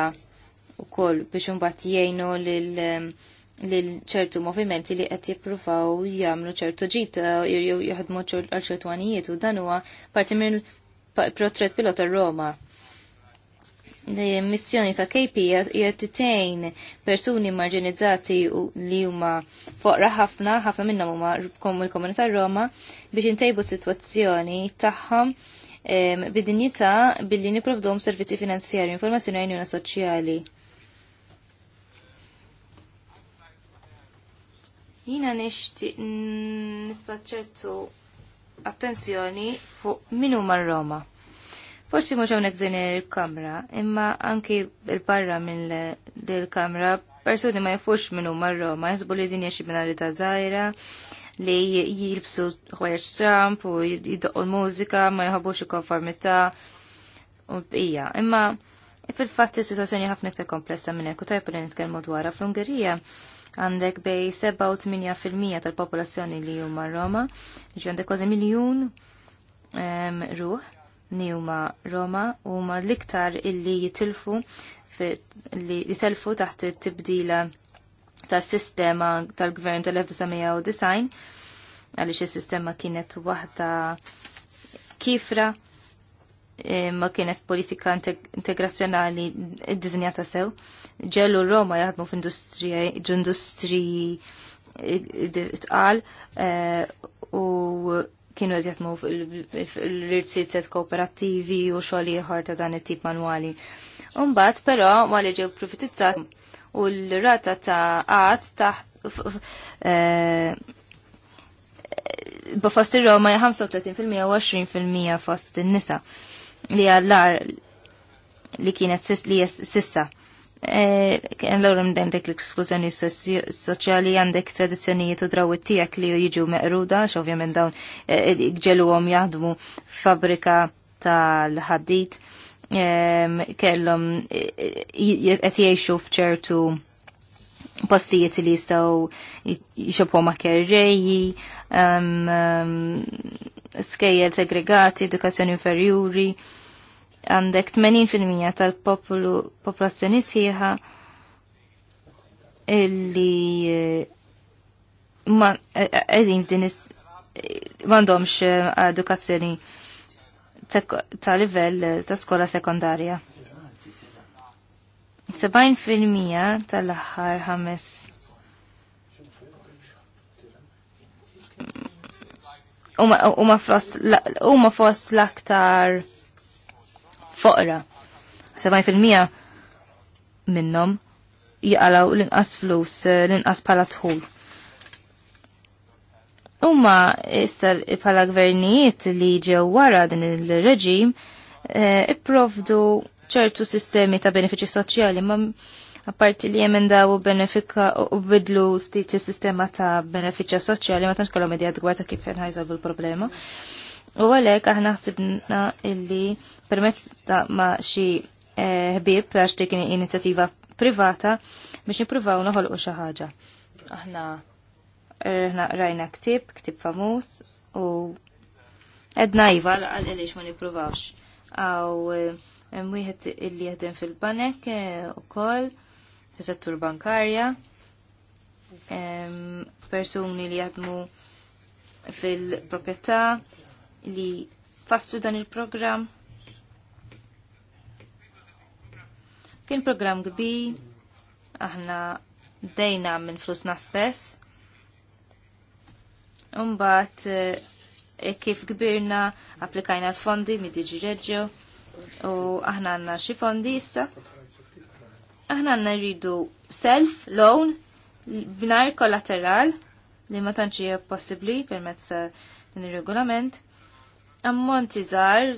wkoll biex imbagħad jgħinu lil ċertu movimenti li qed jippruvaw jagħmlu ċertu ġita u eh, jaħdmu għal ċertu għanijiet u dan huwa parti minn protrett pilota Roma l missjoni ta' KP jettitejn persuni marġinizzati u li huma foqra ħafna, ħafna minnhom huma komu l-komunità Roma biex intejbu situazzjoni tagħhom bid-dinjità billi niprovdom servizi finanzjarji, informazzjoni għajnuna soċjali. Jina nixtieq nitfaċċertu attenzjoni fuq min huma Roma. Forsi mhux hawnhekk din il-kamra, imma anki il-barra minn il-kamra persuni ma jafux minn huma Roma, jasbu li din xi ta' żgħira li jilbsu ħwejjeġ Trump u jiddoqqu l-mużika ma jħobbux il-konformità u bqija. Imma fil-fatt is-sitwazzjoni ħafna iktar komplessa minn hekk u tajb li nitkellmu dwarha fl-Ungerija għandek bej 7-8% tal-popolazzjoni li huma Roma, ġi għandek kważi miljun ruħ Newma Roma huma l-iktar illi jitilfu li jitilfu taħt it-tibdila tas-sistema tal-gvern tal-1990 għaliex is-sistema kienet waħda kifra e, ma kienet politika integrazzjonali id-dizinjata sew. Ġellu Roma jaħdmu industriji e, e, tqal u kienu qed l fil set kooperattivi u xogħol ieħor ta' dan it-tip manwali. pero, però li ġew privatizzat u l-rata ta' għad ta' b'fost ir-Roma 35% u 20% fost in-nisa li għallar li kienet sissa. Eh, kien l-għorum dendek l-ekskluzjoni soċjali għandek tradizjonijiet u drawit tijak li jiġu meqruda, xovjament dawn eh, ġelu għom jaħdmu fabrika tal-ħaddit, kellom eh, qed jgħixu fċertu postijiet li jistaw jxopu ma' kerreji, skejjel segregati, edukazzjoni inferjuri, għandek 80% tal-popolu popolazzjoni sħiħa illi għedin eh, eh, din eh, mandomx edukazzjoni ta' livell ta' skola sekondarja. 70% tal-aħħar ħames u ma fost l-aktar foqra. 70% minnom jgħalaw l-inqas flus, eh, l-inqas pala tħul. Umma issa pala gvernijiet li ġew wara din il-reġim eh, ipprovdu ċertu sistemi ta' benefiċi soċjali ma' apparti li jemenda u benefika u bidlu ftit sistema ta' benefiċi soċjali ma tantx kollha medjat kif nħajsolvu l-problema. U għalek aħna ħsibna illi permezz ta' ma xi eh, ħbib għax dik inizjattiva privata biex nippruvaw noħol xi ħaġa. Aħna eh, aħna rajna ktib, ktib famuż u edna jiva għal illi ma nippruvawx. Għaw eh, mwieħed illi jaħdem fil-banek ukoll fis-settur bankarja, persuni li jaħdmu fil-proprjetà, li fassu dan il-programm. Kien program kbir, aħna dejna minn flusna stess. Umbat e kif kbirna applikajna l-fondi mid diġi Reggio u aħna għanna xi fondi issa. Aħna għanna rridu self loan b'nar kollateral li ma tanċi hija possibbli permezz din ir-regolament ammonti żgħar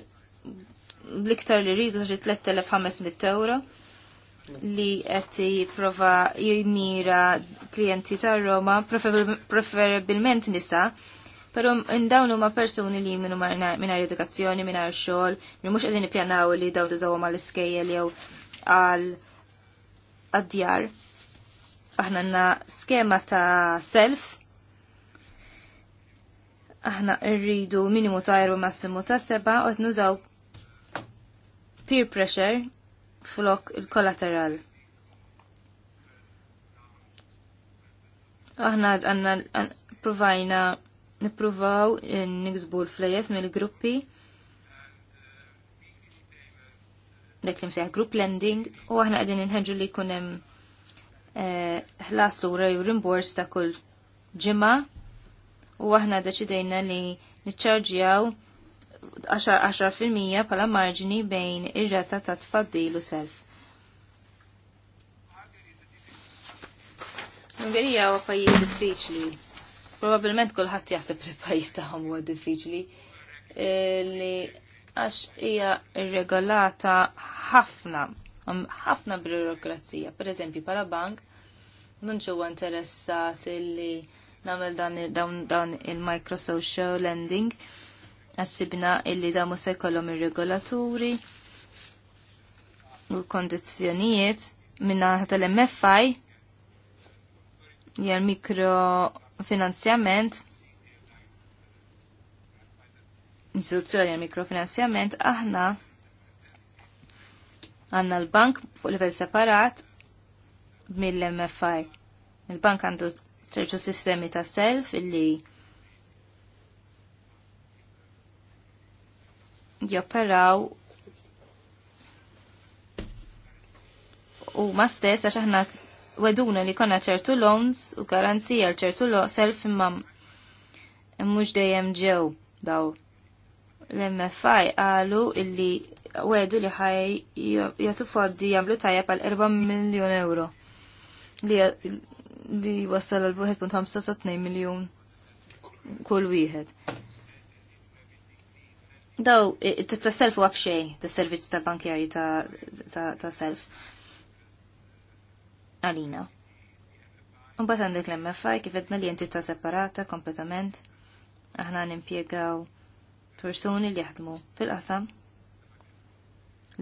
l-iktar li rridu ġi 3500 euro li qed jipprova jimira klijenti ta' Roma, preferibilment nisa, Pero ndawnu ma personi li minnu minar edukazzjoni, minar xol, minn mux għazin pjanaw li dawdu zawu ma l-skejjel jew għal għaddjar. Aħna għanna skema ta' self aħna rridu minimu ta' erba massimu ta' seba u nużaw peer pressure flok il-kollateral. Aħna għanna provajna nipruvaw niksbu l-flejes mill-gruppi dak li msejħ group lending u aħna qegħdin inħeġġu li jkun hemm eh, ħlas lura jew rimbors ta' kull ġimgħa u aħna deċidejna li niċċarġjaw 10% pala marġini bejn ir-rata ta' tfaddil u self. Ungerija huwa pajjiż diffiċli. Probabilment kulħadd jaħseb li pajjiż tagħhom huwa diffiċli eh, li għax hija regolata ħafna ħafna birokrazija. Per eżempju, pala bank, non huwa interessat li namel dan il-microsocial lending. Għassibna illi da se kollom il-regolaturi u l-kondizjonijiet minna tal-MFI jgħal mikrofinanzjament L-instituzzjoni għal mikrofinanzjament aħna għanna l-bank fuq livell separat mill-MFI. Il-bank għandu ċertu sistemi ta' self illi joperaw u ma stess għax aħna weduna li konna ċertu loans u garanzija l ċertu lo self imma mhux dejjem ġew daw l-MFI għalu illi għedu li ħaj jgħatu foddi jgħamlu tajja pal 4 miljon euro li li wassal għal 1.5-2 miljon kull wieħed. Daw, ta' self u għabxej, ta' servizz ta' bankjari ta' self. Għalina. bat għandek l-MFI kif edna li jentita separata kompletament. Aħna nimpiegaw persuni li jaħdmu fil-qasam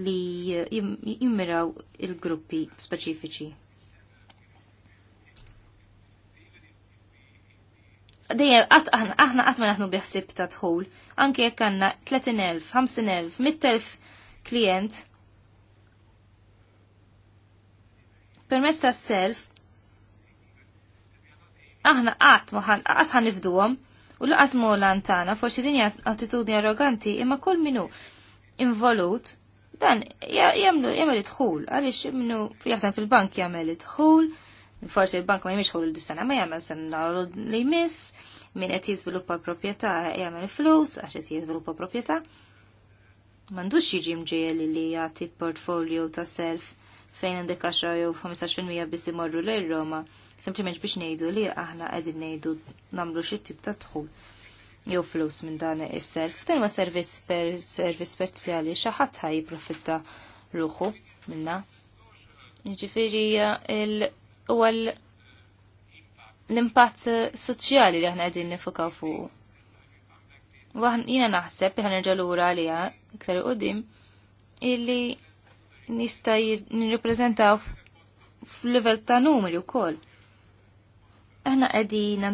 li jimmiraw il-gruppi speċifiċi dejjem aħna qatt ma naħnu biħsib ta' dħul. Anke jekk għandna 30,000, 50,000, 100,000 klient. Permezz tas self aħna qatt ma qas ħanifduhom u laqas molan tagħna forsi din attitudni arroganti imma kull minu involut dan jagħmlu jagħmel idħul għaliex minnu jaħdem fil-bank jagħmel idħul. Forsi il-bank ma jimiex ħollu l-distana, ma jagħmel sena li jmiss, minn qed jiżviluppa proprjetà jagħmel flus għax qed jiżviluppa proprjetà. M'għandux jiġi mġiel li jagħti portfolio ta' self fejn għandek 10 jew 15% biss imorru lejn Roma, sempliment biex ngħidu li aħna qegħdin ngħidu nagħmlu xi tip ta' dħul jew flus minn dan is-self. Dan huwa servizz per servizz speċjali xi ħadd ħaj jipprofitta ruħu minna. Jiġifieri il u għal l-impatt soċjali li aħna qegħdin nifukaw fuq. Waħn jiena naħseb li ħanerġa' lura għaliha iktar qudiem illi nista' nirrappreżentaw f'livell ta' numeri wkoll. Aħna qegħdin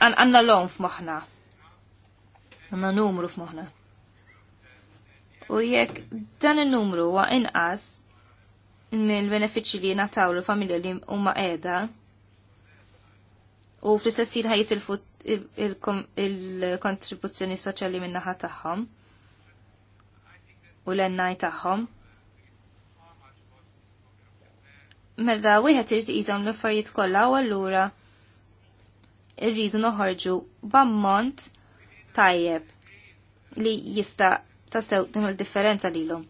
għandna l-om f'moħħna. Għandna numru f'moħħna. U jekk dan il-numru huwa inqas mill-benefiċċji li nataw l-familja li huma qiegħda u fl-istess jien ħajitilfu il-kontribuzzjoni soċjali min-naħa tagħhom u l-ennaj tagħhom. Mela wieħed irid iżhom l-affarijiet kollha u allura rridu noħorġu b'ammont tajjeb li jista' tassew din il-differenza lilhom.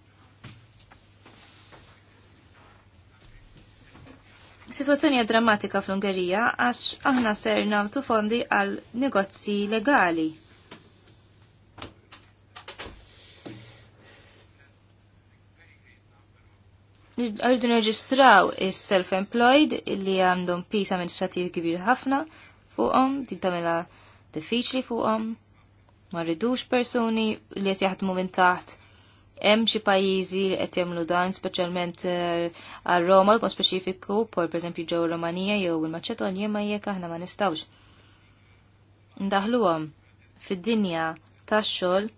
Situazzjoni hija drammatika fl-Ungerija għax aħna ser namtu fondi għal negozji legali. Rridu nirreġistraw is-self-employed li għandhom minn amministrativ kbir ħafna fuqhom, din tagħmilha diffiċli fuqhom, ma rridux persuni li qed jaħdmu minn taħt Hemm xi pajjiżi li qed jagħmlu dan speċjalment eh, għal Roma b'mod speċifiku, por pereżempju ġew Romanija jew il-Maċedonja ma jekk aħna ma nistgħux. Ndaħluhom fid-dinja tax-xogħol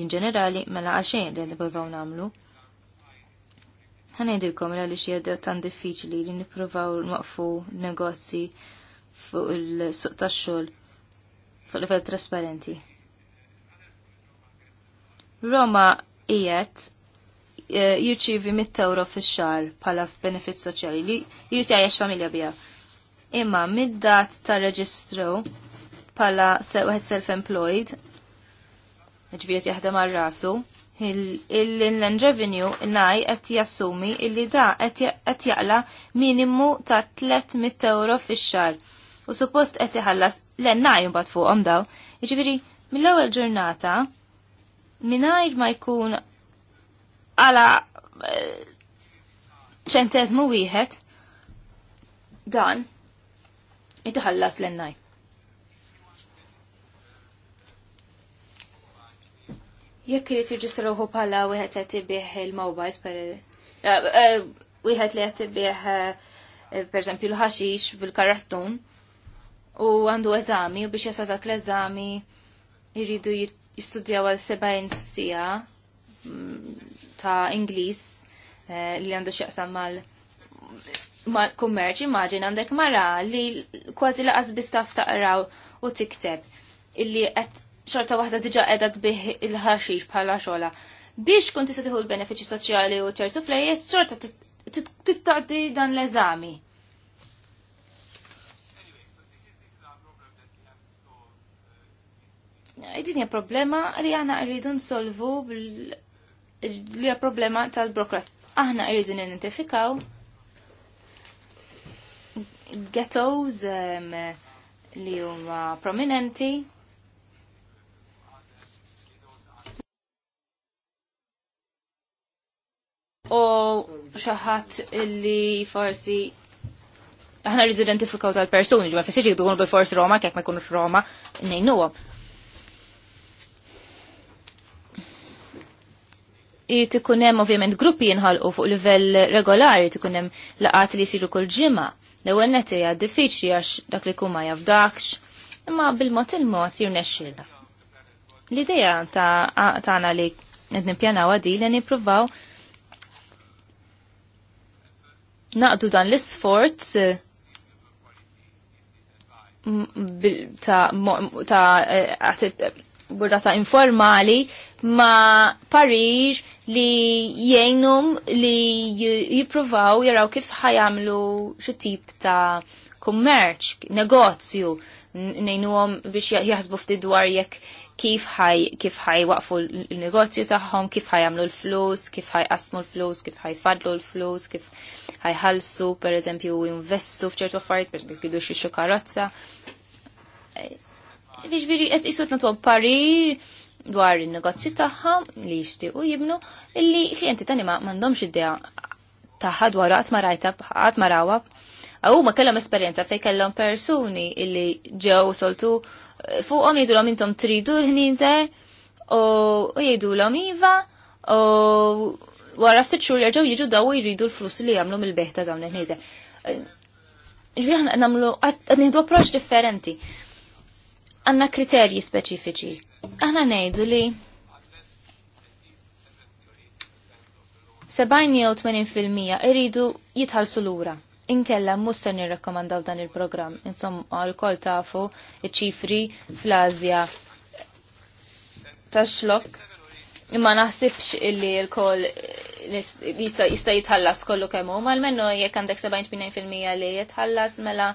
din ġenerali mela għal xejn li nippruvaw nagħmlu. Ħanejdilkom li xi hija tan diffiċli li nippruvaw nwaqfu negozji fuq il-suq tax-xogħol fuq livell trasparenti. Roma ijet eh, jirċivi mit-euro fix-xar bħala benefit soċjali li jirti għajax familja bija. Imma mid-dat ta' reġistru bħala wieħed self-employed, ġviet jaħdem għal rasu, il-inland revenue naj qed jassumi illi da qed jaqla minimu ta' 300 euro fix-xar. U suppost qed jħallas l-naj mbagħad fuqhom daw. Jiġifieri mill-ewwel ġurnata minajr ma jkun għala eh, ċentezmu wieħed dan jitħallas l-ennaj. Jekk irid jirġistruħu bħala wieħed qed ibih il mowbajs per eh, eh, wieħed li qed ibih pereżempju l-ħaxix bil-karattun u għandu eżami u biex jasa dak l-eżami jridu jit jistudjaw għal 70 sija ta' Inglis li għandu xieqsam mal kummerċ maġin għandek mara li kważi laqas bistaf taqraw u tikteb illi qed xorta waħda diġa qiegħda tbih il-ħaxix bħala xola Biex kunti s tieħu l-benefiċċji soċjali u ċertu flejjes xorta tittardi dan l-eżami. id-dinja problema li aħna rridu nsolvu li hija problema tal-brokrat. Aħna rridu nidentifikaw ghettos li huma prominenti u xaħat li forsi aħna rridu identifikaw tal-persuni, ġba fissir għidu għun bil-forsi Roma, kek ma jkunux Roma, nejnu għom. Irrit ikun hemm ovvjament gruppi jinħalqu fuq livell regolari, ikun hemm laqat li jsiru kull ġimgħa. L-ewwel nett hija diffiċli għax dak li jkun ma jafdakx, imma bil-mod il-mod jirnexxilna. L-idea tagħna li qed pjana għadi li nippruvaw naqdu dan l-isforz ta' ta' eh, ta' informali ma' Parir li jgħinhom li jippruvaw jaraw kif ħajamlu xi tip ta' kummerċ, negozju, nejnuhom biex jaħsbu ftit dwar jekk kif ħaj kif ħaj waqfu l-negozju tagħhom, kif għamlu l-flus, kif ħajqasmu l-flus, kif ħajfadlu l-flus, kif ħajħallsu pereżempju investu f'ċertu affarijiet, pereżempju kidu xi karozza. Jiġifieri qed isutna tuwa parir dwar il-negozju tagħha li jixtiequ jibnu illi klienti tani ma m'għandhomx idea tagħha dwar qatt ma rajta qatt ma rawha. Aw ma kellhom esperjenza fejn kellhom persuni illi ġew soltu eh, fuqhom jgħidulhom intom tridu l-ħnieżer u jgħidulhom iva u wara ftit xhur jerġgħu jiġu daw jridu l-flus li jagħmlu mill beħta dawn il-ħnieżer. Ġbir eh, nagħmlu qed nieħdu approċċ differenti. Għandna kriterji speċifiċi aħna ngħidu li 70 jew 80% jitħalsu jitħallsu lura. Inkella muster nirrakkomandaw dan il-programm. Insom għal-kol tafu iċ-ċifri fl-Azja tax-xlok. Imma naħsibx illi l-kol jista jitħallas kollu kemmu, ma l-mennu jek għandek 70-80% li jitħallas mela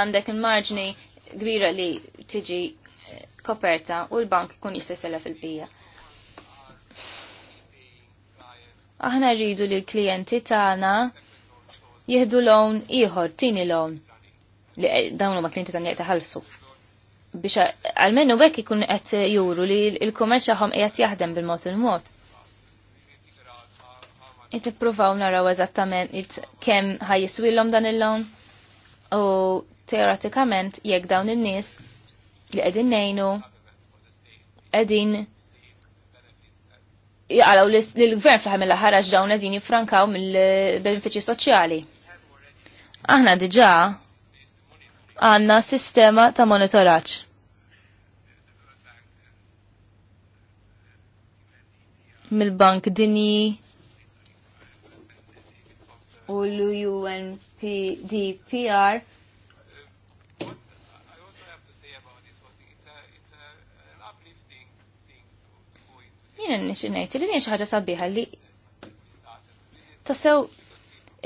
għandek il-marġni kbira li tiġi koperta u l-bank kun jista' fil-bija. Aħna rridu li l-klijenti tagħna jieħdu lawn ieħor, tini lawn li dawn huma klienti tagħna qed ħalsu biex għalmenu bekk ikun qed juru li l-kummerċ tagħhom qiegħed jaħdem bil-mod il-mod. Qed ippruvaw naraw eżattament kemm ħajjiswilhom dan il-lawn u teoretikament jekk dawn in-nies li għedin nejnu, għedin jgħalaw li l-gvern fl ħamil laħarax dawn qegħdin jifrankaw mill benefici soċjali. Aħna diġa għanna sistema ta' monitoraċ. mil bank Dini u l-UNPDPR Jien nixinajt li nix ħaġa sabiħa li tasew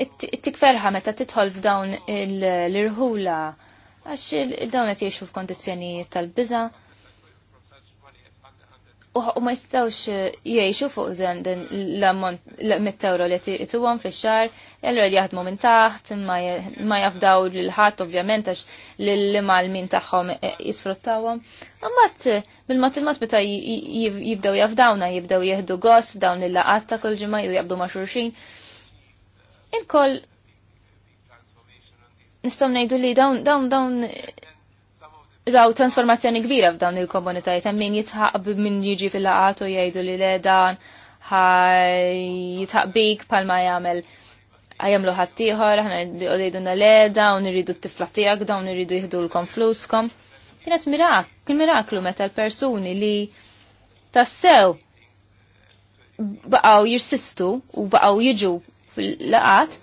it-tikferħa meta titħol f'dawn l-irħula għax dawn qed jgħixu f'kondizzjonijiet tal-biża' u ma jistawx eh, jiexu fuq dan l-ammont li li għom fi xar, jallura jaħdmu minn taħt, ma jafdaw l-ħat ovvjament għax l-lima l-min taħħom għom. Eh, eh, Għammat, bil-mat il-mat meta jibdaw jafdawna, jibdaw jihdu għos, dawn il-laqat ta' kol ġimma, jibdaw ma xurxin. inkol nistom nejdu li dawn, dawn, dawn, raw transformazzjoni kbira f'dawn il-komunitajiet, hemm min jitħaq min jiġi fil-laqat u jgħidu li le dan jitħaq bik palma jagħmel għajamlu ħaddieħor, aħna jgħiduna le dawn irridu t-tifla tiegħek, dawn irridu jieħdu lkom fluskom. Kienet mirak, kien miraklu meta l-persuni li tassew baqgħu jirsistu u baqgħu jiġu fil-laqat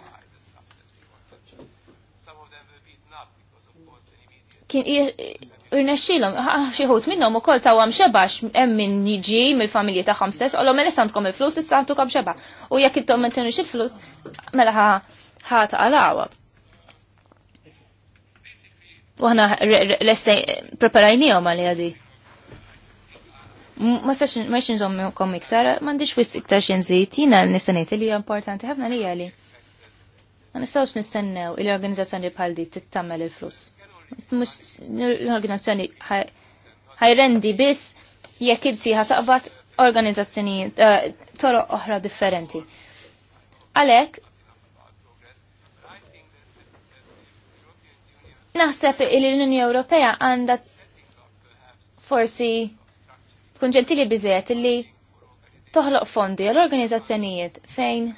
kien irnexxilhom xi ħut minnhom ukoll tawhom xebax hemm min jiġi mill-familji tagħhom stess qolhom mela sandkom il-flus issa għandtukom xeba. U jekk intom mentinux il-flus mela ħa taqalawha. U ħana l-estej preparajnijom għalli għadi. Ma sax nżommi kom iktar, mandiġ wis iktar xinżit, jina nistanejt li importanti ħafna li għalli. Ma nistgħux nistennew il-organizzazzjoni bħal di tittamel il-flus mux l-organizzazzjoni ħajrendi bis jekk inti ħataqbad organizzazzjoni eh, toroq oħra differenti. Għalek, naħseb il l-Unjoni Ewropea għandha forsi tkun ġentili biżiet li toħloq fondi għal organizzazzjonijiet fejn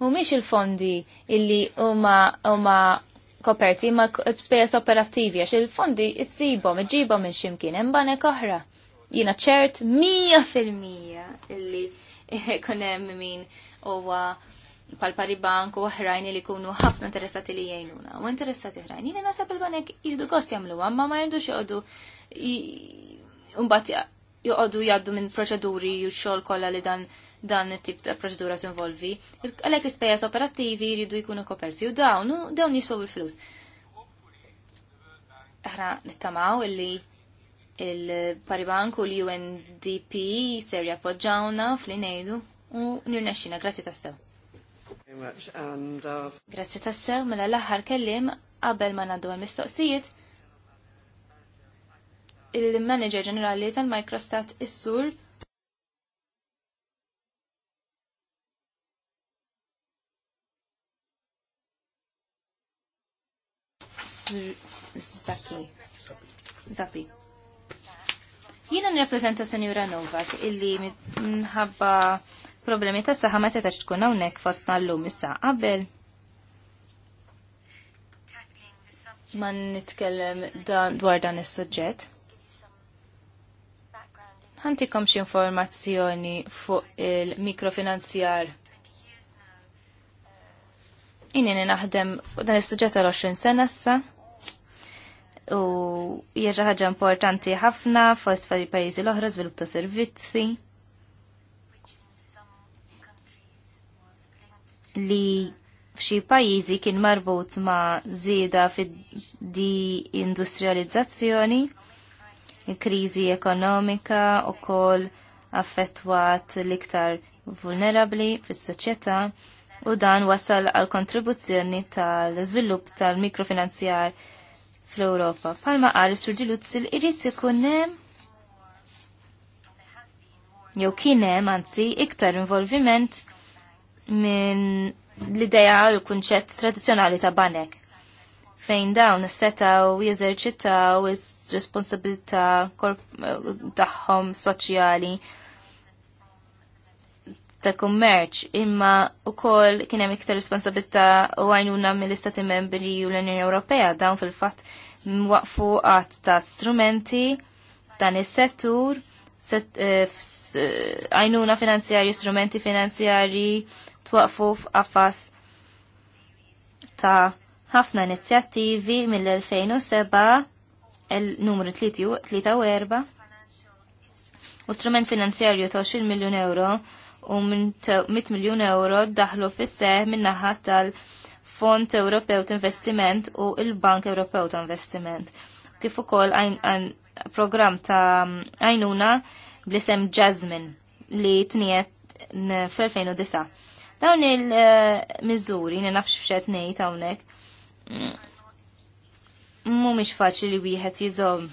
mhumiex il-fondi illi huma huma koperti ma spes operattivi għax il-fondi issibhom iġibhom minn ximkien hemm banek oħra. Jiena ċert mija fil-mija illi hemm min u pal-pari bank u oħrajn li jkunu ħafna interessati li jajnuna. U interessati oħrajn. Jiena nasab il-banek jihdu gost jagħmluha, ma ma jindux joqogħdu jumbat joqogħdu jgħaddu minn proċeduri u xogħol kollha li dan dan it-tip ta' proċedura tinvolvi. Għalhekk ispejas operattivi jridu jkunu koperti u dawn u dawn jiswew il-flus. Aħna nittamaw illi il-Paribank u l-UNDP ser jappoġġawna fl-inejdu u nirnexxina, grazzi tas-sew. Uh, grazzi tassew, mela l-aħħar kellim qabel ma nagħdu għal-mistoqsijiet il-manager ġenerali tal-Microstat is-sur Zaki. Zapi. Jina nirrepreżenta Senjura Novak illi minħabba problemi ta' saħħa ma setax tkun hawnhekk fostna llum issa qabel. Ma nitkellem dwar dan is-suġġett. Ħantikom xi informazzjoni fuq il-mikrofinanzjar Inni naħdem fuq dan is-suġġett għal 20 sena issa u hija xi ħaġa importanti ħafna fost fari pajizi l-oħra żvilupp ta' servizzi. Li f'xi pajjiżi kien marbut ma' żieda fid-di industrializzazzjoni, kriżi ekonomika u kol affettwat l-iktar vulnerabli fis-soċjetà u dan wasal għal kontribuzzjoni tal-żvilupp tal-mikrofinanzjar tal mikrofinanzjar fl-Ewropa. Palma qal is-Sur Diluzzi irid ikun hemm jew kienem għanzi anzi iktar involviment minn l-idea u l-kunċett tradizzjonali ta' banek fejn dawn setaw jeżerċitaw is-responsabilità tagħhom soċjali ta' kummerċ, imma u kien kienem iktar responsabilità u għajnuna mill-Istati Membri u l-Unjoni Ewropea dawn fil-fat waqfu għat ta' strumenti dan is-settur, eh, eh, għajnuna finanzjarju strumenti finanzjarji, twaqfu f'qafas ta' ħafna inizjattivi mill-2007 il-numru 3 u strument finanzjarju ta' 20 miljon euro u minn 100 miljon euro daħlu fis-seħ minnaħat tal- il-Fond Ewropew ta' Investiment u il-Bank Ewropew ta' Investiment. Kif ukoll program ta' għajnuna bl-isem Jasmine li tniet f-2009. Dawn il-mizzuri, eh, f-xet nejt għawnek, mm, miex faċli li wieħed jizom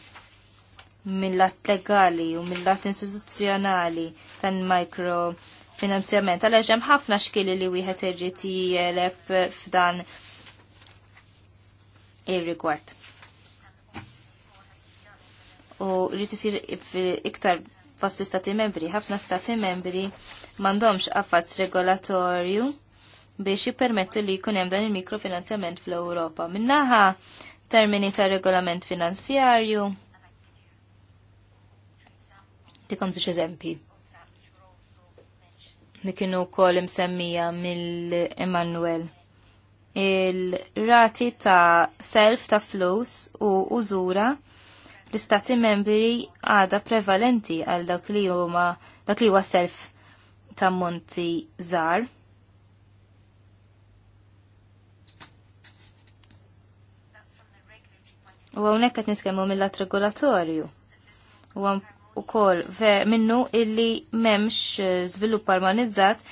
mill-lat legali u mill-lat istituzzjonali tan-micro finanzjament Għalax hemm ħafna xkili li wieħed irrid jieleb f'dan ir-rigward. U rrid isir iktar fost stati membri, ħafna stati membri m'għandhomx affazz regolatorju biex jippermettu li jkun hemm dan il-mikrofinanzjament fl-Ewropa. Minnaħa termini ta' regolament finanzjarju. Tikom zix eżempi li kienu wkoll msemmija mill-Emmanuel. Il-rati ta' self ta' flus u użura l-istati membri għada prevalenti għal dak li huma dak li huwa self ta' monti żgħar. U hawnhekk qed nitkellmu mill-att regolatorju. U u kol minnu illi memx zvilupp eh, armonizzat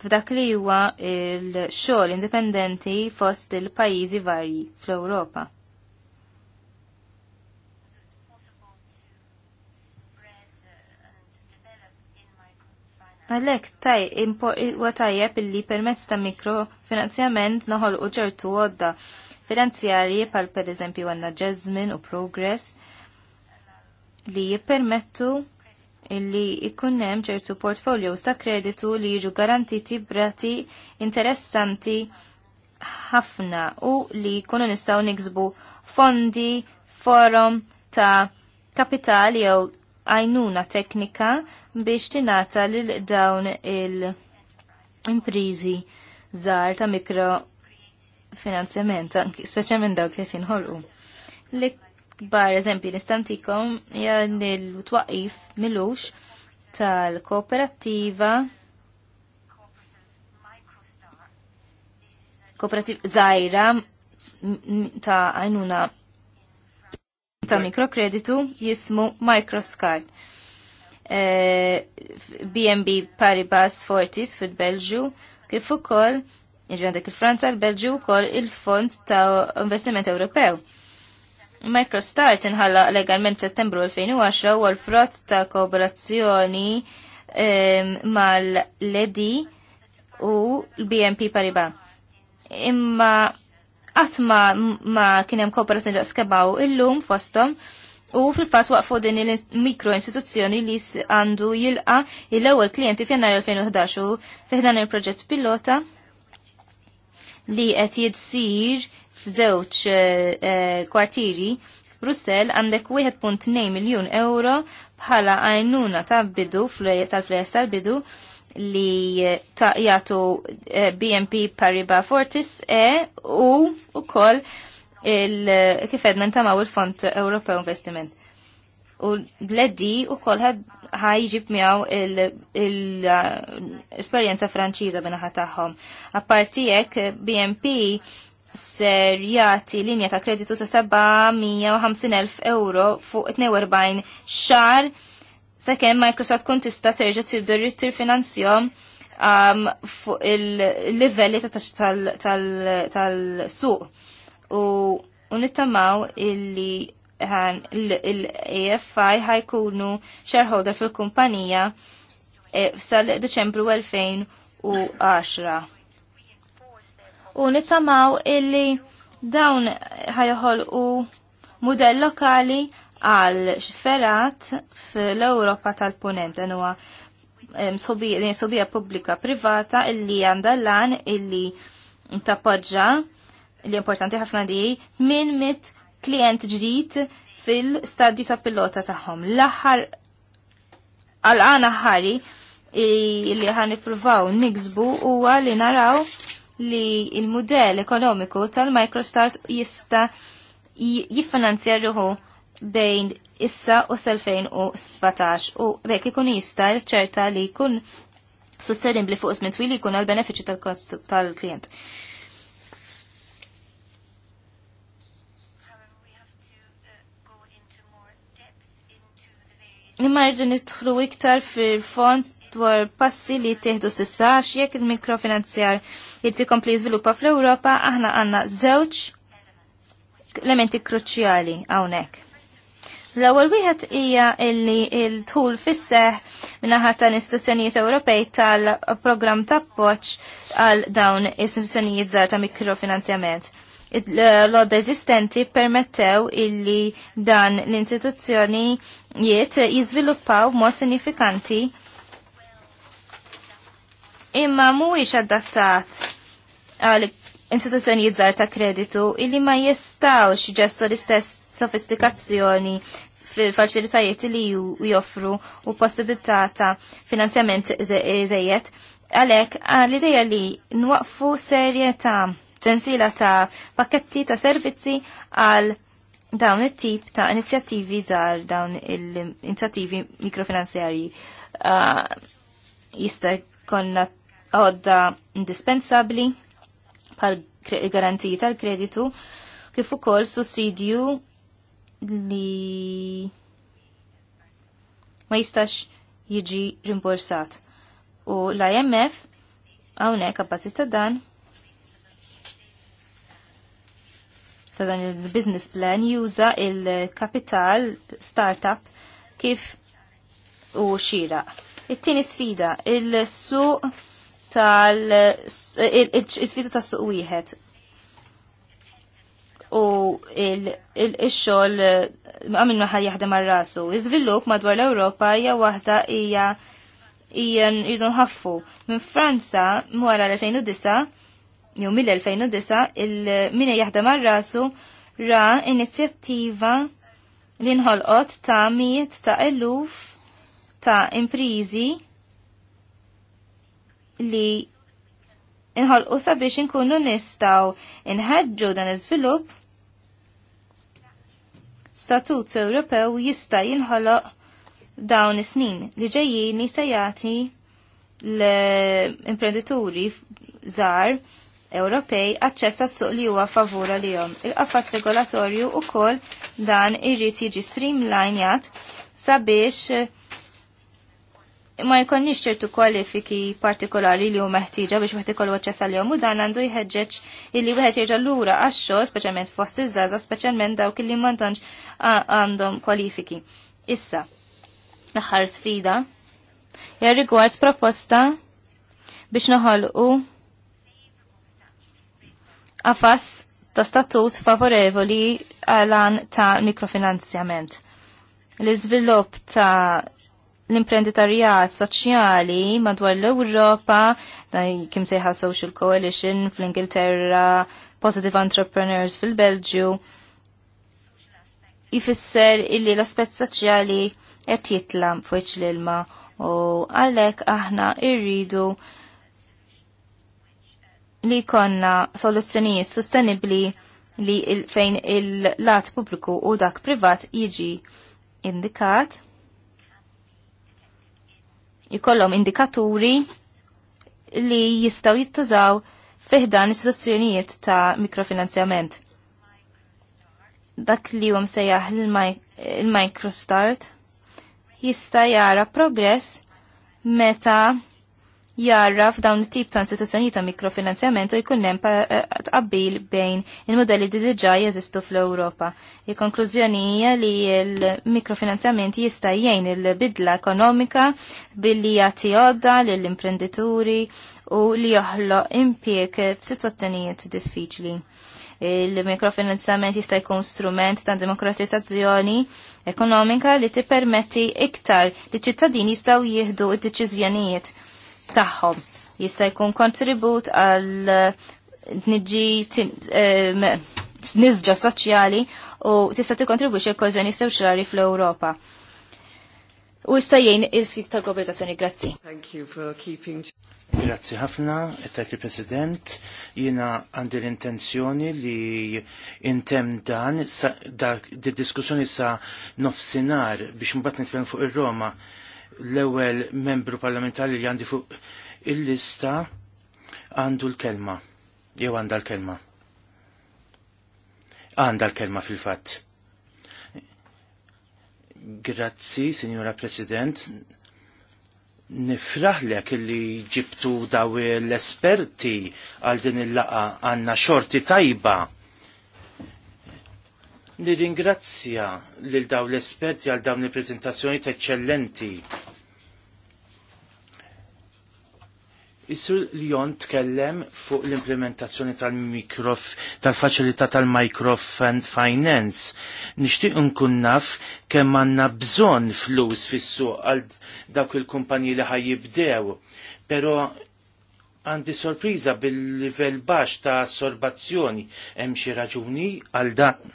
f'dak li huwa il-xogħol indipendenti fost il-pajjiżi varji fl-Ewropa. Għalek, taj, huwa tajjeb illi permezz ta' mikrofinanzjament noħolqu ġertu għodda finanzjarji pal per eżempju għanna Jasmine u Progress li jippermettu illi ikun hemm ċertu portfolios ta' kreditu li jiġu garantiti brati interessanti ħafna u li jkunu nistgħu niksbu fondi, forum ta' kapitali jew għajnuna teknika biex tinata lil dawn il-imprizi zar ta' mikro finanzjament, speċjalment dawk li tinħolqu. Bar eżempju nistantikom jgħan il-twaqif milux tal-kooperativa kooperativ zaħira ta' għajnuna ta' mikrokreditu jismu Microscard. E, eh, BNB Paribas Fortis fil-Belġu kif ukoll Iġvendak il-Franza, il-Belġu kol il-Fond ta' Investiment Ewropew MicroStart inħalla legalment settembru 2010 u għal-frott ta' kooperazzjoni ehm, mal-LEDI u l-BMP Paribas. Imma għatma ma kienem kooperazzjoni ta' skabaw illum fostom u fil-fat waqfu din il-mikroinstituzzjoni li għandu jilqa il-ewel klienti f'jannar 2011 fiħdan il-proġett pilota li qed jidsir f'żewġ eh, eh, kwartieri Brussel għandek 1.2 miljun euro bħala għajnuna ta' bidu tal-flejes tal-bidu li ta' jgħatu eh, BMP Paribas Fortis e u u koll kif edna ntamaw il-Fond Ewropew Investiment. U l leddi u koll ħajġib miaw l-esperienza franċiza bina A partijek BNP serjati linja ta' kreditu ta' 750.000 euro fuq 42 xar sakemm Microsoft kun tista' terġa' tibda rittir finanzjom um, fuq il-livelli tal-suq. U unittamaw illi il-AFI ħajkunu shareholder fil-kumpanija eh, sal-Deċembru 2010 u nittamaw illi dawn ħajħol u modell lokali għal xferat fl-Europa tal-Punent huwa sobija pubblika privata illi għandallan illi tappoġġa li importanti ħafna di minn mit klient ġdid fil-stadju ta' pilota tagħhom. L-aħħar għal-għana ħari li ħan nipruvaw niksbu huwa li naraw li il-modell ekonomiku tal-microstart jista jiffinanzja ruħu bejn issa u s-2017 u bekk ikun jista ċerta li jkun sostenibli fuq ismin twili jkun għal benefiċi tal-klient. Imma rġu nidħlu iktar fil fond dwar passi li tieħdu sissa jekk il-mikrofinanzjar jirti kompli zviluppa fl-Ewropa aħna għandna żewġ elementi kruċjali hawnhekk. L-ewwel wieħed hija illi l-tul fisseħ minaħa tal-istituzzjonijiet Ewropej tal-programm ta' appoġġ għal dawn istituzzjonijiet żgħar ta' mikrofinanzjament. l għodda eżistenti permettew illi dan l-istituzzjonijiet jiżviluppaw b'mod sinifikanti imma mhuwiex adattat għal istituzzjonijiet żgħar ta' kreditu illi ma jistgħux ġestu l-istess sofistikazzjoni fil-faċilitajiet li joffru u possibilità ta' finanzjament żejjed għalhekk għal ideja li nwaqfu serje ta' sensila ta' pakketti ta' servizzi għal dawn it-tip ta' inizjattivi żgħar dawn il inizjattivi mikrofinanzjarji uh, jista' konna għodda indispensabli pal garanziji tal-kreditu kif ukoll sussidju li ma jistax jiġi rimborsat. U l-IMF hawnhekk abbażi ta' dan ta' dan il-business plan juża il-kapital startup kif u xira. It-tieni sfida, il-suq tal-sfida tas suq wieħed u il-xol għamil maħal jaħdem ar rasu. Iżvilup madwar l-Ewropa hija waħda hija ijen jidun ħaffu. Minn Franza mwara l-2009, jew mill-2009, il-mina jaħdem ar rasu ra inizjattiva li nħolqot ta' miet ta' eluf ta' imprizi li inħolqu sabiex inkunu nistaw inħadġu dan iżvilupp statut Ewropew jista' jinħoloq dawn is-snin li ġejjin se jagħti l-imprenditori żgħar Ewropej aċċess għas-suq li huwa favura għalihom. Il-qafas regolatorju wkoll dan irrid jiġi streamlinjat sabiex ma jkonniex ċertu kwalifiki partikolari li hu meħtieġa biex wieħed ikollu aċċess għalihom u dan għandu jħeġġeġ illi wieħed jerġa' lura għax-xogħol speċjalment fost iż-żaża speċjalment dawk illi ma għandhom kwalifiki. Issa, l-aħħar sfida hija rigward proposta biex noħolqu qafas ta' statut favorevoli għalan ta' mikrofinanzjament. L-iżvilupp ta' l-imprenditarjat soċjali madwar l-Ewropa, kim sejħa Social Coalition fl-Ingilterra, Positive Entrepreneurs fil-Belġju, jifisser illi l-aspet soċjali qed jitla fuq l-ilma u għalhekk aħna irridu li konna soluzzjonijiet sostenibli li il fejn il-lat pubbliku u dak privat jiġi indikat jkollhom indikaturi li jistgħu jittużaw fiħdan istituzzjonijiet ta' mikrofinanzjament. Dak li hum sejjaħ il-microstart jista' jara progress meta jara f'dawn it-tip ta' istituzzjoni ta' mikrofinanzjament u jkun hemm eh, tqabbil bejn il-modelli li diġà jeżistu fl-Ewropa. Il-konklużjoni hija li l-mikrofinanzjament jista' jgħin il-bidla ekonomika billi jagħti għodda lill-imprenditori u li joħloq impjeg f'sitwazzjonijiet diffiċli il-mikrofinanzjament jista' jkun strument ta' demokratizzazzjoni ekonomika li tippermetti iktar li ċittadini jistgħu jieħdu d-deċiżjonijiet tagħhom. Jista' jkun kontribut għal eh, tniġi eh, nizġa soċjali u tista' tikkontribwixxi kważjoni soċjali fl-Ewropa. U jista' jgħin il sfit tal-globalizzazzjoni, grazzi. Thank you for keeping Grazzi ħafna, tajt tajti president jina għandi l-intenzjoni li intem dan, da, di diskussjoni sa nofsinar biex mbatt nitkellem fuq ir-Roma l-ewwel membru parlamentari li għandi fuq il-lista għandu l-kelma. Jew għandha l-kelma. Għandha l-kelma fil-fatt. Grazzi, Signora President. Nifraħlek li ġibtu daw l-esperti għal din il-laqa għanna xorti tajba Nirringrazzja lil daw l-esperti għal dawn il-prezentazzjoni eccellenti. Isur Ljon tkellem fuq l-implementazzjoni tal-mikrof, tal-faċilità tal microf and finance. Nixtieq nkun naf kemm għandna bżonn flus fis-suq għal dawk il-kumpanji li ħajjibdew. Però għandi sorpriża bil-livell baxx ta' assorbazzjoni hemm xi raġuni għal dan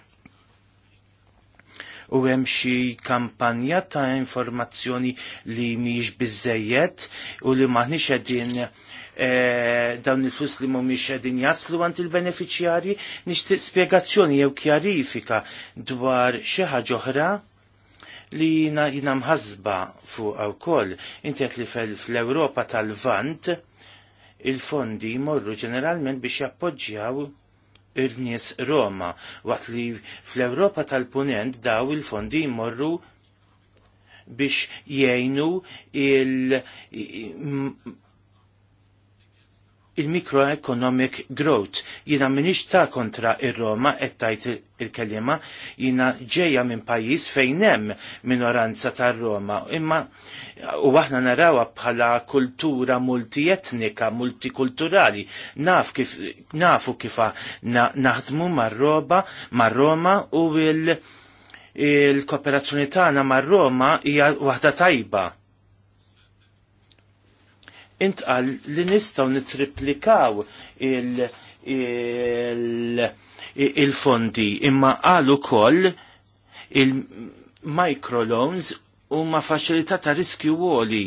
u hemm xi kampanja ta' informazzjoni li mhijiex biżejjed u li maħniex qegħdin eh, dawn il-flus li mhumiex qegħdin jaslu għand il-benefiċjarji nixtieq spjegazzjoni jew kjarifika dwar xi ħaġa oħra li jina, jina mħazba fuq għaw Inti intiet li fl-Europa tal-Vant, il-fondi jmorru ġeneralment biex jappoġġjaw il-nies Roma waqt li fl-Ewropa tal-Punent daw il-fondi jmorru biex jgħinu il il-microeconomic growth. Jina minix ta' kontra ir-Roma qed tajt il-kelima, jina ġeja minn pajjiż fejn hemm minoranza tar Roma, imma u aħna narawha bħala kultura multietnika, multikulturali, naf kif nafu kifa na, naħdmu mar-Roma, roma u il-kooperazzjoni tagħna mar-Roma hija waħda tajba intqal li nistaw nitriplikaw il-fondi imma għalu koll il-microloans u ma faċilità ta' riskju għoli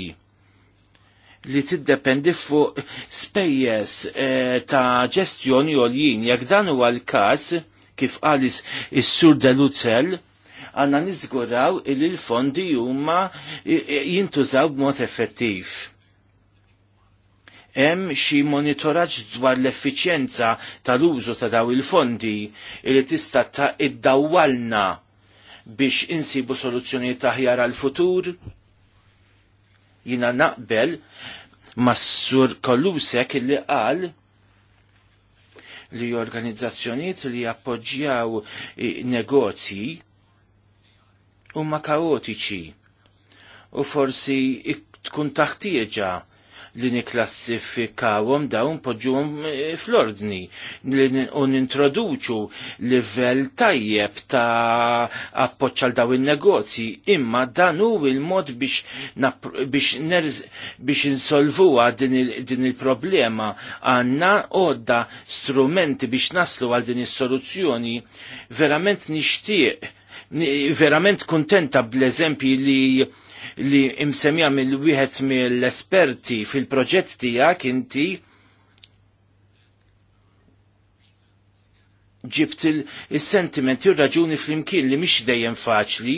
li tiddependi fuq spejjes eh, ta' ġestjoni għoljin. Jak dan huwa l-każ kif għalis is-sur Deluzzel, għanna nizguraw il-fondi huma eh, eh, jintużaw b'mod effettiv hemm xi monitoraġġ dwar l-effiċjenza tal-użu ta' daw il-fondi li tista' ta' iddawwalna biex insibu soluzzjoni taħjar għal futur jina naqbel mas-sur Kollusek li qal li organizzazzjoniet li appoġġjaw negozji huma kaotiċi u forsi tkun taħtieġa li niklassifikawom dawn poġġuhom eh, fl-ordni u nintroduċu livell tajjeb ta' appoċċal għal dawn in-negozji imma dan hu il-mod biex biex biex insolvuha din il-problema għandna għodda strumenti biex naslu għal din is-soluzzjoni verament nixtieq verament kontenta bl eżempi li li imsemija mill-wieħed mill-esperti fil-proġett tiegħek inti ġibt il-sentimenti u raġuni fl-imkien li mhix dejjem faċli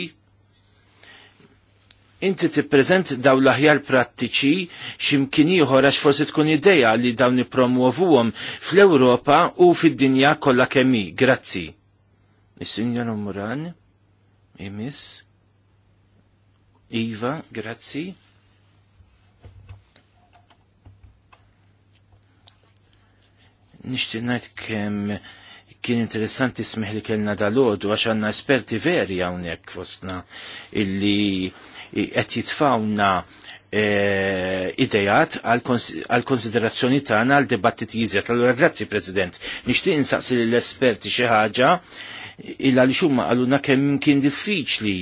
inti prezent daw l-aħjar prattiċi x'imkien ieħor għax forsi tkun idea li dawn nippromuovuhom fl-Ewropa u fid-dinja kollha kemm Grazzi. Is-Sinjor Umran, imis. Iva, grazzi. Nishti ngħid kemm kien interessanti smiħ li kellna dal-għodu għax għandna esperti veri hawnhekk fostna illi qed jitfawna E, idejat għal konsiderazzjoni tagħna għal dibattiti jiżjed. Allura grazzi President, nixtieq insaqsi l-esperti xi ħaġa illa li xumma għalluna kemm kien diffiċli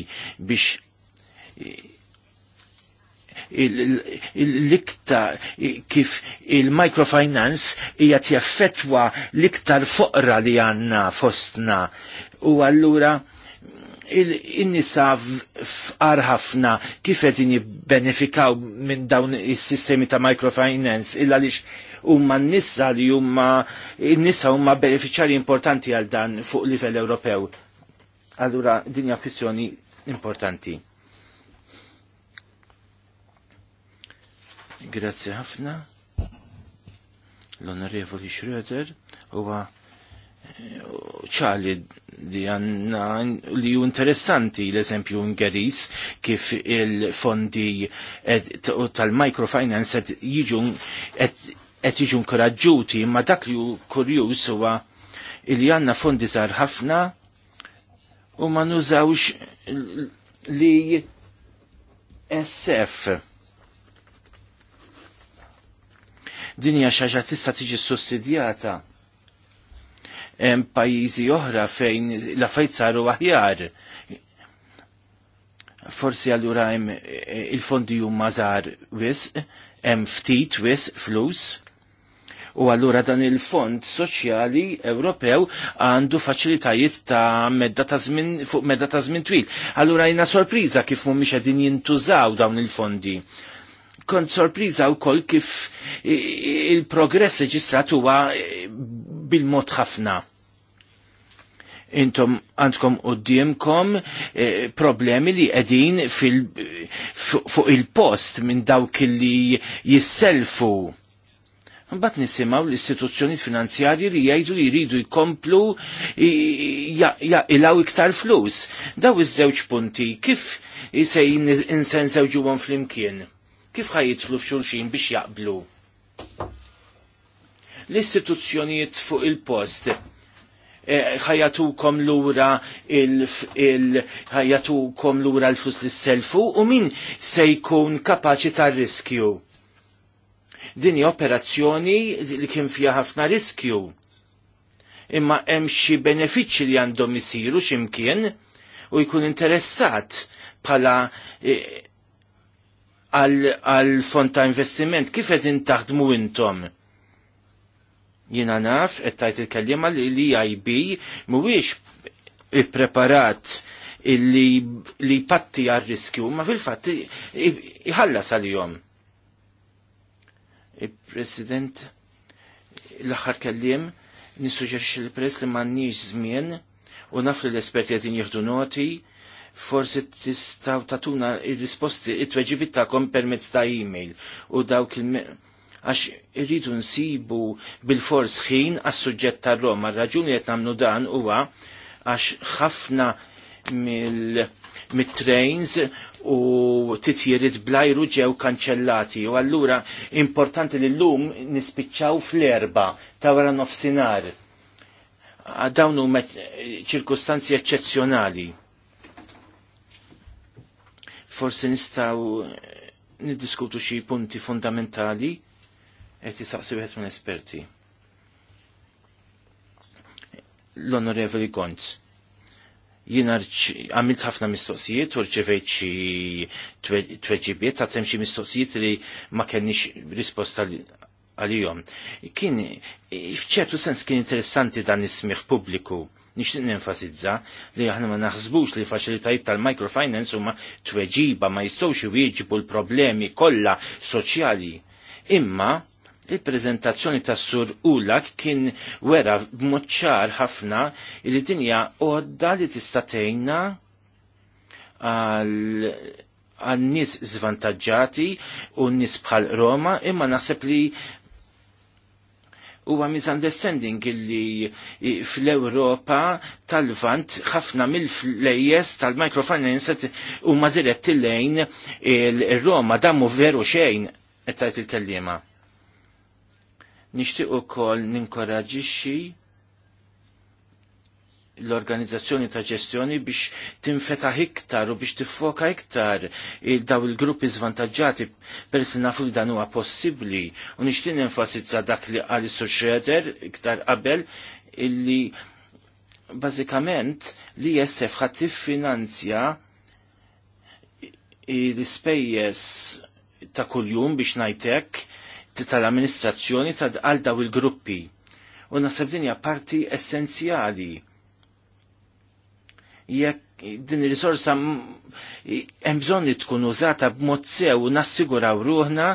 biex l-iktar kif il-microfinance hija tjaffetwa l-iktar foqra li għanna fostna u allura il-nisa fqar ħafna kif qed jibbenefikaw minn dawn is-sistemi ta' microfinance illa lix huma n-nisa li huma n-nisa huma beneficjari importanti għal dan fuq livell Ewropew. Allura dinja kwistjoni importanti Grazzi ħafna. L-Onorevoli Schröder huwa eh, ċali li għanna li ju interessanti l-eżempju Ungeris kif il-fondi tal-microfinance qed jiġu nkoraġġuti imma dak li ju kurjuż huwa li għanna fondi sar ħafna u ma nużawx li SF din hija xi ħaġa tista' tiġi sussidjata. Hemm pajjiżi oħra fejn l-affarijiet saru aħjar. Forsi allura hemm eh, il-fondi huma żgħar wisq, hemm ftit wisq flus, u allura dan il-Fond Soċjali Ewropew għandu faċilitajiet ta' medda ta' żmien twil. Allura jina sorpriża kif mhumiex qegħdin jintużaw dawn il-fondi kont sorpriża wkoll kif il-progress reġistrat huwa eh, bil-mod ħafna. Intom għandkom qudiemkom eh, problemi li qegħdin fuq il-post minn dawk li jisselfu. Mbagħad nisimgħu l istituzzjoni finanzjarji li jgħidu li jridu jkomplu jaqilgħu iktar flus. Daw iż-żewġ punti kif se insensewġuhom flimkien? kif ħajitlu f'xulxin biex jaqblu? L-istituzzjonijiet fuq il-post eh, ħajatukom lura il-ħajatukom lura l fus l-selfu u min se jkun kapaċi ta' riskju. Dini operazzjoni li kien fija ħafna riskju. Imma hemm xi benefiċċji li għandhom isiru x'imkien u jkun interessat bħala eh, għal fond ta' investiment, kif qed intaħdmu intom? Jina naf, qed tajt il-kellima li l-EIB mhuwiex ippreparat li, li patti għal riskju, ma fil-fatt iħallas għal-jom. Il-President, l-axar kellim, nissuġerx il-Pres li mannix żmien u naf li l-esperti għedin jihdu noti, forsi tistaw tatuna il-risposti it-tweġibit ta'kom permezz ta' e-mail u dawk il- għax irridu nsibu bil-fors ħin għas suġġett ta' Roma. Raġuni qed nagħmlu dan huwa għax ħafna mit trains u titjirid blajru ġew kanċellati u allura importanti li l-lum nispiċċaw fl-erba ta' wara nofsinhar. Dawn huma ċirkustanzi eċċezzjonali forsi nistaw niddiskutu xi punti fundamentali qed jisaqsi wieħed minn esperti. L-Onorevoli Gonz. Jien għamilt ħafna mistoqsijiet u rċevejt xi tweġibiet ta' xi mistoqsijiet li ma kenniex risposta għalihom. Kien f'ċertu sens kien interessanti dan is publiku, pubbliku Nixtieq nenfasizza li aħna ma naħsbux li faċilitajiet tal-microfinance huma tweġiba ma jistgħux iwieġbu l-problemi kollha soċjali. Imma il-prezentazzjoni ta' Sur Ulak kien wera b'moċċar ħafna li dinja għodda li tista' tgħinna għal għal nis zvantagġati u nis bħal Roma imma naħseb li huwa misunderstanding illi fl-Ewropa tal-vant ħafna mill-flejjes tal-microfinance huma diretti lejn il-Roma dammu veru xejn qed il-kellima. Nixtieq ukoll ninkoraġixxi l-organizzazzjoni ta' ġestjoni biex tinfetaħ iktar u biex tiffoka iktar daw il-gruppi zvantagġati peress nafu li dan huwa possibbli u nixtieq enfasizza dak li għal is-suċeder iktar qabel illi bażikament li jessef ħadd tiffinanzja l-ispejjeż ta' kuljum biex ngħidlek tal-amministrazzjoni ta' għal daw il-gruppi. U nasab dinja parti essenzjali jekk din ir-risorsa hemm bżonn li tkun użata b'mod sew u nassiguraw ruħna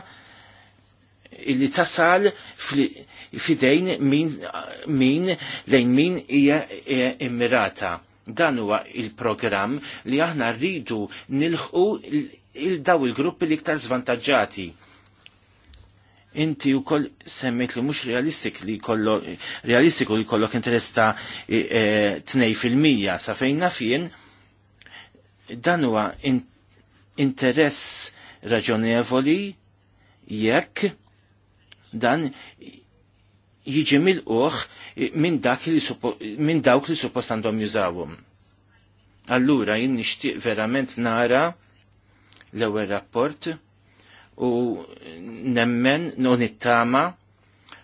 illi tasal fidejn min, min lejn min hija immirata. Dan huwa il-programm li aħna rridu nilħu il-daw il-gruppi li iktar zvantaġġati inti u koll semmejt li mux realistik li kollok, realistiku li kollok interess ta' e, e, fil-mija sa' fejna fien, dan huwa in, interess raġonevoli jekk dan jiġi mill-uħ minn min dawk li suppost għandhom jużawhom. Allura jien nixtieq verament nara l-ewwel rapport u nemmen, non it-tama,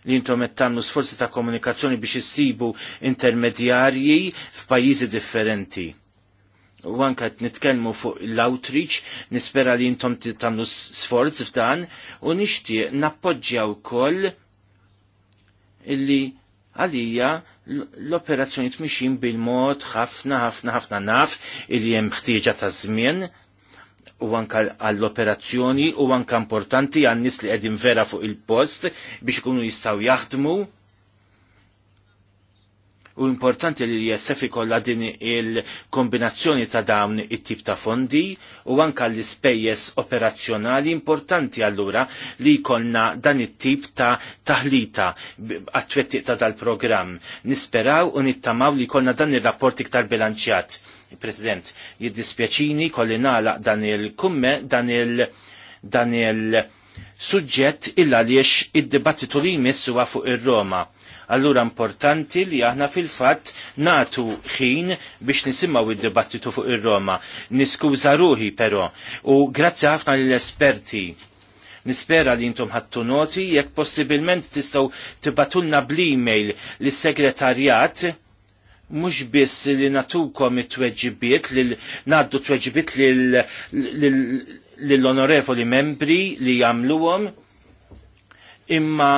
li jintom għettamlu sforzi ta' komunikazzjoni biex jissibu intermedjarji f'pajjiżi differenti. U anka nitkellmu fuq l-outreach, nispera li jintom tamnu sforz f'dan u nixtieq nappoġġja wkoll illi għalija l-operazzjoni mixin bil-mod ħafna ħafna ħafna naf illi hemm ħtieġa ta' żmien u anka għall-operazzjoni u anka importanti għan nis li għedin vera fuq il-post biex ikunu jistaw jaħdmu. U importanti li jessef ikolla din il-kombinazzjoni ta' dawn it-tip ta' fondi u anka l ispejjeż operazzjonali importanti allura li jkollna dan it-tip ta' taħlita għat-twettiq ta' dal-programm. Nisperaw u nittamaw li jkollna dan il-rapport iktar bilanċjat il-President. Jiddispjaċini kolli nala dan il-kumme, dan il- dan il suġġett illa jiex id-dibattitu li jmiss huwa fuq ir-Roma. Allura importanti li aħna fil-fatt natu ħin biex nisimgħu id-dibattitu fuq ir-Roma. Niskuża ruħi però u grazzi ħafna lill-esperti nispera li jintum ħattu noti, jekk possibilment tistaw tibatulna bl-email li segretarjat mux biss li natukom it-tweġibiet, li naddu t-tweġibiet l-onorevoli membri li jamluwom, imma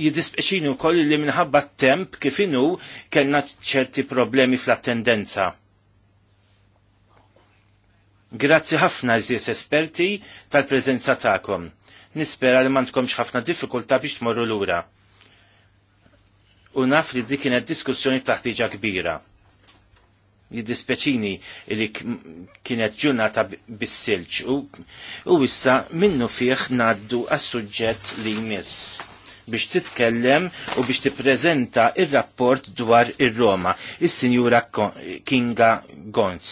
jidispeċini u koll li minħabba temp kifinu kellna ċerti problemi fl-attendenza. Grazzi ħafna zies esperti tal-prezenza ta'kom. Nispera li mandkomx ħafna diffikulta biex tmorru l-ura u naf li dik kienet diskussjoni taħtiġa kbira. Jiddispeċini li kienet ġurnata bis-silġ u, u issa minnu fih naddu għas-suġġett li jmiss biex titkellem u biex tippreżenta il rapport dwar ir-Roma, is-Sinjura Kinga Gonz.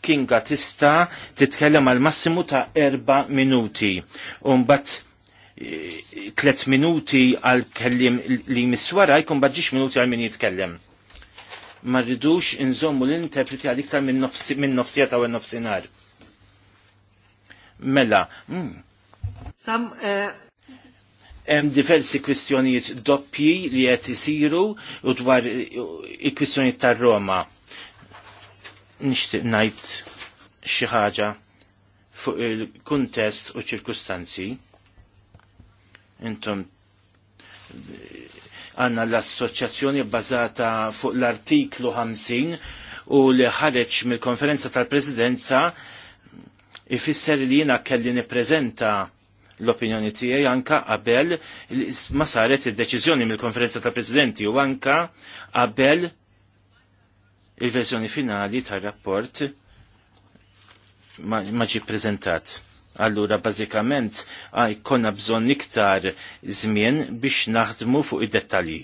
Kinga tista titkellem għal massimu ta' erba' minuti. bat tlet minuti għal kellim li miswara jkun baġġix minuti għal min jitkellem. Ma rridux inżommu l-interpreti għal iktar minn nofsija ta' għal nofsinar. Mela, hmm. Sam, eh, Hemm diversi kwistjonijiet doppji li qed isiru u dwar il-kwistjonijiet tar-Roma. Nixtieq ngħid xi ħaġa fuq il-kuntest u ċirkustanzi Intom għanna l-assoċjazzjoni bbażata fuq l-artiklu 50 u li ħareġ mill-konferenza tal-presidenza ifisser li jiena kelli nippreżenta l-opinjoni tiegħi anka qabel ma saret id-deċiżjoni mill-konferenza tal presidenti u anka qabel il-verżjoni finali tar-rapport ma ġi preżentat. Allura bażikament jkollna bżonn iktar żmien biex naħdmu fuq id-dettalji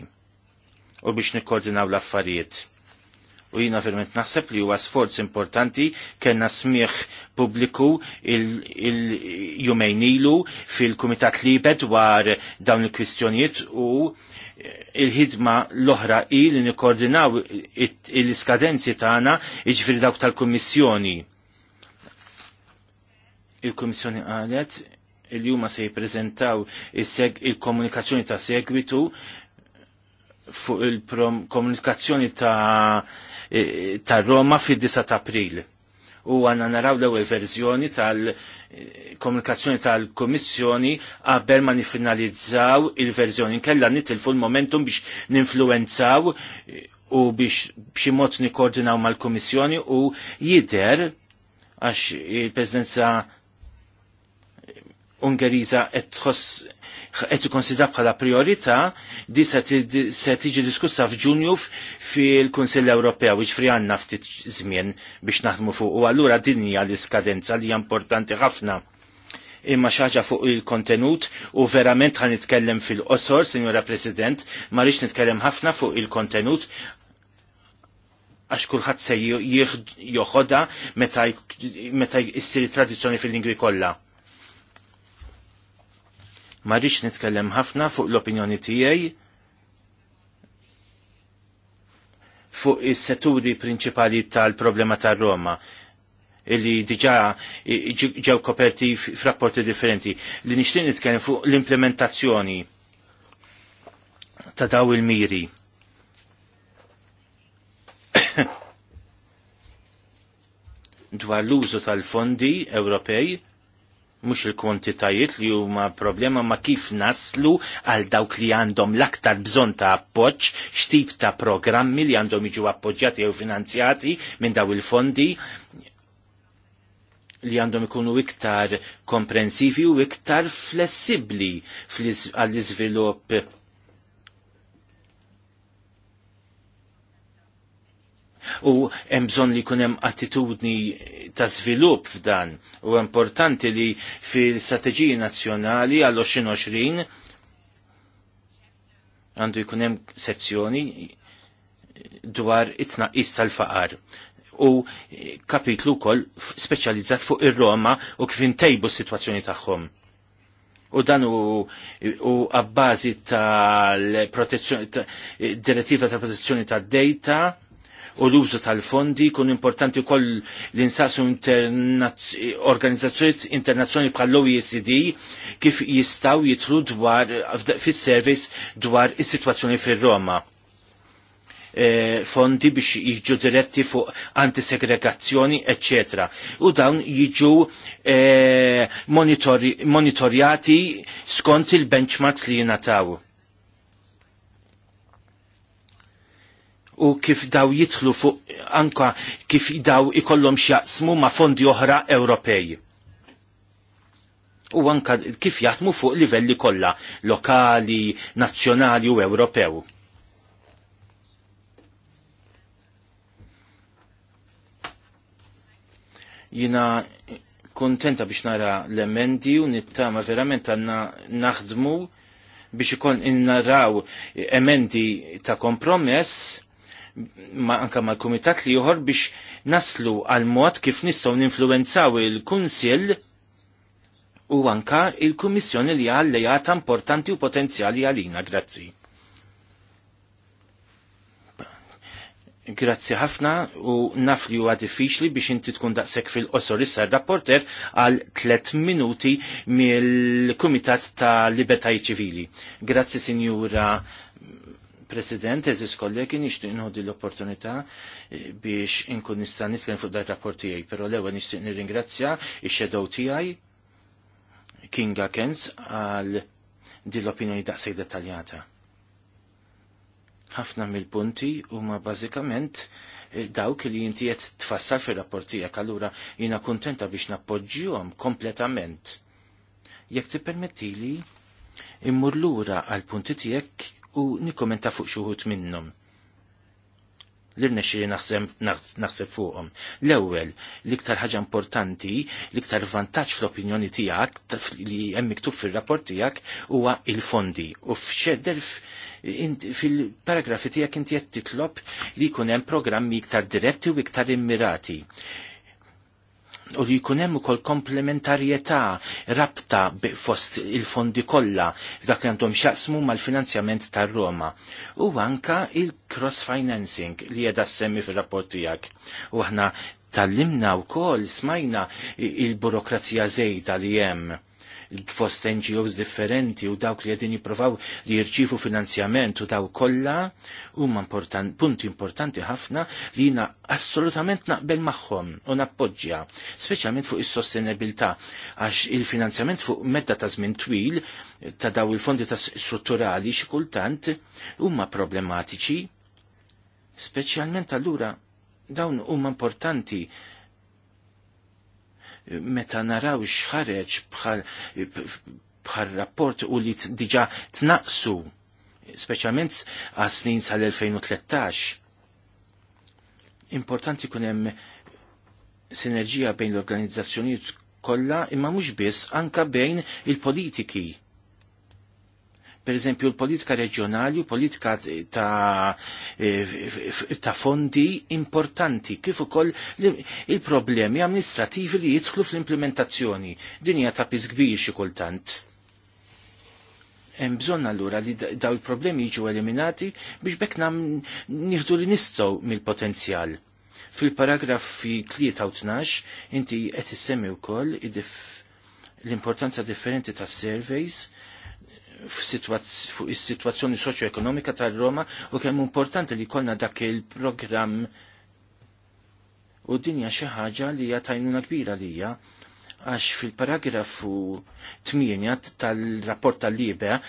u biex nikkoordinaw l-affarijiet. U jina verment naħseb li huwa sforz importanti kellna smieħ pubbliku il-jumejn ilu fil-Kumitat Libet dwar dawn il-kwistjonijiet u il-ħidma l-oħra il li nikkoordinaw il-iskadenzi tagħna jiġifieri dawk tal-Kummissjoni il-Komissjoni qalet il-juma se jiprezentaw il-komunikazzjoni ta' segwitu fuq il-komunikazzjoni ta' e, ta' Roma fid disa ta' April. U għanna naraw l-ewwel verżjoni tal-komunikazzjoni e, tal-Komissjoni qabel ma nifinalizzaw il-verżjoni. kella nitilfu l-momentum biex ninfluenzaw e, u biex b'xi mod nikkoordinaw mal-Komissjoni u jider għax il prezidenza Ungeriza qed tħoss qed ikkonsidra bħala priorità di se tiġi diskussa f'Ġunju fil-Kunsill Ewropew jiġri għandna ftit żmien biex naħdmu fuq u allura din hija l-iskadenza li hija importanti ħafna imma xaġa fuq il-kontenut u verament ħan nitkellem fil-qosor, Signora President, ma rix nitkellem ħafna fuq il-kontenut għax kulħadd se joħoda meta issir tradizzjoni fil-lingwi kollha ma rridx nitkellem ħafna fuq l-opinjoni tiegħi fuq is-setturi prinċipali tal-problema tar-Roma illi diġa ġew koperti f'rapporti differenti li nixtieq nitkellem fuq l-implementazzjoni ta' daw il-miri. Dwar l-użu tal-fondi Ewropej mux il-kwantitajiet li huma problema ma kif naslu għal dawk li għandhom l-aktar bżon ta' appoġġ, xtip ta' programmi li għandhom jiġu appoġġjati jew finanzjati minn daw il-fondi li għandhom ikunu iktar komprensivi u iktar flessibli għall-iżvilupp u hemm bżonn li jkun hemm attitudni ta' żvilupp f'dan u importanti li fil-strateġiji nazzjonali għal 2020 għandu jkun hemm sezzjoni dwar it-tnaqqis tal-faqar u kapitlu kol speċjalizzat fuq ir-Roma u kif intejbu s-sitwazzjoni tagħhom. U dan u, u għabbażi tal-direttiva tal-protezzjoni tad-dejta u l-użu tal-fondi kun importanti koll l-insasu organizazzjoni internazjoni bħal l-OECD kif jistaw jitru dwar fis-service dwar is-sitwazzjoni fir-Roma. E, fondi biex jiġu diretti fuq antisegregazzjoni, etc. U dawn jiġu e, monitorjati skont il-benchmarks li jinataw u kif daw jitħlu fuq anka kif daw ikollhom x'jaqsmu ma' fondi oħra Ewropej. U anka kif jaħdmu fuq livelli kollha lokali, nazzjonali u Ewropew. Jina kontenta biex nara l-emendi u nittama verament għanna naħdmu biex ikon innaraw emendi ta' kompromess ma anka mal kumitat li joħor biex naslu għal mod kif nistgħu ninfluwenzaw il-Kunsill u anka il-Kummissjoni li għallejata importanti u potenzjali għalina. Grazzi. Grazzi ħafna u naf li huwa diffiċli biex inti tkun daqshekk fil-qosor issa rapporter għal tlet minuti mill-Kumitat ta' Libertajiet Ċivili. Grazzi Sinjura President, eżis kollegi, nixtieq inħoddi l-opportunità eh, biex inkun nista' nitkellem fuq dar rapport tiegħi, però l-ewwel nixtieq nirringrazzja ix-shadow tiegħi Kinga Kenz għal din l-opinjoni daqsej dettaljata. Ħafna mill-punti huma bażikament eh, dawk li jinti qed tfassar fir-rapport tiegħek, allura jiena kuntenta biex nappoġġjuhom kompletament. Jekk tippermettili, immur lura għal punti tiegħek u nikkomenta fuq xuħut minnhom. L-irnexxi naħseb fuqhom. L-ewwel, l-iktar ħaġa importanti, l-iktar vantaġġ fl-opinjoni tiegħek li hemm miktub fir-rapport tiegħek huwa il-fondi. U f'xedder fil-paragrafi tiegħek inti qed titlob li jkun hemm programmi iktar diretti u iktar immirati u li jkun hemm ukoll komplementarjetà rabta fost il-fondi kollha dak li għandhom xaqsmu mal-finanzjament tar Roma. U anka il-cross financing li qiegħda semmi fir-rapport tiegħek. U aħna tallimna wkoll smajna il-burokrazija żejda li hemm fost NGOs differenti u dawk li għedin jiprofaw li jirċifu finanzjament u daw kolla u important, punt importanti ħafna li jina assolutament naqbel maħħom u nappoġġja, specialment fuq is-sostenibilità għax il-finanzjament fuq medda ta' żmien twil ta' daw il-fondi ta' strutturali xi kultant huma problematiċi, speċjalment allura dawn huma importanti meta naraw xħareċ bħal bħal rapport u li diġa tnaqsu, speċjalment għas-snin sal-2013. Importanti kun hemm sinerġija bejn l-organizzazzjonijiet kollha imma mhux biss anka bejn il-politiki Per eżempju, l-politika reġjonali, politika ta', eh, ta fondi importanti, kif ukoll il-problemi amministrativi li jidħlu fl-implementazzjoni. Din hija ta' kbir xi kultant. Hemm bżonn allura li daw il-problemi jiġu eliminati biex bekk nam nieħdu li nistgħu mill-potenzjal. Fil-paragrafi tnax inti qed issemmi wkoll l-importanza differenti tas surveys fuq is-sitwazzjoni soċjoekonomika tal-Roma u kemm importanti li jkollna dak il-programm u dinja xi ħaġa li hija tajnuna kbira lija għax fil-paragrafu 8 tal-rapport tal-libe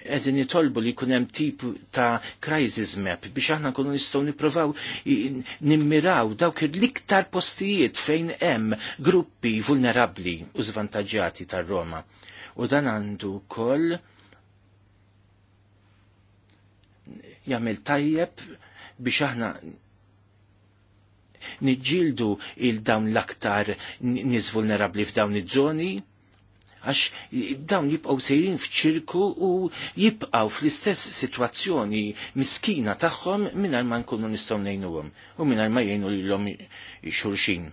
għedin jitolbu li kunem tip ta' crisis map biex aħna kunu nistgħu niprofaw nimmiraw dawk l-iktar postijiet fejn hemm gruppi vulnerabli u zvantagġati tar-Roma u dan għandu koll jagħmel tajjeb biex aħna niġġieldu il-dawn l-aktar nies vulnerabbli f'dawn iż-żoni għax dawn jibqaw sejrin f'ċirku u jibqaw fl-istess situazzjoni miskina tagħhom mingħajr ma nkunu nistgħu ngħinuhom u mingħajr ma jgħinu lilhom xulxin.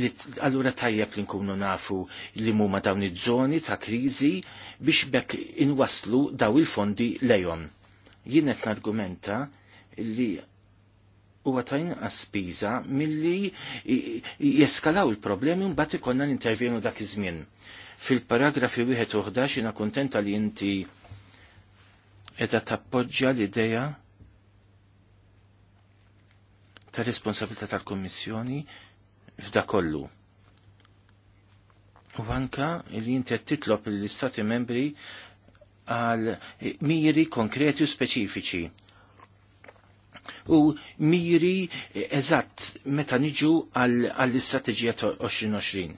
li allura tajjeb li nkunu nafu li huma dawn iż-żoni ta' kriżi biex bekk inwaslu daw il-fondi lejhom. Jien qed nargumenta li huwa għatajn għaspiza mill milli jeskalaw il-problemi mbagħad l nintervjenu dak iż-żmien. Fil-paragrafi 11 jiena kuntenta li inti edha tappoġġa l-ideja ta' responsabilità tal-Kommissjoni f'da kollu. U anka li jinti qed l-Istati membri għal miri konkreti u speċifiċi. U miri eżatt meta niġu għall-istrateġija 2020.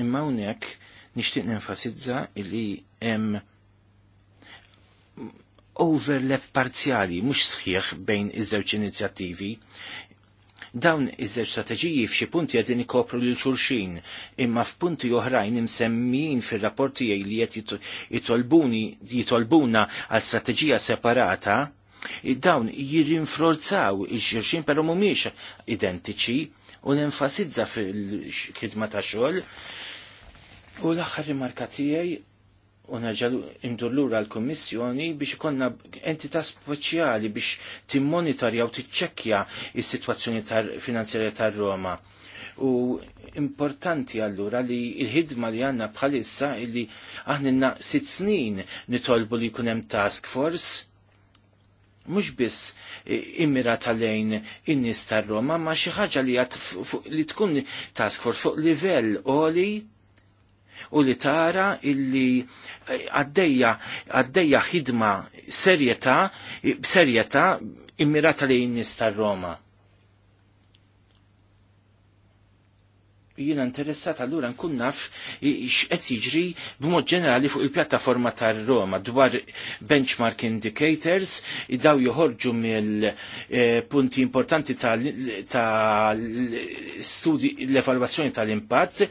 Imma hawnhekk nixtieq nenfasizza li hemm overlap parzjali mhux sħiħ bejn iż-żewġ inizjattivi. Dawn iż-żewġ strateġiji f'xi punti qegħdin ikopru lil xulxin, imma f'punti oħrajn imsemmin fir-rapport tiegħi li qed jitolbuni jitolbuna għal strateġija separata, dawn jirrinforzaw il-xulxin però mhumiex identiċi u nenfasizza fil kidma ta' xogħol U l aħħar rimarka tiegħi u naġal imdullura l-Kommissjoni biex ikonna entità speċjali biex timmonitorja u tiċċekkja is-sitwazzjoni finanzjarja tar Roma. U importanti allura li il-ħidma li għanna bħalissa illi aħna sitt snin nitolbu li kunem task force mux biss e, immira tal-lejn in tar Roma ma xi ħaġa li, li tkun task force fuq livell oli u li tara illi eh, għaddejja għaddeja ħidma serjetà serjetà immirata li jinnis Roma. Jiena interessat allura nkun naf x'qed jiġri b'mod ġenerali fuq il-pjattaforma tar Roma dwar benchmark indicators daw joħorġu mill-punti eh, importanti tal-studi l-evalwazzjoni tal-impatt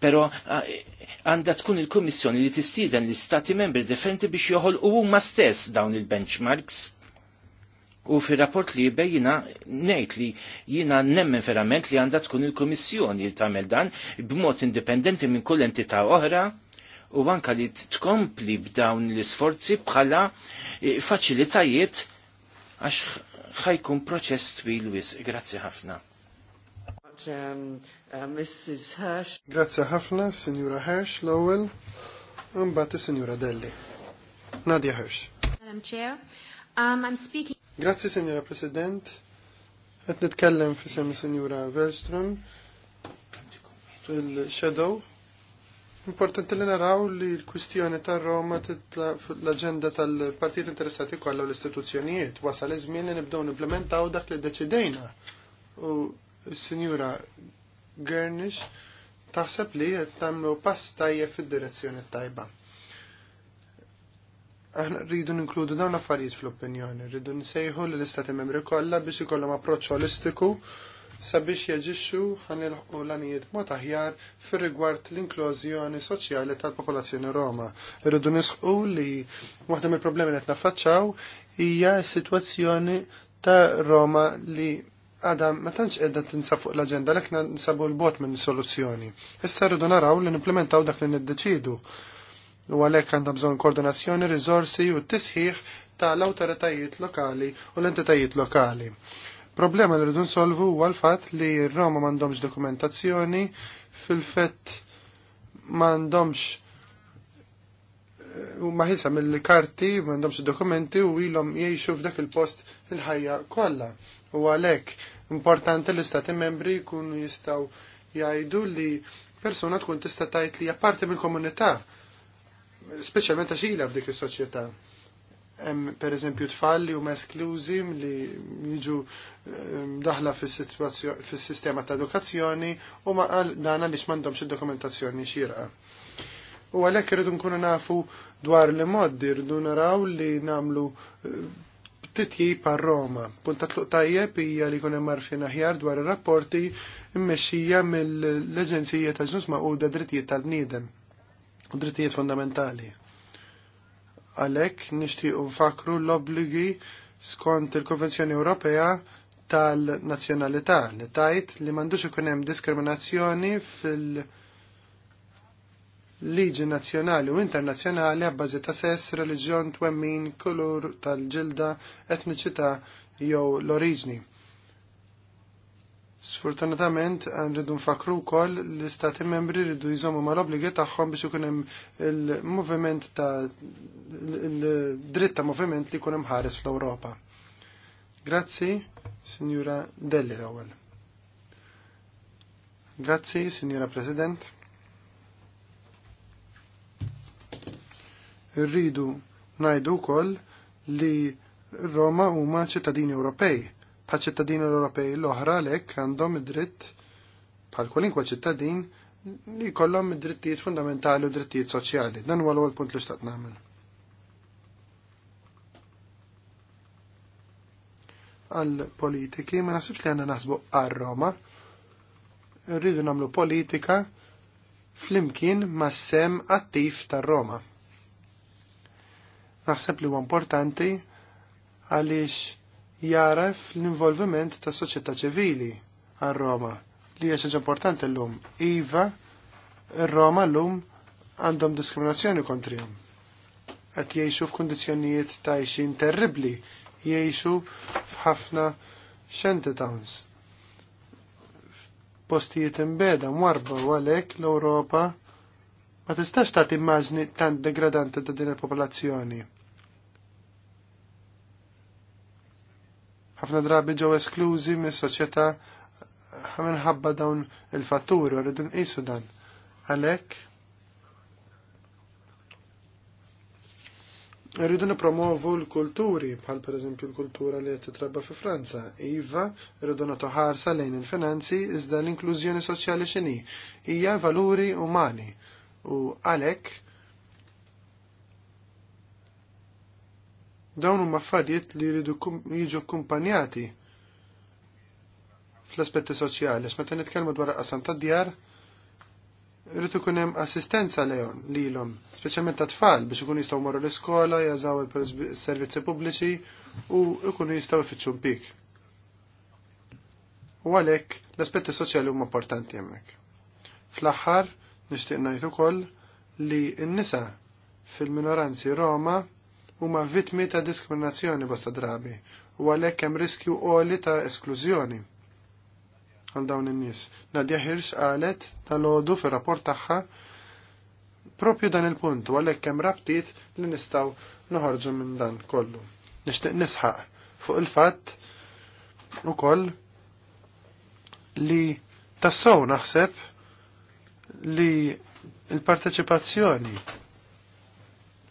pero eh, għanda tkun il-Kummissjoni li tistiden l stati membri differenti biex joħol u huma stess dawn il-benchmarks. U fil-rapport li bejjina nejt li jina nemmen verament li għanda tkun il-Kummissjoni li tagħmel dan b'mod indipendenti minn kull entità oħra u anka li tkompli b'dawn l-isforzi bħala eh, faċilitajiet għax ħajkun proċess twil wis. Grazzi ħafna. Um, Uh, Mrs. Hirsch. Grazie ħafna, Signora Hirsch, l-ewwel, mbagħad signora Delli. Nadia Hirsch. Madam Chair, um, I'm speaking. Grazie, Signora President. Qed nitkellem f'isem Signora Wellström il-Shadow. Importanti li naraw li l-kwistjoni ta' Roma titla l-agenda tal partit interessati kollha l-istituzzjonijiet. Wasal iż-żmien li nibdew nimplementaw dak li deċidejna. U s-Sinjura Gernish, taħseb li qed tagħmlu pass tajjeb fid-direzzjoni tajba. Aħna rridu ninkludu dawn affarijiet fl-opinjoni, rridu nsejħu lill istati membri kollha biex ikollhom approċċ holistiku sabiex jaġixxu ħanilħu l-anijiet mod aħjar fir-rigward l-inklużjoni soċjali tal-popolazzjoni Roma. Irridu nisħu li waħda mill-problemi li qed naffaċċaw hija s-sitwazzjoni ta' Roma li għada ma tantx qiegħda tinsa fuq l-aġenda l nsabu l-bot minn soluzzjoni. Issa rridu naraw li nimplementaw dak li niddeċidu. U għalhekk għandha bżonn koordinazzjoni, riżorsi u t-tisħiħ tal-awtoritajiet lokali u l-entitajiet lokali. Problema li rridu nsolvu huwa l-fatt li r-Roma m'għandhomx dokumentazzjoni fil-fett m'għandhomx eh, u maħisa mill-karti, m'għandhomx dokumenti u ilhom jgħixu f'dak il-post il-ħajja kollha. U għalhekk importanti l-istati membri jkunu jistgħu jgħidu li persuna tkun tista' tajt li apparti mill-komunità, speċjalment għax ilha f'dik is-soċjetà. Hemm pereżempju tfal li huma esklużi li jiġu ehm, daħla fis-sistema ta' edukazzjoni u ma qal dan għaliex m'għandhomx id-dokumentazzjoni xieraqa. U għalhekk irridu nkunu nafu dwar li moddi, irridu naraw li nagħmlu eh, Titji par Roma. Punta tluq tajjeb hija li kunem marfin aħjar dwar ir-rapporti mmexxija mill-Aġenzija ta' Ġnus Maquda Drittijiet tal-Bniedem u Drittijiet Fundamentali. Għalhekk nixtiequ nfakru l-obbligi skont il-Konvenzjoni Ewropea tal-nazzjonalità li tajt li m'għandux ikun hemm diskriminazzjoni fil- liġi nazzjonali u internazzjonali għabbażi ta' sess, reliġjon, twemmin, kulur tal-ġilda, etniċità jew l-oriġni. Sfortunatament rridu nfakru wkoll l-istati membri rridu jżommu mal-obbligi tagħhom biex ikun hemm il-moviment ta' il-dritt ta' moviment li jkun hemm ħares fl-Ewropa. Grazzi, Signora Delli l-ewwel. Grazzi, Signora President. Irridu ngħidu wkoll li Roma huma ċittadini Ewropej. Pa' ċittadini Ewropej l-oħra lek għandhom id-dritt bħal kwalinkwa ċittadin li jkollhom id-drittijiet fundamentali u drittijiet soċjali. Dan huwa l-ewwel punt li xtaqt nagħmel. għal politiki, ma nasibx li għanna nasbu għal Roma. Rridu namlu politika flimkien ma' sem attiv tar Roma. Naħseb li huwa importanti għaliex jaraf l-involviment ta' soċjetà ċivili għal Roma li hija xaġa importanti llum. Iva, Roma llum għandhom diskriminazzjoni kontrihom. Qed jgħixu f'kundizzjonijiet ta' ixin terribli, jgħixu f'ħafna shanty towns. Postijiet imbeda mwarba u għalhekk l-Ewropa ma tistax tagħti immaġni tant degradanti ta' din il-popolazzjoni. ħafna drabi ġew esklużi mis-soċjetà minħabba dawn il-fatturi u rridu nqisu dan. Għalhekk rridu nipromovu l-kulturi bħal pereżempju l-kultura li qed titrabba fi Franza. Iva, rridu nagħtu ħarsa lejn il-finanzi iżda l-inklużjoni soċjali x'inhi hija valuri umani u għalhekk Dawn huma affarijiet li jridu jiġu akkumpanjati fl-aspetti soċjali, meta nitkellmu dwar qasam tad djar, irid ikun hemm assistenza lejhom lilhom, speċjalment ta' tfal biex ikun jistgħu marru l-iskola, jażaw il-servizzi pubbliċi u jkunu jistgħu ifittxu mpik. U għalhekk l-aspetti soċjali huma importanti hemmhekk. Fl-aħħar nixtieq ngħid ukoll li n-nisa fil-minoranzi Roma huma vittmi ta' diskriminazzjoni bosta drabi u għalhekk hemm riskju qoli ta' esklużjoni għal dawn in-nies. Nadja Hirsch qalet tal-għodu fir-rapport tagħha propju dan il-punt u għalhekk hemm rabtiet li nistgħu noħorġu minn dan kollu. Nixtieq nisħaq fuq il-fatt ukoll li tassaw naħseb li il-parteċipazzjoni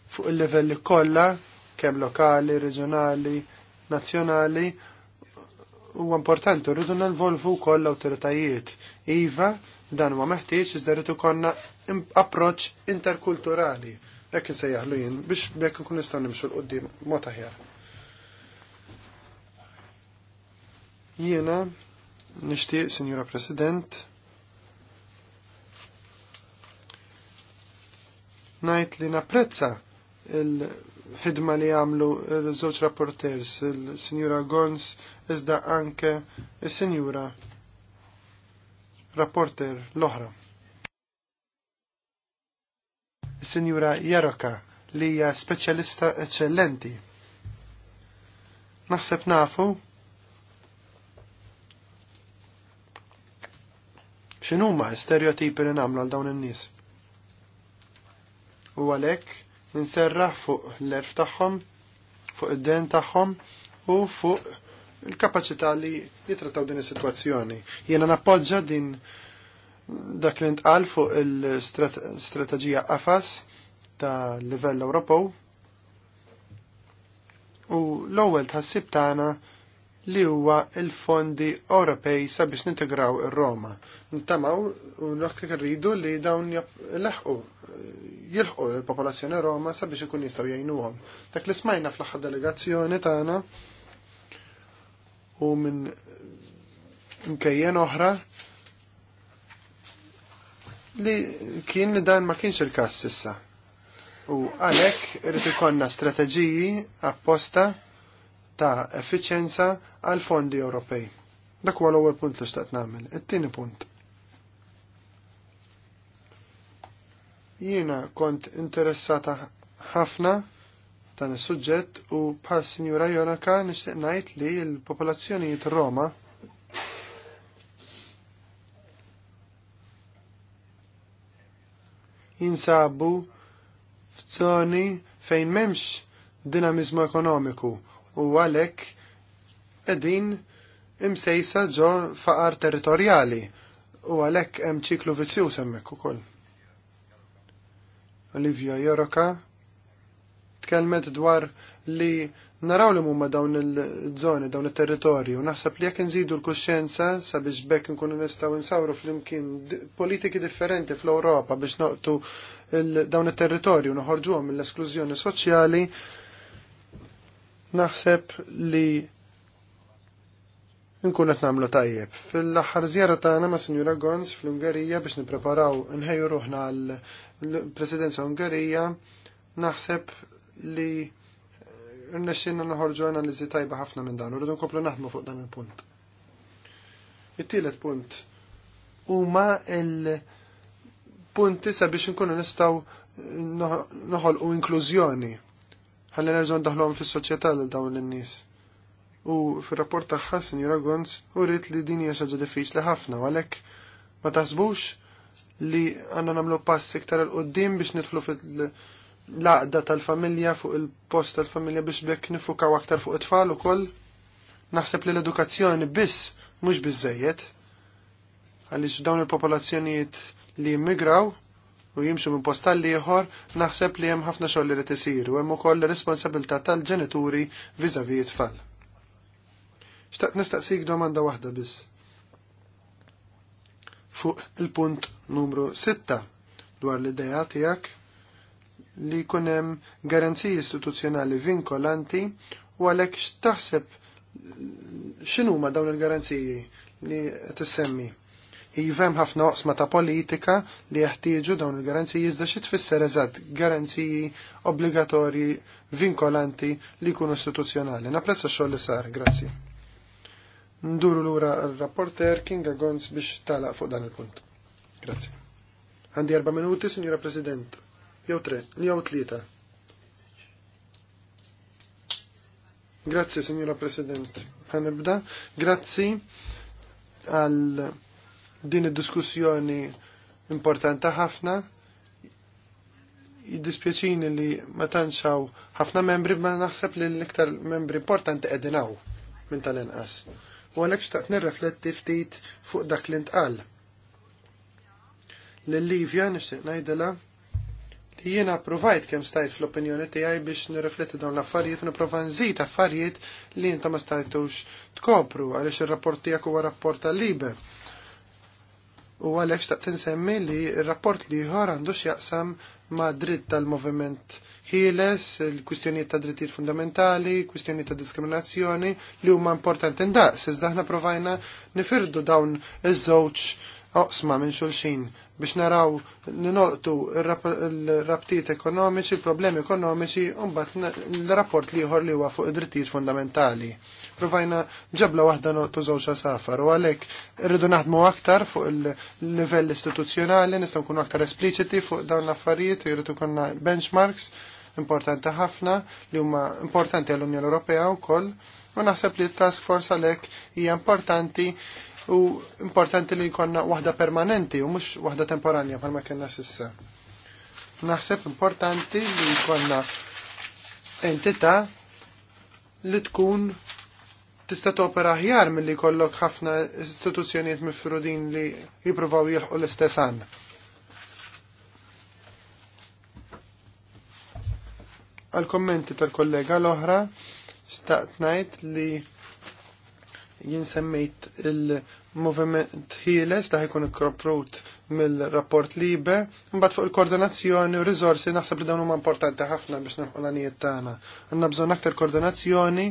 fuq il-livelli kollha kemm lokali, reġjonali, nazzjonali huwa importanti rridu nvolvu wkoll l-awtoritajiet. Iva, dan huwa meħtieġ iżda rridu konna approċċ interkulturali. Hekk jaħlu jien biex bekk ikun nistgħu nimxu l qudiem mod aħjar. Jiena nixtieq, Sinjura President, ngħid li napprezza il-ħidma li għamlu il-żewġ rapporters, il-Sinjura Gons, iżda anke il-Sinjura rapporter l-oħra. Il-Sinjura Jaroka li hija speċjalista eccellenti. Naħseb nafu x'inhuma stereotipi li nagħmlu għal dawn in-nies. U għalhekk inserraħ fuq l-erf tagħhom, fuq id-den tagħhom u fuq il-kapacità li jitrattaw din is-sitwazzjoni. Jiena nappoġġa din dak li ntqal fuq il-strateġija qafas ta' livell Ewropew u l-ewwel tħassib tagħna li huwa il-fondi Ewropej sabiex nintegraw ir-Roma. Ntamaw u l irridu rridu li dawn leħqu jilħqu l-popolazzjoni Roma sabiex ikun jistgħu jgħinuhom. Dak li smajna fl-aħħar delegazzjoni tagħna u minn imkejjen oħra li kien li dan ma kienx il-każ issa. U għalhekk irid ikollna strateġiji apposta ta' effiċjenza għal fondi Ewropej. Dak huwa l-ewwel punt li xtaqt nagħmel. It-tieni punt. Jiena kont interessata ħafna dan is-suġġett u bħal Sinjura Jonaka nixtieq ngħid li l-popolazzjonijiet Roma jinsabu f'żoni fejn m'hemmx dinamizmu ekonomiku u għalhekk qegħdin imsejsa ġo faqar territorjali u għalhekk hemm ċiklu vizzjuż hemmhekk ukoll. Olivia Joroka tkellmet dwar li naraw li mumma dawn il-żoni, dawn il-territorju, naħseb li jekk nżidu l-kuxjenza sabiex bekk nkunu nistgħu nsawru flimkien politiki differenti fl-Ewropa biex noqtu dawn il-territorju noħorġuhom mill-esklużjoni soċjali, naħseb li nkun qed nagħmlu tajjeb. Fil-aħħar żjara tagħna ma' Sinjura Gons fl-Ungerija biex nippreparaw nħejju ruħna għal l-Presidenza Ungerija naħseb li rnexxinna noħorġu analiżi tajba ħafna minn dan, u rridu nkomplu naħdmu fuq dan il-punt. It-tielet punt huma il-punti sabiex nkunu nistgħu noħolqu inklużjoni ħalli nerġgħu ndaħluhom fis-soċjetà lil dawn in-nies. U fir-rapport tagħha, Sinjura Gonz, u rrit li din hija xi ħaġa diffiċli ħafna, għalhekk ma taħsbux li għanna namlu pass iktar l-qoddim biex nidħlu fil-laqda tal-familja fuq il-post tal-familja biex bekk nifukaw aktar fuq it-tfal ukoll. Naħseb li l-edukazzjoni biss mhux biżejjed għaliex dawn il-popolazzjonijiet li jimmigraw u jimxu minn post tal ieħor naħseb li hemm ħafna xogħol li qed isir u hemm ukoll responsabilità tal-ġenituri vizavi it-tfal. Xtaqt nistaqsik domanda waħda biss fuq il-punt numru 6 dwar l-ideja tijak li kunem garanziji istituzzjonali vinkolanti u għalek xtaħseb xinu ma dawn il-garanziji li tissemmi. Jivem ħafna oqsma ta' politika li jeħtieġu dawn il-garanziji iżda xi tfisser eżatt garanziji obbligatorji vinkolanti li jkunu istituzzjonali. Napprezza xogħol li sar, grazzi. Nduru lura r-rapporter Kinga Gons biex tala fuq dan il-punt. Grazie. Għandi erba' minuti, signora President. Jew tre, jow tlieta. Grazie, Signora President. Għanibda. Grazzi għal din id-diskussjoni importanti ħafna. Jiddispjaċini li ma tanċaw ħafna membri, ma naħseb li l-iktar membri importanti għedinaw minn tal-inqas u għalhekk xtaqt nirrefletti ftit fuq dak li ntqal. l livja nixtieq ngħidilha li jiena provajt kemm stajt fl-opinjoni tiegħi biex nirrifletti dawn l-affarijiet u nipprova nżid affarijiet li intom ma stajtux tkopru għaliex ir-rapport tiegħek huwa rapport tal-libe. U għalhekk xtaqt nsemmi li r-rapport li ieħor għandu x'jaqsam ma' dritt tal-moviment ħieles, il-kwistjonijiet ta' drittijiet fundamentali, kwistjoni ta' diskriminazzjoni li huma importanti ndaqs, iżda aħna provajna nifirdu dawn iż-żewġ oqsma minn xulxin biex naraw ninoqtu il-rabtiet ekonomiċi, il-problemi ekonomiċi, unbat l-rapport li jħor li huwa fuq id-drittijiet fundamentali. Provajna ġabla waħda noqtu żewġ safar, u għalhekk irridu naħdmu aktar fuq il-livell istituzzjonali, nistgħu nkunu aktar espliċiti fuq dawn l-affarijiet, irridu konna benchmarks importanti ħafna li huma importanti għall-Unjoni Ewropea wkoll u naħseb li task force għalhekk hija importanti u importanti li jkollna waħda permanenti u mhux waħda temporanja bħalma kellna s'issa. Naħseb importanti li jkollna entità li tkun tista' topera aħjar milli jkollok ħafna istituzzjonijiet mifrudin li jippruvaw jilħqu l-istess għandna Għal-kommenti tal-kollega l-oħra, xtaqt najt li jinsemmejt il-movement ħieles ta' jkun ikkoprut mill-rapport libe, mbagħad fuq il-koordinazzjoni u rizorsi naħseb li dawn huma importanti ħafna biex nilħu l-għanijiet tagħna. Għandna bżonn aktar koordinazzjoni,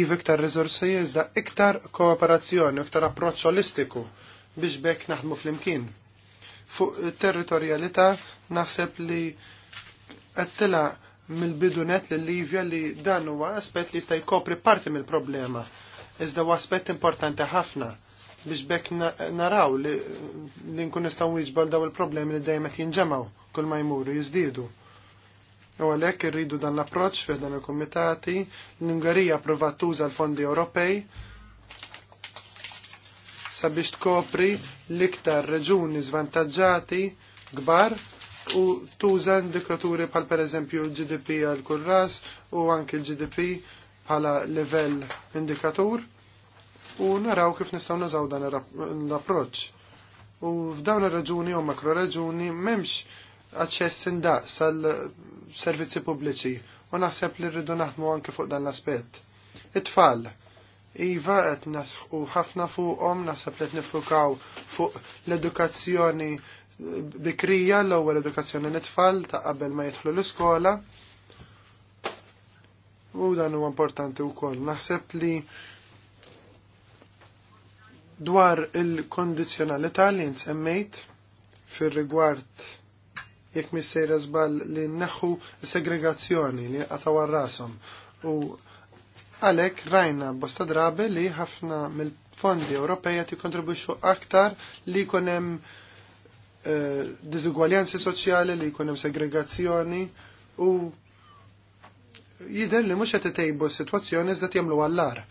iv iktar rizorsi iżda iktar kooperazzjoni, u iktar approċċ holistiku biex bekk naħdmu flimkien. Fuq territorjalità naħseb li qed tila' mill-bidunet l livja li dan huwa aspett li jista' jkopri parti mill-problema. Iżda huwa aspett importanti ħafna biex bekk naraw li, li nkun nistgħu wieġbal daw il-problemi li dejjem qed jinġemgħu kull ma jmuru jiżdiedu. U għalhekk irridu dan l-approċċ fih dan il-kumitati, l-Ungerija provat tuża l-fondi Ewropej sabiex tkopri l-iktar reġuni zvantaġġati kbar u tuża indikaturi bħal pereżempju l-GDP għal kull ras u anke l-GDP bħala livell indikatur u naraw kif nistgħu nużaw dan l-approċċ. U f'dawn ir-raġuni u raġuni m'hemmx aċċess indaqs sal servizzi pubbliċi u naħseb li rridu naħdmu anke fuq dan l-aspett. It-tfal, Iva qed u ħafna fuqhom naħseb li qed nifukaw fuq l-edukazzjoni bikrija l-ewwel edukazzjoni nitfall ta' qabel ma jidħlu l-iskola. U dan huwa importanti wkoll. Naħseb li dwar il-kondizjonalità li nsemmejt fir-rigward jekk missejra żball li neħu segregazzjoni li għataw rasom u għalek rajna bosta drabi li ħafna mill-fondi Ewropeja ti kontribuxu aktar li konem hemm Eh, diżugwaljanzi soċjali li jkun hemm segregazzjoni u jidher li mhux qed itejbu s-sitwazzjoni iżda jagħmlu għallar.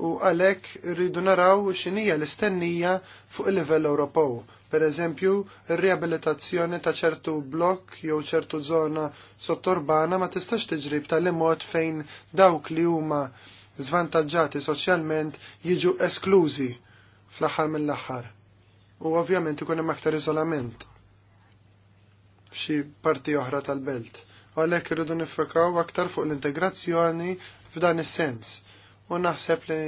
U għalhekk rridu naraw x'inhija l-istennija fuq il-livell Ewropew. Per eżempju, ir-riabilitazzjoni ta' ċertu blokk jew ċertu żona sottorbana ma tistax tiġrib tal mod fejn dawk li huma żvantaġġati soċjalment jiġu esklużi fl-aħħar mill-aħħar u ovvjament ikun hemm aktar iżolament f'xi parti oħra tal-belt. U għalhekk irridu nifikaw aktar fuq l-integrazzjoni f'dan is-sens. U naħseb li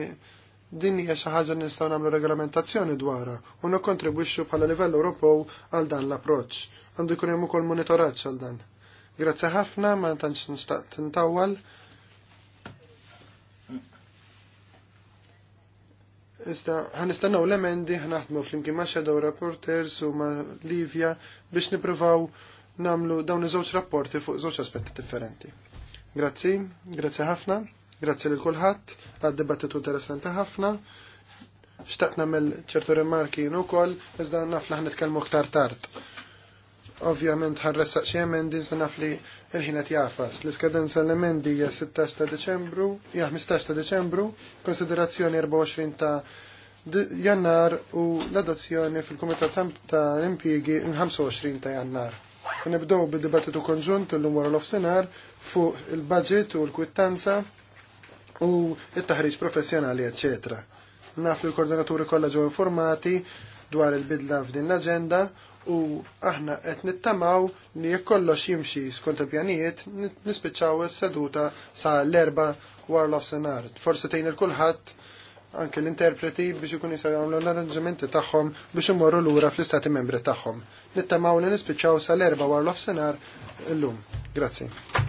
din hija xi ħaġa nistgħu nagħmlu regolamentazzjoni dwarha u nikkontribwixxu bħala livell Ewropew għal dan l-approċċ. Għandu jkun hemm ukoll monitoraġġ għal dan. Grazzi ħafna ma tantx nixtaq tintawwal. Issa, ħanistennaw l-emendi, ħanaħdmu fl-imkien ma' Shadow Reporters u ma' Livja biex niprofaw namlu dawn iż-żewġ rapporti fuq żewġ aspetti differenti. Grazzi, grazzi ħafna, grazzi lil kulħadd għad-dibattitu interessanti ħafna. Xtaqt nagħmel ċertu rimarki jien ukoll iżda naf li ħnitkellmu aktar tard. Ovvjament ħarressaq xi emendi, naf li il-ħin jafas. L-iskadenza l-emendi hija 16 ta' Deċembru, hija 15 ta' Deċembru, konsiderazzjoni 24 ta' Jannar u l-adozzjoni fil-Kumitat ta' impjiegi 25 ta' Jannar. Nibdow bid-dibattitu konġunt l-lum wara l-offsenar fuq il-budget u l-kwittanza u il-taħriġ professjonali, ecc. Naflu l-koordinaturi kollha ġew informati dwar il-bidla f'din l-agenda u aħna qed nittamaw li jekk kollox jimxi skont il-pjanijiet nispiċċaw is-seduta sa l-erba war l-offsenar. Forsi tgħin il-kulħadd anke l-interpreti biex ikun jisaw jagħmlu l-arranġamenti tagħhom biex imorru lura fl-istati membri tagħhom. Nittamaw li nispiċċaw sa l erba war l-offsenar illum. Grazzi.